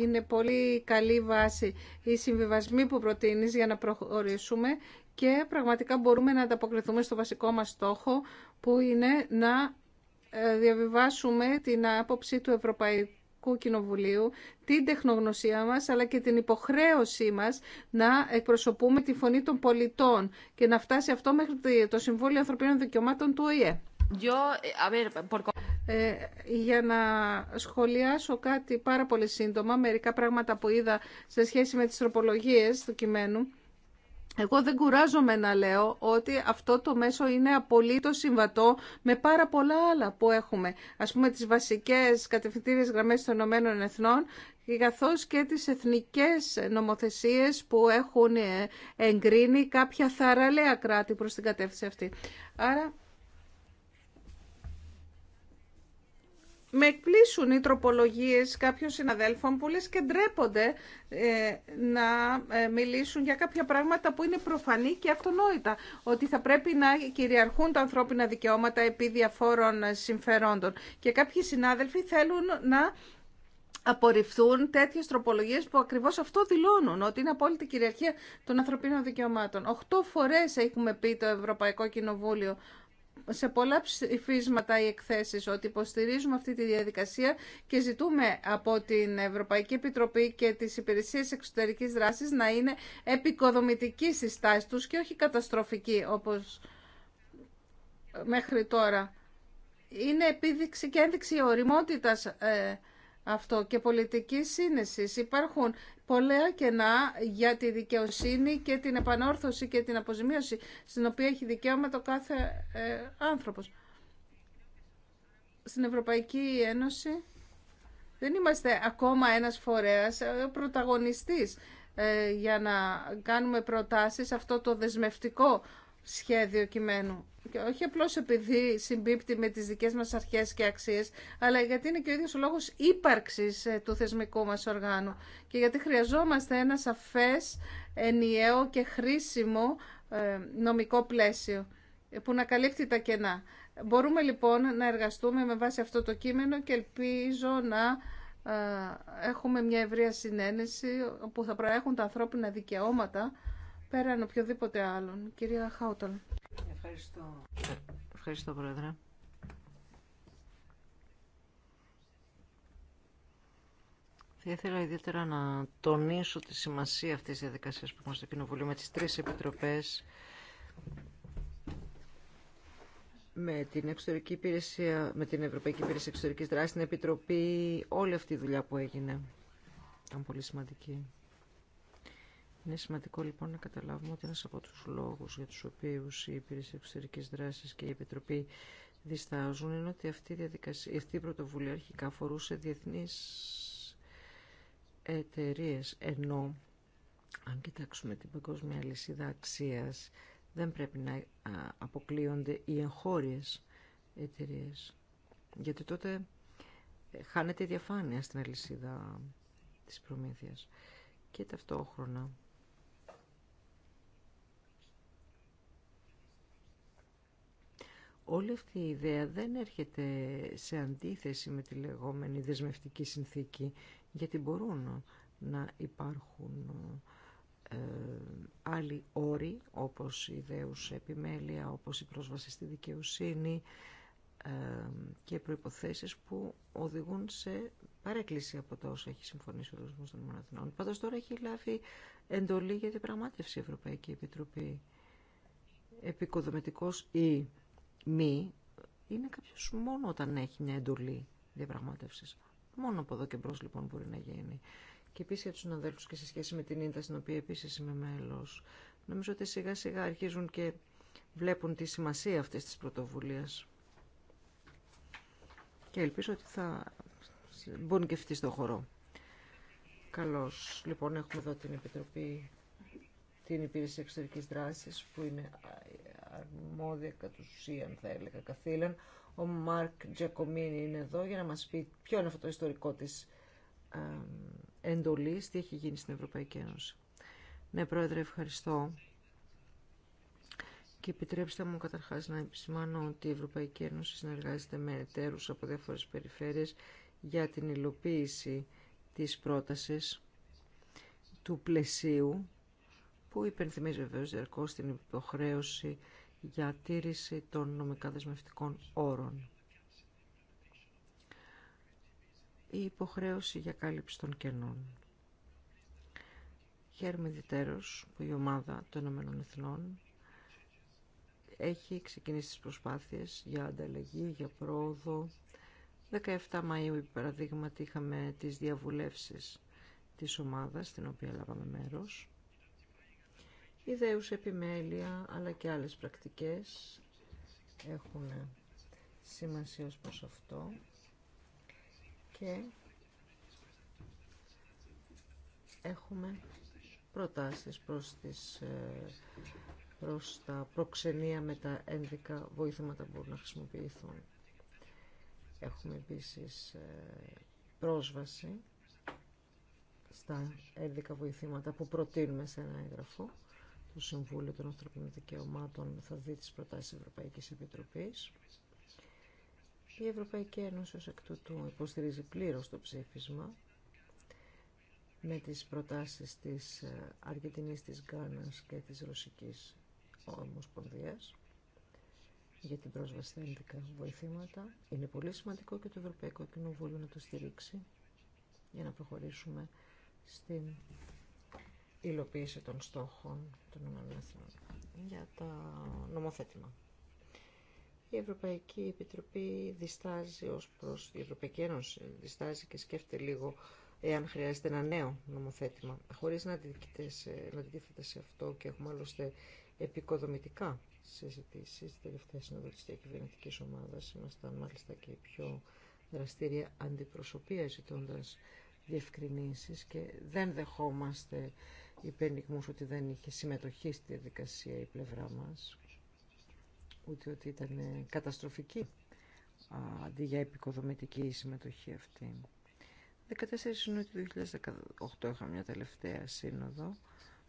είναι πολύ καλή βάση η συμβιβασμοί που προτείνεις για να προχωρήσουμε και πραγματικά μπορούμε να ανταποκριθούμε στο βασικό μας στόχο που είναι να ε, διαβιβάσουμε την άποψη του Ευρωπαϊκού Κοινοβουλίου, την τεχνογνωσία μας, αλλά και την υποχρέωσή μας να εκπροσωπούμε τη φωνή των πολιτών και να φτάσει αυτό μέχρι το Συμβούλιο Ανθρωπίνων Δικαιωμάτων του ΟΗΕ. Ε, για να σχολιάσω κάτι πάρα πολύ σύντομα, μερικά πράγματα που είδα σε σχέση με τις τροπολογίες του κειμένου, εγώ δεν κουράζομαι να λέω ότι αυτό το μέσο είναι απολύτως συμβατό με πάρα πολλά άλλα που έχουμε. Ας πούμε τις βασικές κατευθυντήριες γραμμές των Ηνωμένων Εθνών καθώς και τις εθνικές νομοθεσίες που έχουν ε, εγκρίνει κάποια θαραλέα κράτη προς την κατεύθυνση αυτή. Άρα Με εκπλήσουν οι τροπολογίες κάποιων συναδέλφων που λες και ντρέπονται ε, να ε, μιλήσουν για κάποια πράγματα που είναι προφανή και αυτονόητα. Ότι θα πρέπει να κυριαρχούν τα ανθρώπινα δικαιώματα επί διαφόρων ε, συμφερόντων. Και κάποιοι συνάδελφοι θέλουν να απορριφθούν τέτοιε τροπολογίε που ακριβώ αυτό δηλώνουν, ότι είναι απόλυτη κυριαρχία των ανθρωπίνων δικαιωμάτων. Οχτώ φορέ έχουμε πει το Ευρωπαϊκό Κοινοβούλιο σε πολλά ψηφίσματα οι εκθέσεις ότι υποστηρίζουμε αυτή τη διαδικασία και ζητούμε από την Ευρωπαϊκή Επιτροπή και τις υπηρεσίες εξωτερικής δράσης να είναι επικοδομητική στη τους και όχι καταστροφική όπως μέχρι τώρα. Είναι επίδειξη και ένδειξη οριμότητας ε, αυτό και πολιτική σύνεση. Υπάρχουν πολλά κενά για τη δικαιοσύνη και την επανόρθωση και την αποζημίωση στην οποία έχει δικαίωμα το κάθε ε, άνθρωπος. Στην Ευρωπαϊκή Ένωση δεν είμαστε ακόμα ένας φορέας, ε, ο πρωταγωνιστής ε, για να κάνουμε προτάσεις αυτό το δεσμευτικό σχέδιο κειμένου. Και όχι απλώς επειδή συμπίπτει με τις δικές μας αρχές και αξίες, αλλά γιατί είναι και ο ίδιο ο λόγος ύπαρξης ε, του θεσμικού μας οργάνου και γιατί χρειαζόμαστε ένα σαφέ, ενιαίο και χρήσιμο ε, νομικό πλαίσιο ε, που να καλύπτει τα κενά. Μπορούμε λοιπόν να εργαστούμε με βάση αυτό το κείμενο και ελπίζω να έχουμε μια ευρεία συνένεση όπου θα προέχουν τα ανθρώπινα δικαιώματα πέραν οποιοδήποτε άλλον. Κυρία Χάουταλ. Ευχαριστώ. Ευχαριστώ, Πρόεδρε. Θα ήθελα ιδιαίτερα να τονίσω τη σημασία αυτής της διαδικασίας που έχουμε στο Κοινοβουλίο με τις τρεις επιτροπές με την, εξωτερική υπηρεσία, με την Ευρωπαϊκή Υπηρεσία Εξωτερικής Δράσης, την Επιτροπή, όλη αυτή η δουλειά που έγινε. Ήταν πολύ σημαντική. Είναι σημαντικό λοιπόν να καταλάβουμε ότι ένας από τους λόγους για τους οποίους η Υπηρεσία Εξωτερικής Δράσης και η Επιτροπή διστάζουν είναι ότι αυτή η, διαδικασία, αυτή η πρωτοβουλία αρχικά αφορούσε διεθνείς εταιρείε ενώ αν κοιτάξουμε την παγκόσμια λυσίδα αξίας δεν πρέπει να αποκλείονται οι εγχώριες εταιρείε. γιατί τότε ε, χάνεται η διαφάνεια στην αλυσίδα της προμήθειας και ταυτόχρονα όλη αυτή η ιδέα δεν έρχεται σε αντίθεση με τη λεγόμενη δεσμευτική συνθήκη, γιατί μπορούν να υπάρχουν ε, άλλοι όροι, όπως η ιδέους επιμέλεια, όπως η πρόσβαση στη δικαιοσύνη ε, και προϋποθέσεις που οδηγούν σε παρέκκληση από τα όσα έχει συμφωνήσει ο Ρωσμός των Μοναδινών. Πάντως τώρα έχει λάβει εντολή για την πραγμάτευση η Ευρωπαϊκή Επιτροπή επικοδομητικός ή μη είναι κάποιο μόνο όταν έχει μια εντολή διαπραγματεύση. Μόνο από εδώ και μπρος λοιπόν μπορεί να γίνει. Και επίση για του συναδέλφου και σε σχέση με την ίντα στην οποία επίση είμαι μέλο. Νομίζω ότι σιγά σιγά αρχίζουν και βλέπουν τη σημασία αυτή τη πρωτοβουλία. Και ελπίζω ότι θα μπουν και αυτοί στο χώρο. Καλώς. Λοιπόν, έχουμε εδώ την Επιτροπή την Υπηρεσία Εξωτερικής Δράσης που είναι αρμόδια κατ' ουσίαν θα έλεγα καθήλεν. Ο Μάρκ Τζακομίνη είναι εδώ για να μας πει ποιο είναι αυτό το ιστορικό της εντολή τι έχει γίνει στην Ευρωπαϊκή Ένωση. Ναι, Πρόεδρε, ευχαριστώ. Και επιτρέψτε μου καταρχάς να επισημάνω ότι η Ευρωπαϊκή Ένωση συνεργάζεται με εταίρου από διάφορες περιφέρειες για την υλοποίηση της πρότασης του πλαισίου που υπενθυμίζει βεβαίως διαρκώς την υποχρέωση για τήρηση των νομικά όρων. Η υποχρέωση για κάλυψη των κενών. Χαίρομαι διτέρως που η ομάδα των Ηνωμένων Εθνών έχει ξεκινήσει τις προσπάθειες για ανταλλαγή, για πρόοδο. 17 Μαΐου, παραδείγματι, είχαμε τις διαβουλεύσεις της ομάδας, στην οποία λάβαμε μέρος ιδέους επιμέλεια αλλά και άλλες πρακτικές έχουν σημασία ως προς αυτό και έχουμε προτάσεις προς, τις, ε, προς τα προξενία με τα ένδικα βοήθηματα που μπορούν να χρησιμοποιηθούν. Έχουμε επίσης ε, πρόσβαση στα ένδικα βοηθήματα που προτείνουμε σε ένα έγγραφο του Συμβούλου των Ανθρωπίνων Δικαιωμάτων θα δει τις προτάσεις της Ευρωπαϊκής Επιτροπής. Η Ευρωπαϊκή Ένωση ως εκ τούτου υποστηρίζει πλήρως το ψήφισμα με τις προτάσεις της ε, Αργεντινής, της Γκάνας και της Ρωσικής Ομοσπονδίας για την πρόσβαση στα ένδικα βοηθήματα. Είναι πολύ σημαντικό και το Ευρωπαϊκό Κοινοβούλιο να το στηρίξει για να προχωρήσουμε στην υλοποίηση των στόχων των ΗΠΑ για το νομοθέτημα. Η Ευρωπαϊκή Επιτροπή διστάζει ως προς... Η Ευρωπαϊκή Ένωση διστάζει και σκέφτεται λίγο εάν χρειάζεται ένα νέο νομοθέτημα, χωρίς να αντιτίθεται σε αυτό και έχουμε άλλωστε επικοδομητικά συζητήσεις. τις τελευταία συνόδο της διακυβερνητικής ομάδας ήμασταν μάλιστα και πιο δραστήρια αντιπροσωπεία ζητώντα διευκρινήσεις και δεν δεχόμαστε είπε ότι δεν είχε συμμετοχή στη διαδικασία η πλευρά μας, ούτε ότι ήταν καταστροφική αντί για επικοδομητική συμμετοχή αυτή. 14 Ιουνίου του 2018 είχα μια τελευταία σύνοδο,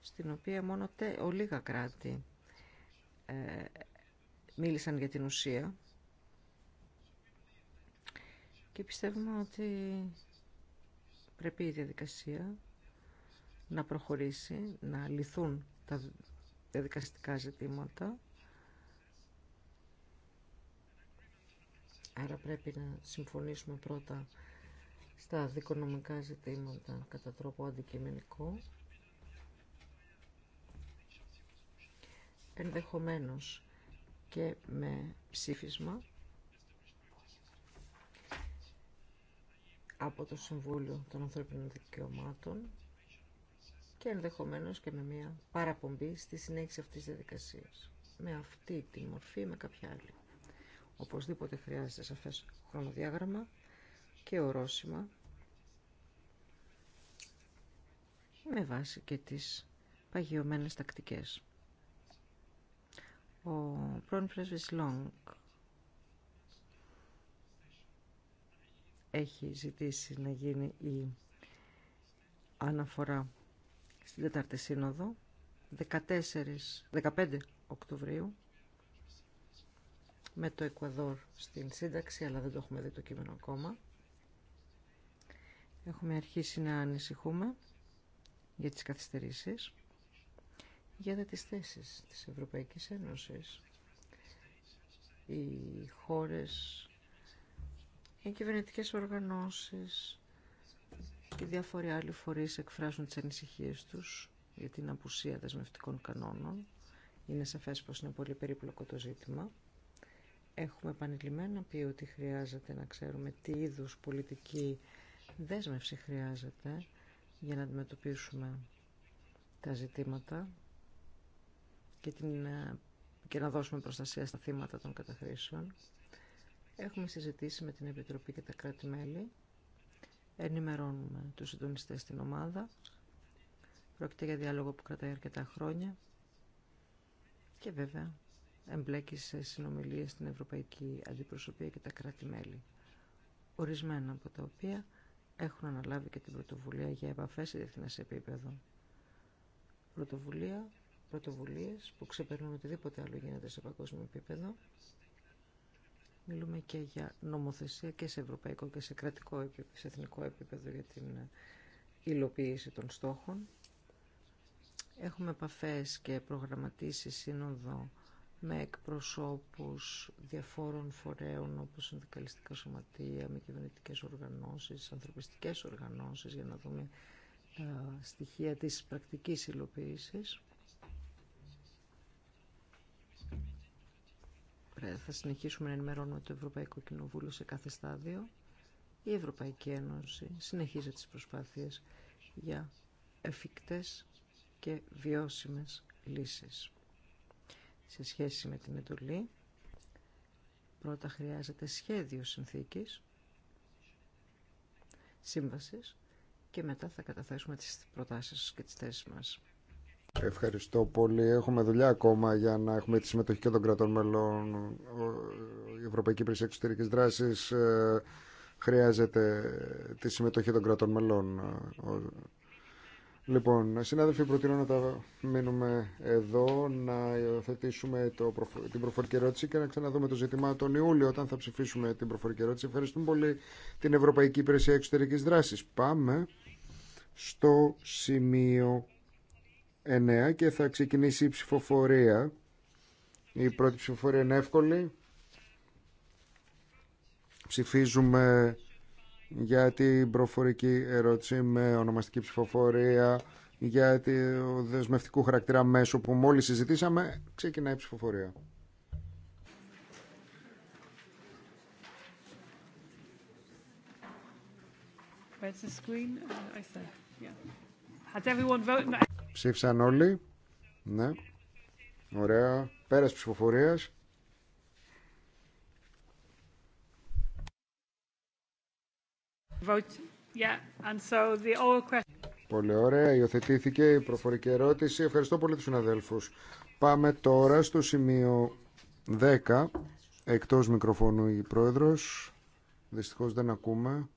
στην οποία μόνο τε, ο λίγα κράτη ε, μίλησαν για την ουσία και πιστεύουμε ότι πρέπει η διαδικασία να προχωρήσει, να λυθούν τα διαδικαστικά ζητήματα. Άρα πρέπει να συμφωνήσουμε πρώτα στα δικονομικά ζητήματα κατά τρόπο αντικειμενικό. Ενδεχομένως και με ψήφισμα από το Συμβούλιο των Ανθρώπινων Δικαιωμάτων και ενδεχομένως και με μια παραπομπή στη συνέχιση αυτής της διαδικασίας. Με αυτή τη μορφή ή με κάποια άλλη. Οπωσδήποτε χρειάζεται σαφές χρονοδιάγραμμα και ορόσημα με βάση και τις παγιωμένες τακτικές. Ο πρώην πρέσβης Λόγκ έχει ζητήσει να γίνει η αναφορά στην Τετάρτη Σύνοδο 14, 15 Οκτωβρίου με το Εκουαδόρ στην σύνταξη, αλλά δεν το έχουμε δει το κείμενο ακόμα. Έχουμε αρχίσει να ανησυχούμε για τις καθυστερήσεις, για τις θέσεις της Ευρωπαϊκής Ένωσης. Οι χώρες, οι κυβερνητικές οργανώσεις, και διάφοροι άλλοι φορείς εκφράζουν τις ανησυχίες τους για την απουσία δεσμευτικών κανόνων. Είναι σαφές πως είναι πολύ περίπλοκο το ζήτημα. Έχουμε επανειλημμένα πει ότι χρειάζεται να ξέρουμε τι είδους πολιτική δέσμευση χρειάζεται για να αντιμετωπίσουμε τα ζητήματα και, την, ε, και να δώσουμε προστασία στα θύματα των καταχρήσεων. Έχουμε συζητήσει με την Επιτροπή και τα κράτη-μέλη ενημερώνουμε τους συντονιστές στην ομάδα. Πρόκειται για διάλογο που κρατάει αρκετά χρόνια και βέβαια εμπλέκει σε συνομιλίες στην Ευρωπαϊκή Αντιπροσωπεία και τα κράτη-μέλη, ορισμένα από τα οποία έχουν αναλάβει και την πρωτοβουλία για επαφές σε διεθνέ επίπεδο. Πρωτοβουλία, πρωτοβουλίες που ξεπερνούν οτιδήποτε άλλο γίνεται σε παγκόσμιο επίπεδο Μιλούμε και για νομοθεσία και σε ευρωπαϊκό και σε κρατικό επίπεδο, σε εθνικό επίπεδο για την υλοποίηση των στόχων. Έχουμε επαφές και προγραμματίσει σύνοδο με εκπροσώπους διαφόρων φορέων όπως συνδικαλιστικά σωματεία, με κυβερνητικέ οργανώσεις, ανθρωπιστικές οργανώσεις για να δούμε στοιχεία της πρακτικής υλοποίησης. θα συνεχίσουμε να ενημερώνουμε το Ευρωπαϊκό Κοινοβούλιο σε κάθε στάδιο. Η Ευρωπαϊκή Ένωση συνεχίζει τις προσπάθειες για εφικτές και βιώσιμες λύσεις. Σε σχέση με την εντολή, πρώτα χρειάζεται σχέδιο συνθήκης, σύμβασης και μετά θα καταθέσουμε τις προτάσεις και τις θέσεις μας. Ευχαριστώ πολύ. Έχουμε δουλειά ακόμα για να έχουμε τη συμμετοχή και των κρατών μελών. Η Ευρωπαϊκή Υπηρεσία Εξωτερική Δράση ε, χρειάζεται τη συμμετοχή των κρατών μελών. Λοιπόν, συνάδελφοι, προτείνω να τα μείνουμε εδώ, να υιοθετήσουμε το, την προφορική ερώτηση και να ξαναδούμε το ζήτημα τον Ιούλιο όταν θα ψηφίσουμε την προφορική ερώτηση. Ευχαριστούμε πολύ την Ευρωπαϊκή Υπηρεσία Εξωτερική δράση. Πάμε στο σημείο 9 και θα ξεκινήσει η ψηφοφορία. Η πρώτη ψηφοφορία είναι εύκολη. Ψηφίζουμε για την προφορική ερώτηση με ονομαστική ψηφοφορία για τη δεσμευτικού χαρακτήρα μέσου που μόλις συζητήσαμε. Ξεκινάει η ψηφοφορία. Where's the screen? Uh, I yeah. Has everyone voted? Ψήφισαν όλοι. Ναι. Ωραία. Πέρας ψηφοφορίας. Πολύ ωραία. Υιοθετήθηκε η προφορική ερώτηση. Ευχαριστώ πολύ τους συναδέλφους. Πάμε τώρα στο σημείο 10. Εκτός μικροφώνου η πρόεδρος. Δυστυχώς δεν ακούμε.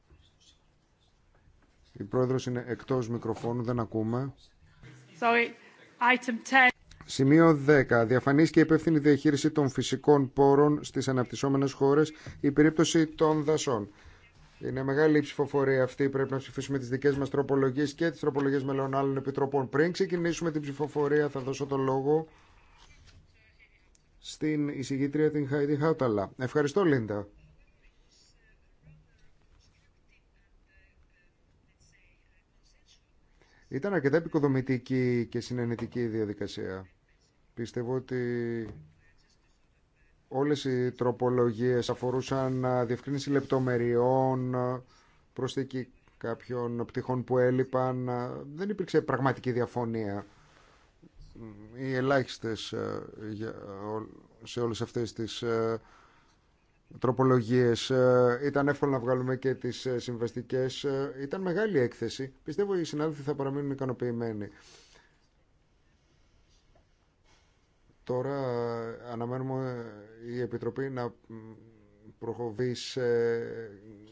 Η πρόεδρος είναι εκτός μικροφώνου, δεν ακούμε. 10. Σημείο 10. Διαφανή και υπεύθυνη διαχείριση των φυσικών πόρων στι αναπτυσσόμενε χώρε, η περίπτωση των δασών. Είναι μεγάλη η ψηφοφορία αυτή. Πρέπει να ψηφίσουμε τι δικέ μα τροπολογίε και τι τροπολογίε μελών άλλων επιτροπών. Πριν ξεκινήσουμε την ψηφοφορία, θα δώσω το λόγο στην εισηγήτρια την Χάιντι Χάουταλα. Ευχαριστώ, Λίντα. Ήταν αρκετά επικοδομητική και συνενετική η διαδικασία. Πιστεύω ότι όλες οι τροπολογίες αφορούσαν διευκρίνηση λεπτομεριών, προσθήκη κάποιων πτυχών που έλειπαν. Δεν υπήρξε πραγματική διαφωνία. ή ελάχιστες σε όλες αυτές τις τροπολογίες. Ε, ήταν εύκολο να βγάλουμε και τις ε, συμβαστικές. Ε, ήταν μεγάλη έκθεση. Πιστεύω οι συνάδελφοι θα παραμείνουν ικανοποιημένοι. Τώρα αναμένουμε η Επιτροπή να προχωρήσει σε,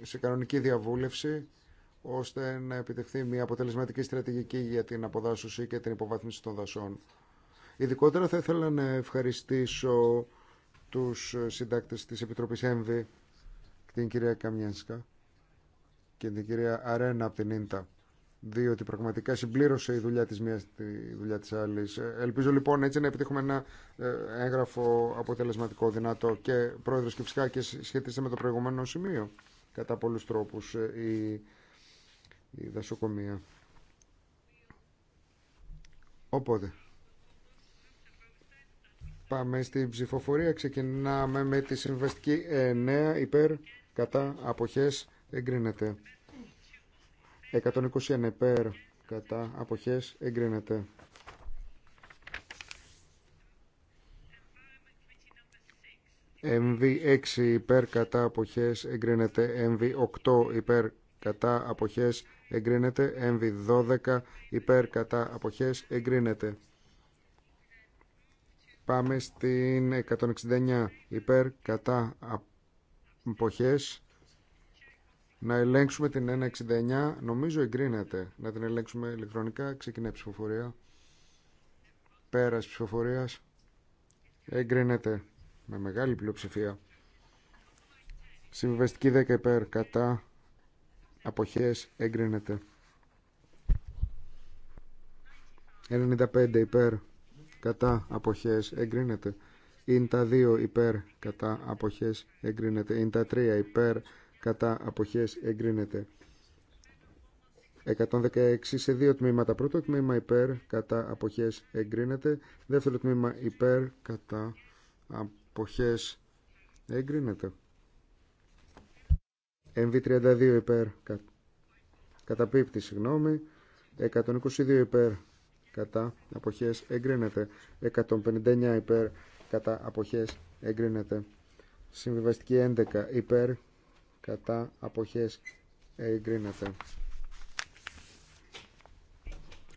σε κανονική διαβούλευση ώστε να επιτευχθεί μια αποτελεσματική στρατηγική για την αποδάσωση και την υποβάθμιση των δασών. Ειδικότερα θα ήθελα να ευχαριστήσω τους ε, συντάκτες της Επιτροπής ΕΜΒΗ, την κυρία Καμιάνσκα και την κυρία Αρένα από την Ίντα, διότι πραγματικά συμπλήρωσε η δουλειά της μίας τη δουλειά της άλλης. Ε, ελπίζω λοιπόν έτσι να επιτύχουμε ένα ε, έγγραφο αποτελεσματικό, δυνατό και πρόεδρος και φυσικά και σχετίζεται με το προηγούμενο σημείο κατά πολλούς τρόπους η, η δασοκομεία. Οπότε, Πάμε στην ψηφοφορία. Ξεκινάμε με τη συμβαστική 9 ε, υπέρ κατά αποχές εγκρίνεται. 121 υπέρ κατά αποχές εγκρίνεται. MV6 υπέρ κατά αποχές εγκρίνεται. MV8 υπέρ κατά αποχές εγκρίνεται. MV12 υπέρ κατά αποχές εγκρίνεται. Πάμε στην 169 υπέρ κατά εποχές Να ελέγξουμε την 169. Νομίζω εγκρίνεται. Να την ελέγξουμε ηλεκτρονικά. Ξεκινάει ψηφοφορία. Πέρας ψηφοφορίας. Εγκρίνεται με μεγάλη πλειοψηφία. Συμβιβαστική 10 υπέρ κατά αποχές εγκρίνεται. 95 υπέρ κατά αποχές εγκρίνεται. Είναι τα δύο υπέρ κατά αποχές εγκρίνεται. Είναι τα 3 υπέρ κατά αποχές εγκρίνεται. 116 σε δύο τμήματα. Πρώτο τμήμα υπέρ κατά αποχές εγκρίνεται. Δεύτερο τμήμα υπέρ κατά αποχές εγκρίνεται. MV32 υπέρ κα... καταπίπτει, συγγνώμη. 122 υπέρ κατά αποχές εγκρίνεται 159 υπέρ κατά αποχές εγκρίνεται συμβιβαστική 11 υπέρ κατά αποχές εγκρίνεται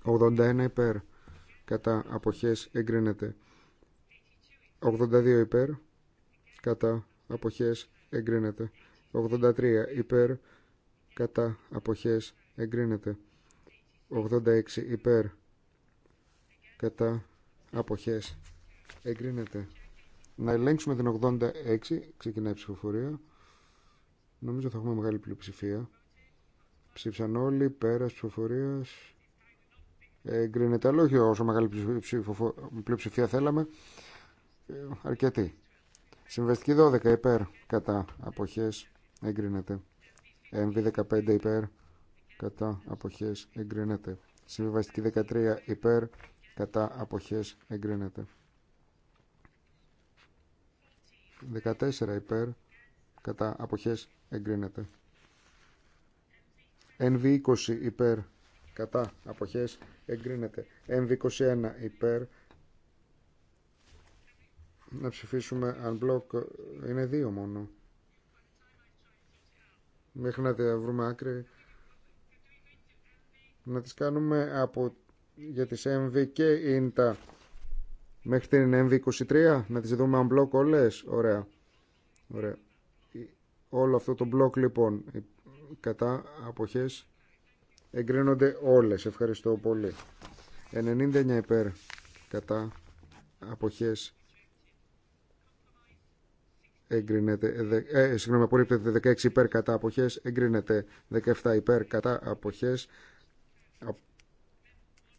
81 υπέρ κατά αποχές εγκρίνεται 82 υπέρ κατά αποχές εγκρίνεται 83 υπέρ κατά αποχές εγκρίνεται 86 υπέρ κατά αποχές εγκρίνεται να ελέγξουμε την 86 ξεκινάει η ψηφοφορία νομίζω θα έχουμε μεγάλη πλειοψηφία ψήφισαν όλοι πέρας ψηφοφορίας εγκρίνεται αλλά όχι όσο μεγάλη πλειοψηφία θέλαμε ε, αρκετή συμβεστική 12 υπέρ κατά αποχές εγκρίνεται MV15 υπέρ κατά αποχές εγκρίνεται συμβεστική 13 υπέρ κατά αποχές εγκρίνεται 14 υπέρ κατά αποχές εγκρίνεται NV20 υπέρ κατά αποχές εγκρίνεται NV21 υπέρ να ψηφίσουμε unblock είναι δύο μόνο μέχρι να βρούμε άκρη να τις κάνουμε από για τις MV και ίντα μέχρι την MV23 να τις δούμε αν μπλοκ όλες ωραία. ωραία όλο αυτό το μπλοκ λοιπόν κατά αποχές εγκρίνονται όλες ευχαριστώ πολύ 99 υπέρ κατά αποχές εγκρίνεται, ε, συγγνώμη, απορρίπτεται 16 υπέρ κατά αποχές, εγκρίνεται 17 υπέρ κατά αποχές,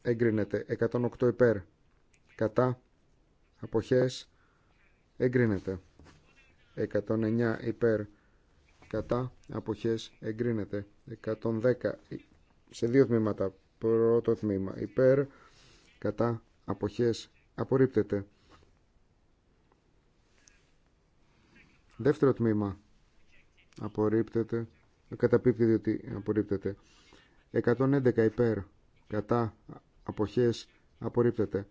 εγκρίνεται 108 υπέρ κατά αποχές εγκρίνεται 109 υπέρ κατά αποχές εγκρίνεται 110 σε δύο τμήματα πρώτο τμήμα υπέρ κατά αποχές απορρίπτεται δεύτερο τμήμα απορρίπτεται καταπίπτει διότι απορρίπτεται 111 υπέρ κατά αποχές απορρίπτεται.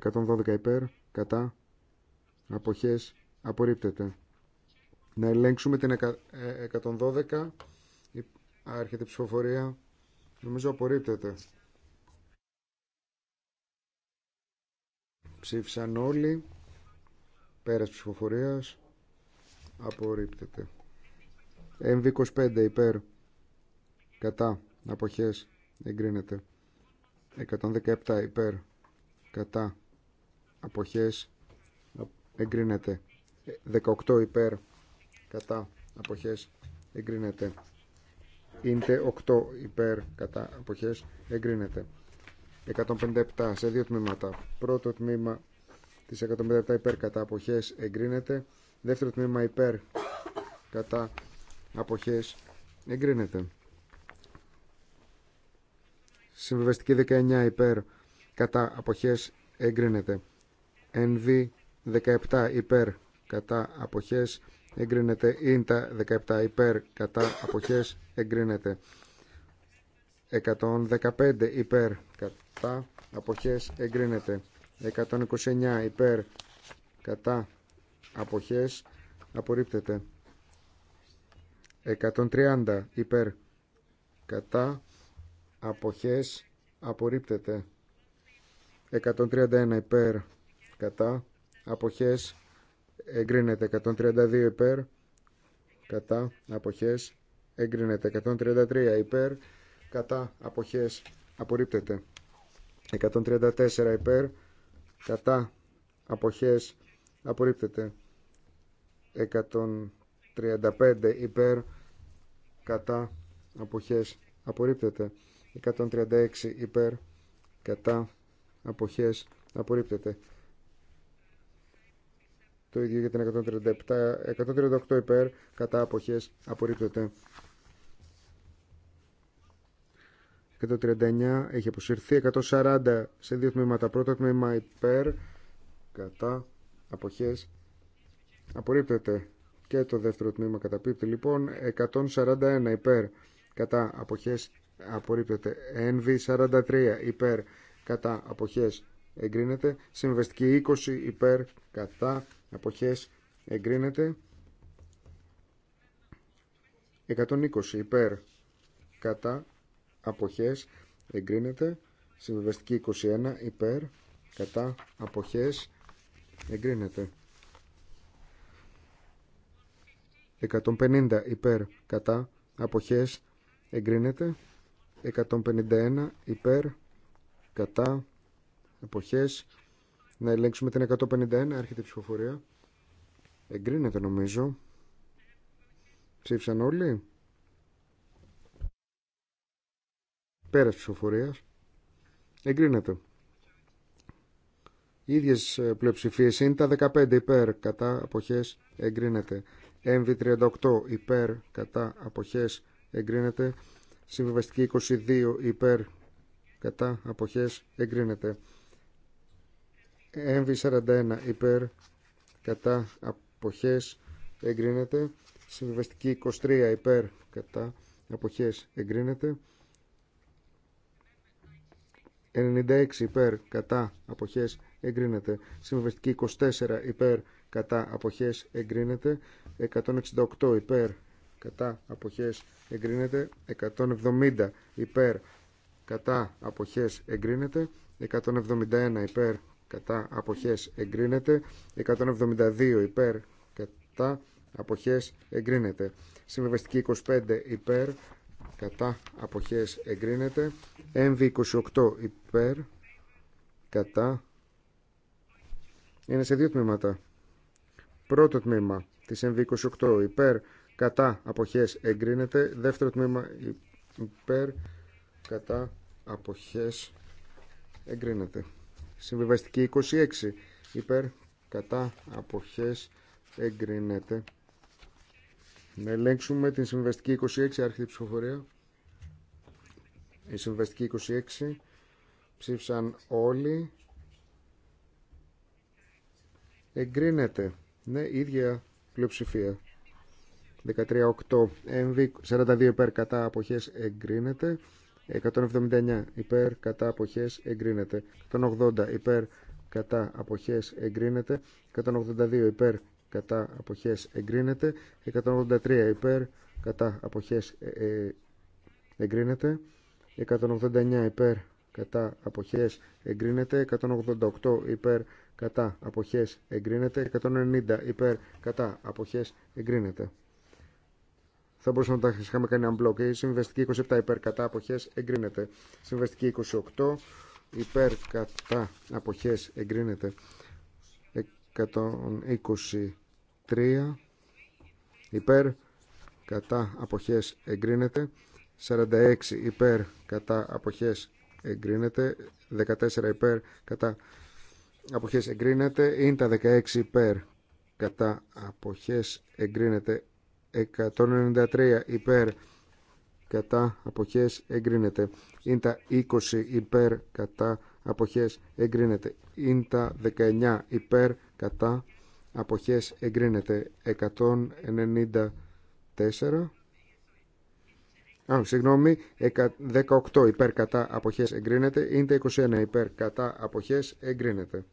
112 υπέρ, κατά, αποχές, απορρίπτεται. Να ελέγξουμε την 112, άρχεται ε, η ψηφοφορία, νομίζω απορρίπτεται. Ψήφισαν όλοι, πέρας ψηφοφορίας, απορρίπτεται. MV25 υπέρ κατά αποχές εγκρίνεται 117 υπέρ κατά αποχές εγκρίνεται 18 υπέρ κατά αποχές εγκρίνεται είτε 8 υπέρ κατά αποχές εγκρίνεται 157 σε δύο τμήματα πρώτο τμήμα της 157 υπέρ κατά αποχές εγκρίνεται δεύτερο τμήμα υπέρ κατά αποχές εγκρίνεται συμβιβαστική 19 υπέρ κατά αποχές εγκρίνεται NV 17 υπέρ κατά αποχές εγκρίνεται ίντα 17 υπέρ κατά αποχές εγκρίνεται 115 υπέρ κατά αποχές εγκρίνεται 129 υπέρ κατά αποχές απορρίπτεται 130 υπέρ κατά αποχές απορρίπτεται 131 υπέρ κατά αποχές εγκρίνεται 132 υπέρ κατά αποχές εγκρίνεται 133 υπέρ κατά αποχές απορρίπτεται 134 υπέρ κατά αποχές απορρίπτεται 35 υπέρ κατά αποχές απορρίπτεται 136 υπέρ κατά αποχές απορρίπτεται το ίδιο για την 137 138 υπέρ κατά αποχές απορρίπτεται 139 έχει αποσυρθεί 140 σε δύο τμήματα πρώτο τμήμα υπέρ κατά αποχές απορρίπτεται και το δεύτερο τμήμα καταπίπτει. Λοιπόν, 141 υπέρ κατά αποχές απορρίπτεται. NV 43 υπέρ κατά αποχές εγκρίνεται. Συμβεστική 20 υπέρ κατά αποχές εγκρίνεται. 120 υπέρ κατά αποχές εγκρίνεται. Συμβεστική 21 υπέρ κατά αποχές εγκρίνεται. 150 υπέρ κατά αποχές εγκρίνεται 151 υπέρ κατά αποχές να ελέγξουμε την 151 έρχεται η ψηφοφορία εγκρίνεται νομίζω ψήφισαν όλοι πέρας ψηφοφορίας εγκρίνεται οι ίδιες ε, πλειοψηφίες είναι τα 15 υπέρ κατά αποχές εγκρίνεται MV38 υπέρ κατά αποχές εγκρίνεται. Συμβιβαστική 22 υπέρ κατά αποχές εγκρίνεται. MV41 υπέρ κατά αποχές εγκρίνεται. Συμβιβαστική 23 υπέρ κατά αποχές εγκρίνεται. 96 υπέρ κατά αποχές εγκρίνεται. Συμβιβαστική 24 υπέρ κατά αποχές εγκρίνεται 168 υπέρ κατά αποχές εγκρίνεται 170 υπέρ κατά αποχές εγκρίνεται 171 υπέρ κατά αποχές εγκρίνεται 172 υπέρ κατά αποχές εγκρίνεται συμβεβαστική 25 υπέρ κατά αποχές εγκρίνεται MV28 υπέρ κατά είναι σε δύο τμήματα Πρώτο τμήμα της ΕΜΒΙ 28 υπέρ κατά αποχές εγκρίνεται. Δεύτερο τμήμα υπέρ κατά αποχές εγκρίνεται. Συμβιβαστική 26 υπέρ κατά αποχές εγκρίνεται. Να ελέγξουμε την συμβιβαστική 26 άρχιτη ψηφοφορία. Η συμβαστική 26 ψήφισαν όλοι. Εγκρίνεται. Ναι, ίδια πλειοψηφία. 13-8. MV 42 υπέρ κατά αποχές εγκρίνεται. 179 υπέρ κατά αποχές εγκρίνεται. 180 υπέρ κατά αποχές εγκρίνεται. 182 υπέρ κατά αποχές εγκρίνεται. 183 ε, ε, υπέρ κατά αποχές εγκρίνεται. 189 υπέρ κατά αποχές εγκρίνεται. 188 υπέρ κατά αποχές εγκρίνεται 190 υπέρ κατά αποχές εγκρίνεται θα μπορούσαμε να τα είχαμε κάνει unblock η 27 υπέρ κατά αποχές εγκρίνεται συμβαστική 28 υπέρ κατά αποχές εγκρίνεται 123 υπέρ κατά αποχές εγκρίνεται 46 υπέρ κατά αποχές εγκρίνεται 14 υπέρ κατά αποχές εγκρίνεται είναι τα 16 υπέρ κατά αποχές εγκρίνεται 193 υπέρ κατά αποχές εγκρίνεται είναι τα 20 υπέρ κατά αποχές εγκρίνεται είναι τα 19 υπέρ κατά αποχές εγκρίνεται 194 Α, συγγνώμη, 18 υπέρ κατά αποχές εγκρίνεται, Είναι 21 υπέρ κατά αποχές εγκρίνεται.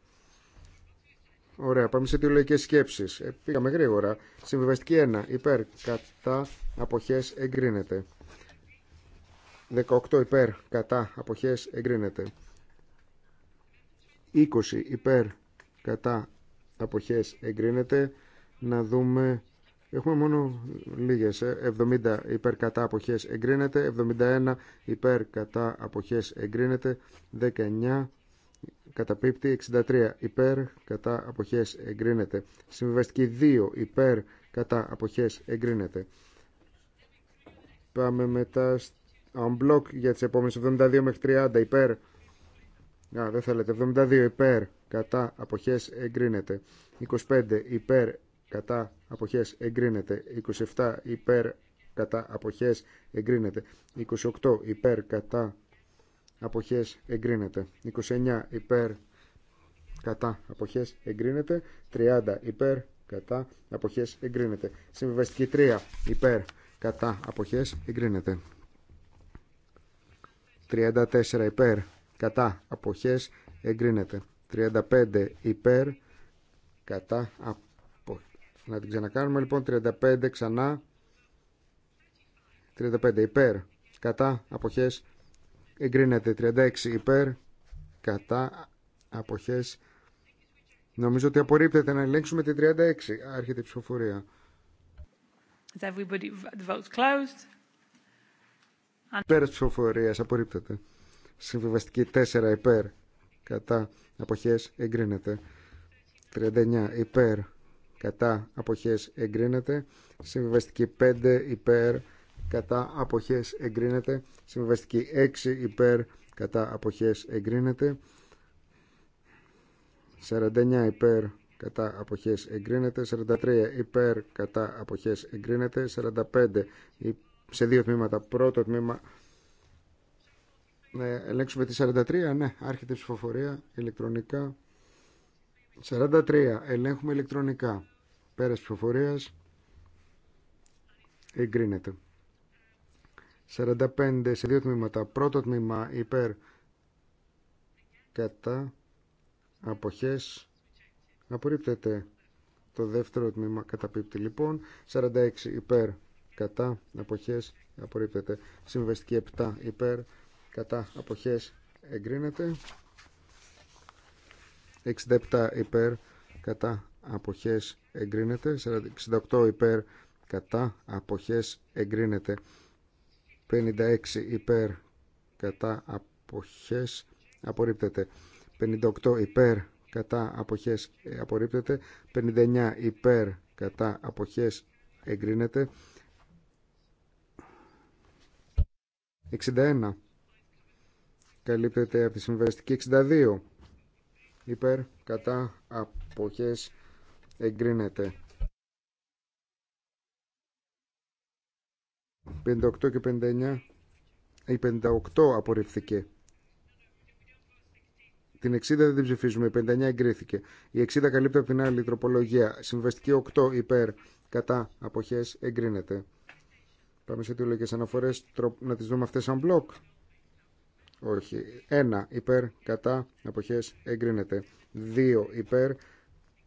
Ωραία, πάμε σε τηλεολογικές σκέψεις. Ε, πήγαμε γρήγορα. Συμβιβαστική 1 υπέρ κατά αποχές εγκρίνεται. 18 υπέρ κατά αποχές εγκρίνεται. 20 υπέρ κατά αποχές εγκρίνεται. Να δούμε Έχουμε μόνο λίγε. 70 ε. υπέρ κατά αποχέ εγκρίνεται, 71 υπέρ κατά αποχέ εγκρίνεται, 19 καταπίπτει, 63 υπέρ κατά αποχέ εγκρίνεται, συμβιβαστική 2 υπέρ κατά απόχέ εγκρίνεται. Πάμε μετά block για τι επόμενε 72 μέχρι 30 υπέρ. Α, δεν θέλετε, 72 υπέρ κατά αποχέ εγκρίνεται, 25 υπέρ κατά αποχές εγκρίνεται 27 υπέρ κατά αποχές εγκρίνεται 28 υπέρ κατά αποχές εγκρίνεται 29 υπέρ κατά αποχές εγκρίνεται 30 υπέρ κατά αποχές εγκρίνεται συμβιβαστική 3 υπέρ κατά αποχές εγκρίνεται 34 υπέρ κατά αποχές εγκρίνεται 35 υπέρ κατά αποχές να την ξανακάνουμε λοιπόν 35 ξανά 35 υπέρ κατά αποχές εγκρίνεται 36 υπέρ κατά αποχές νομίζω ότι απορρίπτεται να ελέγξουμε τη 36 άρχεται η ψηφοφορία Is everybody, ψηφοφορίας απορρίπτεται συμβιβαστική 4 υπέρ κατά αποχές εγκρίνεται 39 υπέρ κατά αποχές εγκρίνεται. Συμβιβαστική 5 υπέρ κατά αποχές εγκρίνεται. Συμβιβαστική 6 υπέρ κατά αποχές εγκρίνεται. 49 υπέρ κατά αποχές εγκρίνεται. 43 υπέρ κατά αποχές εγκρίνεται. 45 σε δύο τμήματα. Πρώτο τμήμα ελέγξουμε τη 43, ναι, άρχεται η ψηφοφορία ηλεκτρονικά. 43. Ελέγχουμε ηλεκτρονικά. Πέρας ψηφοφορία. Εγκρίνεται. 45 σε δύο τμήματα. Πρώτο τμήμα υπέρ κατά αποχές απορρίπτεται το δεύτερο τμήμα καταπίπτει λοιπόν 46 υπέρ κατά αποχές απορρίπτεται συμβεστική 7 υπέρ κατά αποχές εγκρίνεται 67 υπέρ κατά αποχές εγκρίνεται 68 υπέρ κατά αποχές εγκρίνεται 56 υπέρ κατά αποχές απορρίπτεται 58 υπέρ κατά αποχές απορρίπτεται 59 υπέρ κατά αποχές εγκρίνεται 61 καλύπτεται από τη συμβαστική 62 υπέρ κατά αποχές εγκρίνεται 58 και 59 η 58 απορριφθήκε την 60 δεν την ψηφίζουμε, η 59 εγκρίθηκε. Η 60 καλύπτει από την άλλη τροπολογία. Συμβαστική 8 υπέρ κατά αποχές εγκρίνεται. Πάμε σε αιτιολογικές αναφορές, να τις δούμε αυτές σαν μπλοκ όχι. 1 υπέρ κατά αποχές εγκρίνεται. 2 υπέρ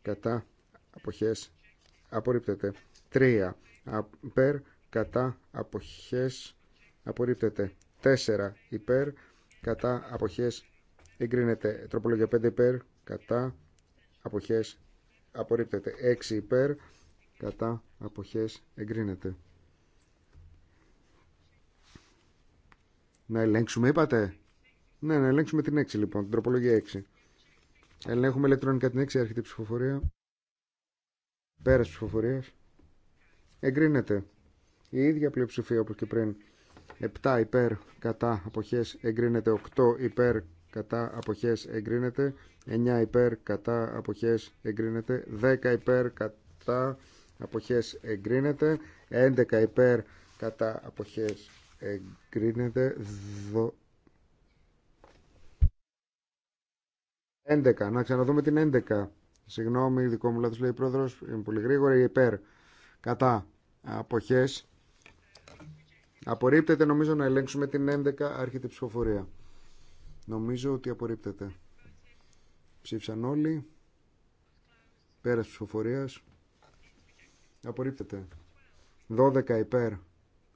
κατά αποχές απορρίπτεται. 3 υπέρ κατά αποχές απορρίπτεται. 4 υπέρ κατά αποχές εγκρίνεται. Τροπολογία 5 υπέρ κατά αποχές απορρίπτεται. 6 υπέρ κατά αποχές εγκρίνεται. Να ελέγξουμε είπατε. Ναι, να ελέγξουμε την 6 λοιπόν, την τροπολογία 6. Ελέγχουμε ηλεκτρονικά την 6, έρχεται η ψηφοφορία. Πέρας ψηφοφορίας. Εγκρίνεται. Η ίδια πλειοψηφία όπως και πριν. 7 υπέρ κατά αποχές εγκρίνεται. 8 υπέρ κατά αποχές εγκρίνεται. 9 υπέρ κατά αποχές εγκρίνεται. 10 υπέρ κατά αποχές εγκρίνεται. 11 υπέρ κατά αποχές εγκρίνεται. 11. Να ξαναδούμε την 11. Συγγνώμη, δικό μου λάθο λέει η πρόεδρος. Είμαι πολύ γρήγορα. Υπέρ. Κατά. αποχέ. Απορρίπτεται νομίζω να ελέγξουμε την 11. Άρχεται ψηφοφορία. Νομίζω ότι απορρίπτεται. Ψήφισαν όλοι. Πέρας ψηφοφορία. Απορρίπτεται. 12 υπέρ.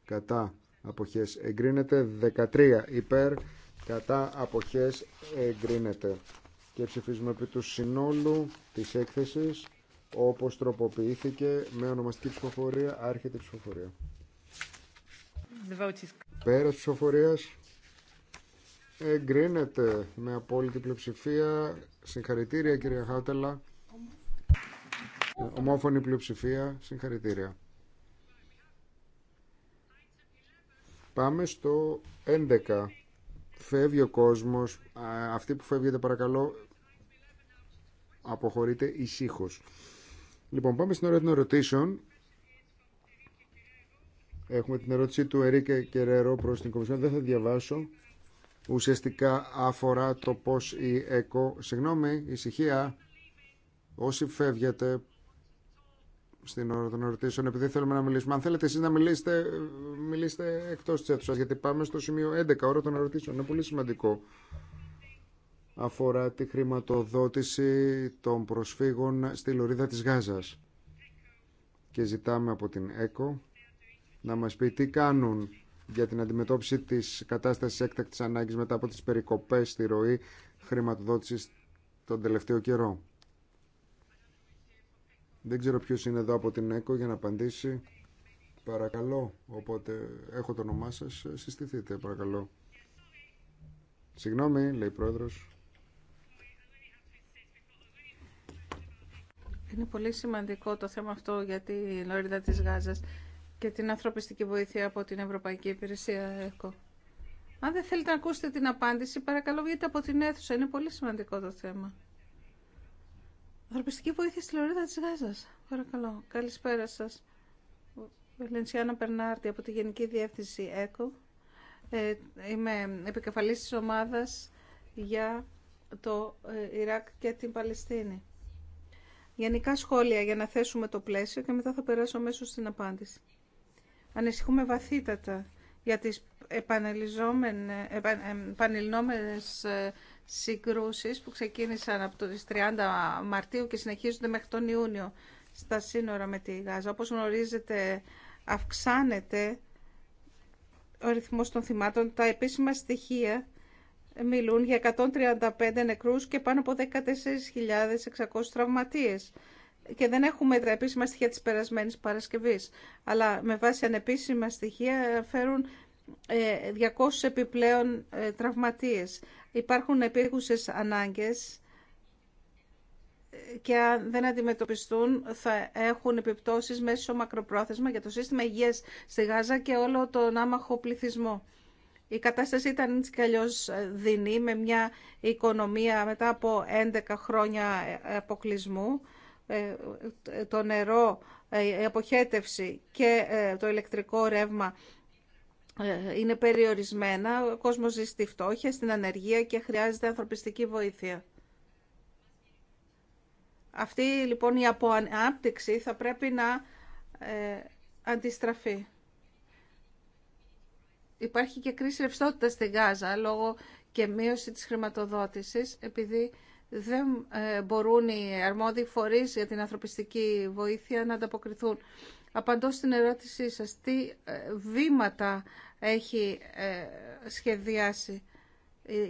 Κατά. απόχέ εγκρίνεται. 13 υπέρ. Κατά. Αποχές εγκρίνεται και ψηφίζουμε επί του συνόλου της έκθεσης όπως τροποποιήθηκε με ονομαστική ψηφοφορία, άρχεται η ψηφοφορία. Πέρας ψηφοφορίας εγκρίνεται με απόλυτη πλειοψηφία. Συγχαρητήρια κυρία Χάτελα. Ομόφωνη πλειοψηφία. Συγχαρητήρια. Πάμε στο 11. Φεύγει ο κόσμος. Αυτή που φεύγεται παρακαλώ αποχωρείτε ησύχω. Λοιπόν, πάμε στην ώρα των ερωτήσεων. Έχουμε την ερώτηση του Ερίκε Κεραίρο προ την Κομισιόν. Δεν θα διαβάσω. Ουσιαστικά αφορά το πώ η ΕΚΟ... Συγγνώμη, ησυχία. Όσοι φεύγετε στην ώρα των ερωτήσεων, επειδή θέλουμε να μιλήσουμε. Αν θέλετε εσεί να μιλήσετε, μιλήστε εκτό τη αίθουσα, γιατί πάμε στο σημείο 11, ώρα των ερωτήσεων. Είναι πολύ σημαντικό αφορά τη χρηματοδότηση των προσφύγων στη Λωρίδα της Γάζας. Και ζητάμε από την ΕΚΟ να μας πει τι κάνουν για την αντιμετώπιση της κατάστασης έκτακτης ανάγκης μετά από τις περικοπές στη ροή χρηματοδότησης τον τελευταίο καιρό. Δεν ξέρω ποιος είναι εδώ από την ΕΚΟ για να απαντήσει. Παρακαλώ, οπότε έχω το όνομά σας, συστηθείτε παρακαλώ. Συγγνώμη, λέει η πρόεδρος. Είναι πολύ σημαντικό το θέμα αυτό για τη Λόριδα της Γάζας και την ανθρωπιστική βοήθεια από την Ευρωπαϊκή Υπηρεσία ΕΚΟ. Αν δεν θέλετε να ακούσετε την απάντηση, παρακαλώ βγείτε από την αίθουσα. Είναι πολύ σημαντικό το θέμα. Ανθρωπιστική βοήθεια στη Λωρίδα της Γάζας. Παρακαλώ. Καλησπέρα σας. Βελενσιάνα Περνάρτη από τη Γενική Διεύθυνση ΕΚΟ. Ε, είμαι επικεφαλής της ομάδας για το ε, Ιράκ και την Παλαιστίνη. Γενικά σχόλια για να θέσουμε το πλαίσιο και μετά θα περάσω μέσω στην απάντηση. Ανησυχούμε βαθύτατα για τις επανελεινόμενες ε, συγκρούσεις που ξεκίνησαν από τις 30 Μαρτίου και συνεχίζονται μέχρι τον Ιούνιο στα σύνορα με τη Γάζα. Όπως γνωρίζετε αυξάνεται ο ρυθμός των θυμάτων. Τα επίσημα στοιχεία μιλούν για 135 νεκρούς και πάνω από 14.600 τραυματίες. Και δεν έχουμε τα επίσημα στοιχεία της περασμένης Παρασκευής, αλλά με βάση ανεπίσημα στοιχεία φέρουν 200 ε, επιπλέον ε, τραυματίες. Υπάρχουν επίγουσες ανάγκες ε, και αν δεν αντιμετωπιστούν θα έχουν επιπτώσεις μέσω μακροπρόθεσμα για το σύστημα υγείας στη Γάζα και όλο τον άμαχο πληθυσμό. Η κατάσταση ήταν έτσι κι αλλιώς ε, δεινή με μια οικονομία μετά από 11 χρόνια ε, αποκλεισμού. Ε, το νερό, η αποχέτευση και το ηλεκτρικό ρεύμα είναι περιορισμένα. Ο κόσμος ζει στη φτώχεια, στην ανεργία και χρειάζεται ανθρωπιστική βοήθεια. Αυτή λοιπόν η αποανάπτυξη θα πρέπει να αντιστραφεί υπάρχει και κρίση ρευστότητα στη Γάζα λόγω και μείωση της χρηματοδότησης επειδή δεν ε, μπορούν οι αρμόδιοι φορείς για την ανθρωπιστική βοήθεια να ανταποκριθούν. Απαντώ στην ερώτησή σας, τι ε, βήματα έχει ε, σχεδιάσει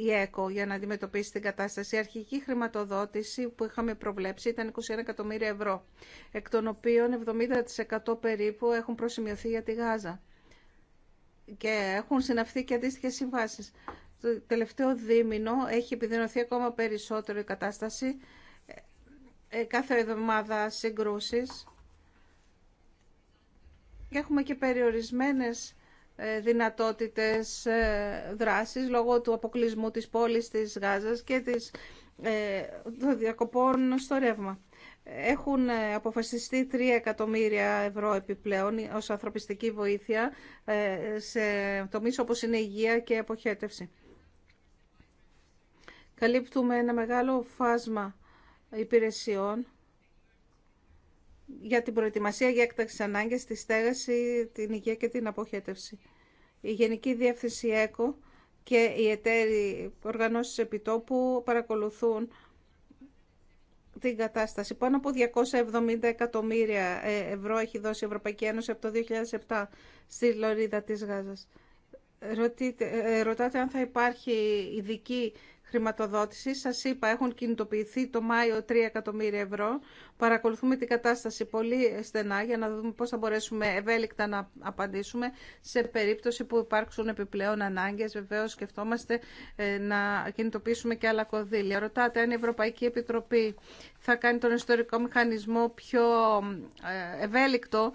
η ΕΚΟ για να αντιμετωπίσει την κατάσταση. Η αρχική χρηματοδότηση που είχαμε προβλέψει ήταν 21 εκατομμύρια ευρώ, εκ των οποίων 70% περίπου έχουν προσημειωθεί για τη Γάζα και έχουν συναυθεί και αντίστοιχε συμβάσει. Το τελευταίο δίμηνο έχει επιδεινωθεί ακόμα περισσότερο η κατάσταση. Ε, κάθε εβδομάδα συγκρούσει, Και έχουμε και περιορισμένες ε, δυνατότητες ε, δράσης λόγω του αποκλεισμού της πόλης της Γάζας και της, των διακοπών στο ρεύμα. Έχουν ε, αποφασιστεί 3 εκατομμύρια ευρώ επιπλέον ως ανθρωπιστική βοήθεια ε, σε τομείς όπως είναι υγεία και αποχέτευση. Καλύπτουμε ένα μεγάλο φάσμα υπηρεσιών για την προετοιμασία για έκταξη ανάγκες, τη στέγαση, την υγεία και την αποχέτευση. Η Γενική Διεύθυνση ΕΚΟ και οι εταίροι οργανώσεις επιτόπου παρακολουθούν την κατάσταση. Πάνω από 270 εκατομμύρια ε, ευρώ έχει δώσει η Ευρωπαϊκή Ένωση από το 2007 στη Λωρίδα της Γάζας. Ρωτάτε, ε, ρωτάτε αν θα υπάρχει ειδική χρηματοδότησης. Σας είπα, έχουν κινητοποιηθεί το Μάιο 3 εκατομμύρια ευρώ. Παρακολουθούμε την κατάσταση πολύ στενά για να δούμε πώς θα μπορέσουμε ευέλικτα να απαντήσουμε σε περίπτωση που υπάρξουν επιπλέον ανάγκες. Βεβαίως σκεφτόμαστε ε, να κινητοποιήσουμε και άλλα κονδύλια. Ρωτάτε αν η Ευρωπαϊκή Επιτροπή θα κάνει τον ιστορικό μηχανισμό πιο ε, ευέλικτο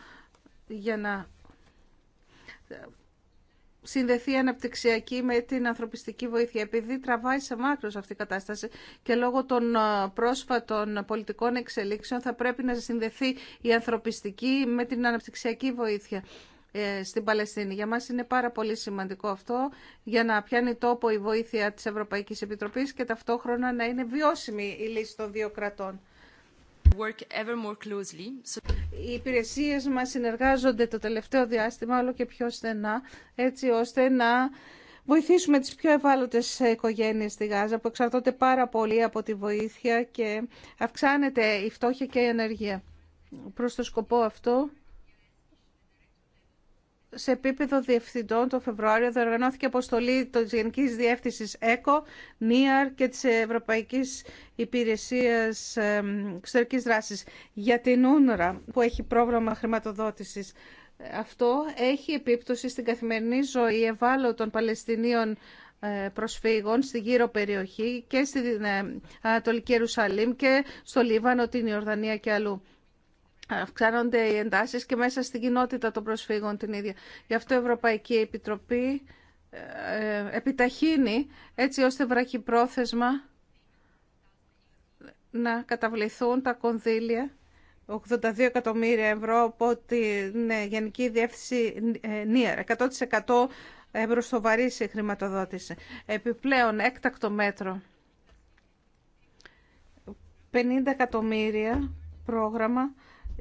για να συνδεθεί η αναπτυξιακή με την ανθρωπιστική βοήθεια. Επειδή τραβάει σε μάκρο αυτή η κατάσταση και λόγω των ε, πρόσφατων πολιτικών εξελίξεων θα πρέπει να συνδεθεί η ανθρωπιστική με την αναπτυξιακή βοήθεια ε, στην Παλαιστίνη. Για μας είναι πάρα πολύ σημαντικό αυτό για να πιάνει τόπο η βοήθεια της Ευρωπαϊκής Επιτροπής και ταυτόχρονα να είναι βιώσιμη η λύση των δύο κρατών. Οι υπηρεσίε μας συνεργάζονται το τελευταίο διάστημα όλο και πιο στενά, έτσι ώστε να βοηθήσουμε τι πιο ευάλωτες οικογένειε στη Γάζα που εξαρτώνται πάρα πολύ από τη βοήθεια και αυξάνεται η φτώχεια και η ανεργία. προ το σκοπό αυτό σε επίπεδο διευθυντών το Φεβρουάριο διοργανώθηκε αποστολή της Γενικής Διεύθυνσης ΕΚΟ, ΝΙΑΡ και της Ευρωπαϊκής Υπηρεσίας Εξωτερικής Δράσης για την ούνρα που έχει πρόγραμμα χρηματοδότησης. Αυτό έχει επίπτωση στην καθημερινή ζωή ευάλωτων Παλαιστινίων ε, προσφύγων στη γύρω περιοχή και στην ε, Ανατολική Ιερουσαλήμ και στο Λίβανο, την Ιορδανία και αλλού αυξάνονται οι εντάσεις και μέσα στην κοινότητα των προσφύγων την ίδια. Γι' αυτό η Ευρωπαϊκή Επιτροπή ε, επιταχύνει έτσι ώστε βραχυπρόθεσμα να καταβληθούν τα κονδύλια 82 εκατομμύρια ευρώ από την ε, Γενική Διεύθυνση ε, ΝΙΑΡ. 100% βαρύ σε χρηματοδότηση. Επιπλέον έκτακτο μέτρο. 50 εκατομμύρια πρόγραμμα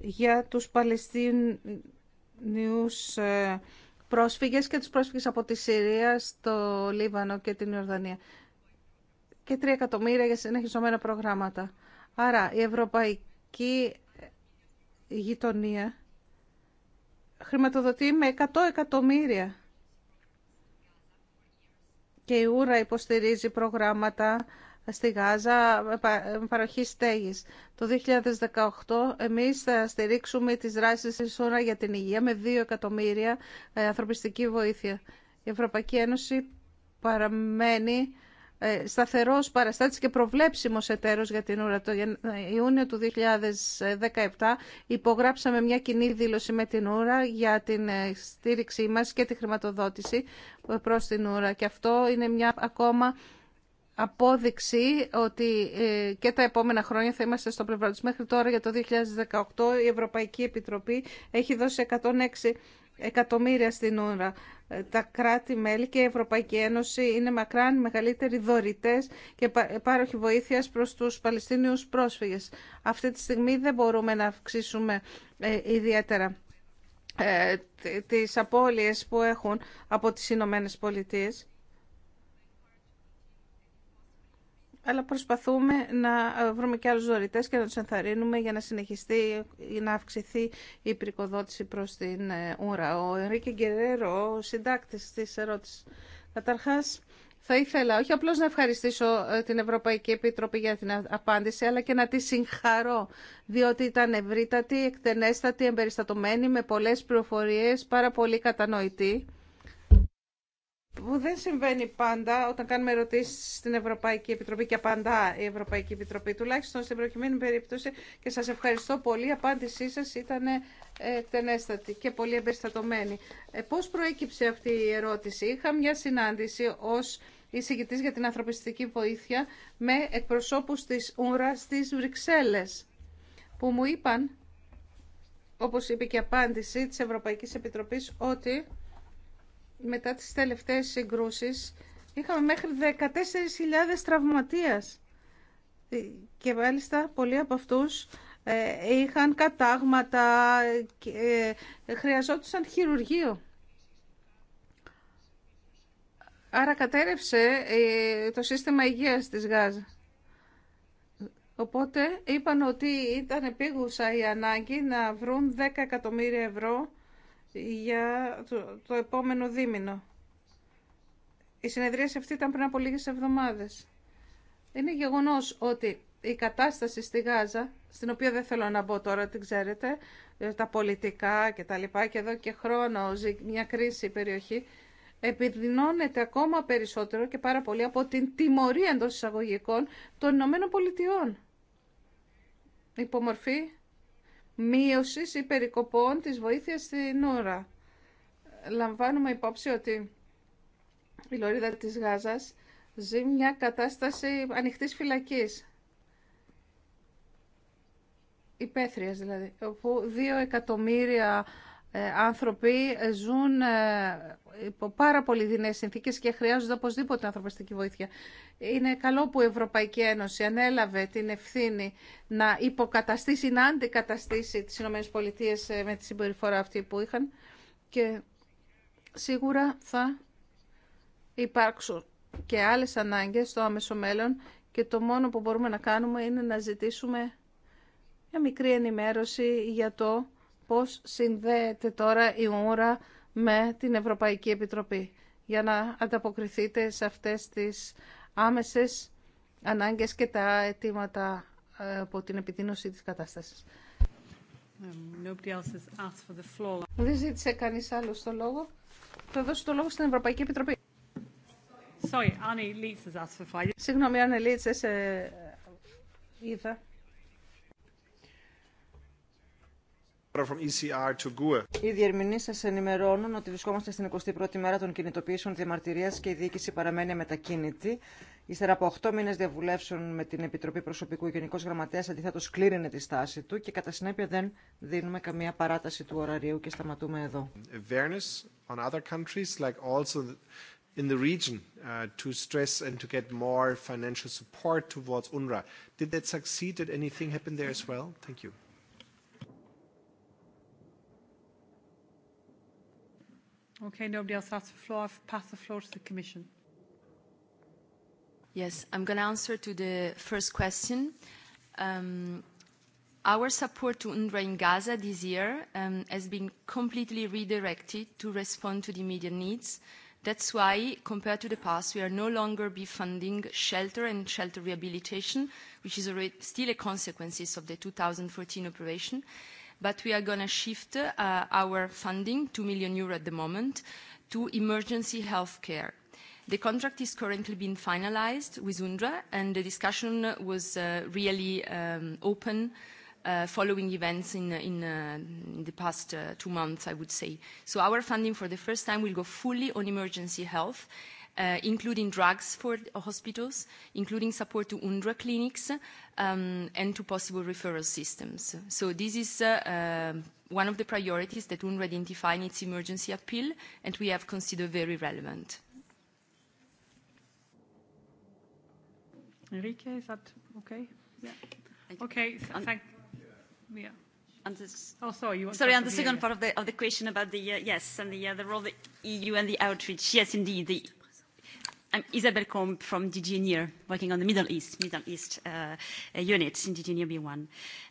για τους Παλαιστίνιους ε, πρόσφυγες και τους πρόσφυγες από τη Συρία στο Λίβανο και την Ιορδανία. Και 3 εκατομμύρια για συνεχιζόμενα προγράμματα. Άρα η ευρωπαϊκή γειτονία χρηματοδοτεί με 100 εκατομμύρια. Και η Ούρα υποστηρίζει προγράμματα στη Γάζα με παροχή στέγης. Το 2018 εμείς θα στηρίξουμε τις δράσεις της ώρα για την υγεία με 2 εκατομμύρια ε, ανθρωπιστική βοήθεια. Η Ευρωπαϊκή Ένωση παραμένει ε, σταθερός παραστάτης και προβλέψιμος εταίρος για την ώρα. Το ε, Ιούνιο του 2017 υπογράψαμε μια κοινή δήλωση με την ούρα για την στήριξή μας και τη χρηματοδότηση προς την ούρα. Και αυτό είναι μια ακόμα απόδειξη ότι ε, και τα επόμενα χρόνια θα είμαστε στο πλευρά τους. Μέχρι τώρα για το 2018 η Ευρωπαϊκή Επιτροπή έχει δώσει 106 εκατομμύρια στην ώρα. Ε, τα κράτη-μέλη και η Ευρωπαϊκή Ένωση είναι μακράν μεγαλύτεροι δωρητές και πάροχοι βοήθειας προς τους Παλαιστίνιους πρόσφυγες. Αυτή τη στιγμή δεν μπορούμε να αυξήσουμε ε, ιδιαίτερα τις απώλειες που έχουν από τις Ηνωμένε Πολιτείες. αλλά προσπαθούμε να βρούμε και άλλους δωρητές και να τους ενθαρρύνουμε για να συνεχιστεί ή να αυξηθεί η πρικοδότηση προς την ε, ούρα. Ο Ενρίκε Γκερέρο, ο συντάκτης της ερώτησης. Καταρχάς, θα ήθελα όχι απλώς να ευχαριστήσω ε, την Ευρωπαϊκή Επιτροπή για την απάντηση, αλλά και να τη συγχαρώ, διότι ήταν ευρύτατη, εκτενέστατη, εμπεριστατωμένη, με πολλές πληροφορίες, πάρα πολύ κατανοητή που δεν συμβαίνει πάντα όταν κάνουμε ερωτήσει στην Ευρωπαϊκή Επιτροπή και απαντά η Ευρωπαϊκή Επιτροπή, τουλάχιστον στην προκειμένη περίπτωση και σας ευχαριστώ πολύ. Η απάντησή σας ήταν ε, εκτενέστατη και πολύ εμπεριστατωμένη. Ε, πώς προέκυψε αυτή η ερώτηση. Είχα μια συνάντηση ως εισηγητή για την ανθρωπιστική βοήθεια με εκπροσώπους τη ΟΥΡΑ στις Βρυξέλλες που μου είπαν, όπως είπε και η απάντηση της Ευρωπαϊκής Επιτροπής, ότι μετά τις τελευταίες συγκρούσεις είχαμε μέχρι 14.000 τραυματίας ε, και μάλιστα πολλοί από αυτούς ε, είχαν κατάγματα, και ε, χρειαζόντουσαν χειρουργείο. Άρα κατέρευσε το σύστημα υγείας της Γάζα. Οπότε είπαν ότι ήταν επίγουσα η ανάγκη να βρουν 10 εκατομμύρια ευρώ για το, επόμενο δίμηνο. Η συνεδρία σε αυτή ήταν πριν από λίγες εβδομάδες. Είναι γεγονός ότι η κατάσταση στη Γάζα, στην οποία δεν θέλω να μπω τώρα, την ξέρετε, ε, τα πολιτικά και τα λοιπά, και εδώ και χρόνο μια κρίση η περιοχή, επιδεινώνεται ακόμα περισσότερο και πάρα πολύ από την τιμωρία εντό εισαγωγικών των Ηνωμένων Πολιτειών. Υπομορφή μείωσης ή περικοπών της βοήθειας στην ώρα. Λαμβάνουμε υπόψη ότι η Λωρίδα της Γάζας ζει μια κατάσταση ανοιχτής φυλακής. Υπαίθριας δηλαδή, όπου δύο εκατομμύρια ε, άνθρωποι ε, ζουν ε, υπό πάρα πολύ δεινές συνθήκες και χρειάζονται οπωσδήποτε ανθρωπιστική βοήθεια. Είναι καλό που η Ευρωπαϊκή Ένωση ανέλαβε την ευθύνη να υποκαταστήσει, να αντικαταστήσει τις ΗΠΑ ε, με τη συμπεριφορά αυτή που είχαν και σίγουρα θα υπάρξουν και άλλες ανάγκες στο άμεσο μέλλον και το μόνο που μπορούμε να κάνουμε είναι να ζητήσουμε μια μικρή ενημέρωση για το πώς συνδέεται τώρα η ώρα με την Ευρωπαϊκή Επιτροπή για να ανταποκριθείτε σε αυτές τις άμεσες ανάγκες και τα αιτήματα ε, από την επιδείνωση της κατάστασης. Um, Δεν ζήτησε κανείς άλλος το λόγο. Θα δώσω το λόγο στην Ευρωπαϊκή Επιτροπή. Sorry, Annie Leeds asked for Συγγνώμη, Annie Leeds, ε, ε, είδα. E e. Οι διερμηνεί σα ενημερώνουν ότι βρισκόμαστε στην 21η μέρα των κινητοποιήσεων διαμαρτυρία και η διοίκηση παραμένει μετακίνητη. Ύστερα από 8 μήνε διαβουλεύσεων με την Επιτροπή Προσωπικού, ο Γενικό Γραμματέα αντιθέτω κλείνει τη στάση του και κατά συνέπεια δεν δίνουμε καμία παράταση του ωραρίου και σταματούμε εδώ. in the region, uh, to stress and to get more financial support towards UNRWA. Did that succeed? Did anything happen there as well? Thank you. Okay, nobody else has the floor. I've passed the floor to the Commission. Yes, I'm going to answer to the first question. Our support to UNRWA in Gaza this year has been completely redirected to respond to the immediate needs. That's why, compared to the past, we are no longer be funding shelter and shelter rehabilitation, which is still a consequence of the 2014 operation but we are going to shift our funding, 2 million euro at the moment, to emergency health care. The contract is currently being finalized with UNDRA, and the discussion was really open following events in the past two months, I would say. So our funding for the first time will go fully on emergency health, including drugs for hospitals, including support to UNDRA clinics and to possible referral systems. So this is one of the priorities that UNRWA identified in its emergency appeal and we have considered very relevant. Enrique, is that okay? Okay, thank you. Oh, sorry. Sorry, on the second part of the question about the, yes, and the role of the EU and the outreach. Yes, indeed, the I'm Isabel Combe from DG Near, working on the Middle East, Middle East unit in DG Near B1.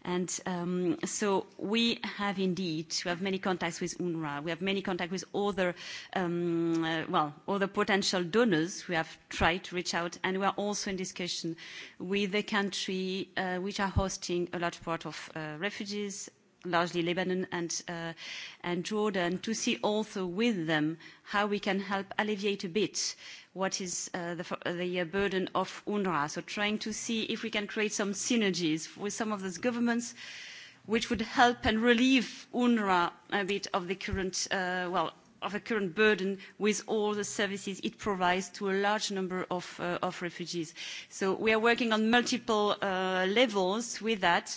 And so we have indeed, we have many contacts with UNRWA. We have many contacts with other, well, other potential donors. We have tried to reach out, and we are also in discussion with the country which are hosting a large part of refugees largely Lebanon and Jordan, to see also with them how we can help alleviate a bit what is the burden of UNRWA. So trying to see if we can create some synergies with some of those governments which would help and relieve UNRWA a bit of the current, well, of the current burden with all the services it provides to a large number of refugees. So we are working on multiple levels with that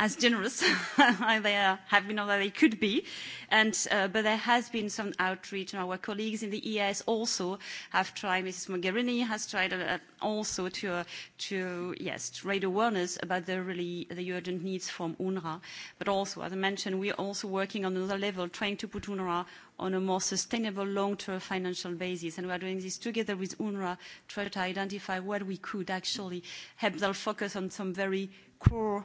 as generous as they have been or they could be. But there has been some outreach, and our colleagues in the ES also have tried, Mrs. Mogherini has tried also to, yes, raise awareness about the really the urgent needs from UNRWA. But also, as I mentioned, we are also working on another level, trying to put UNRWA on a more sustainable long-term financial basis. And we are doing this together with UNRWA, trying to identify what we could actually help them focus on some very core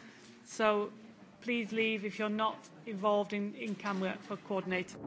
So please leave if you're not involved in, in work for coordinator.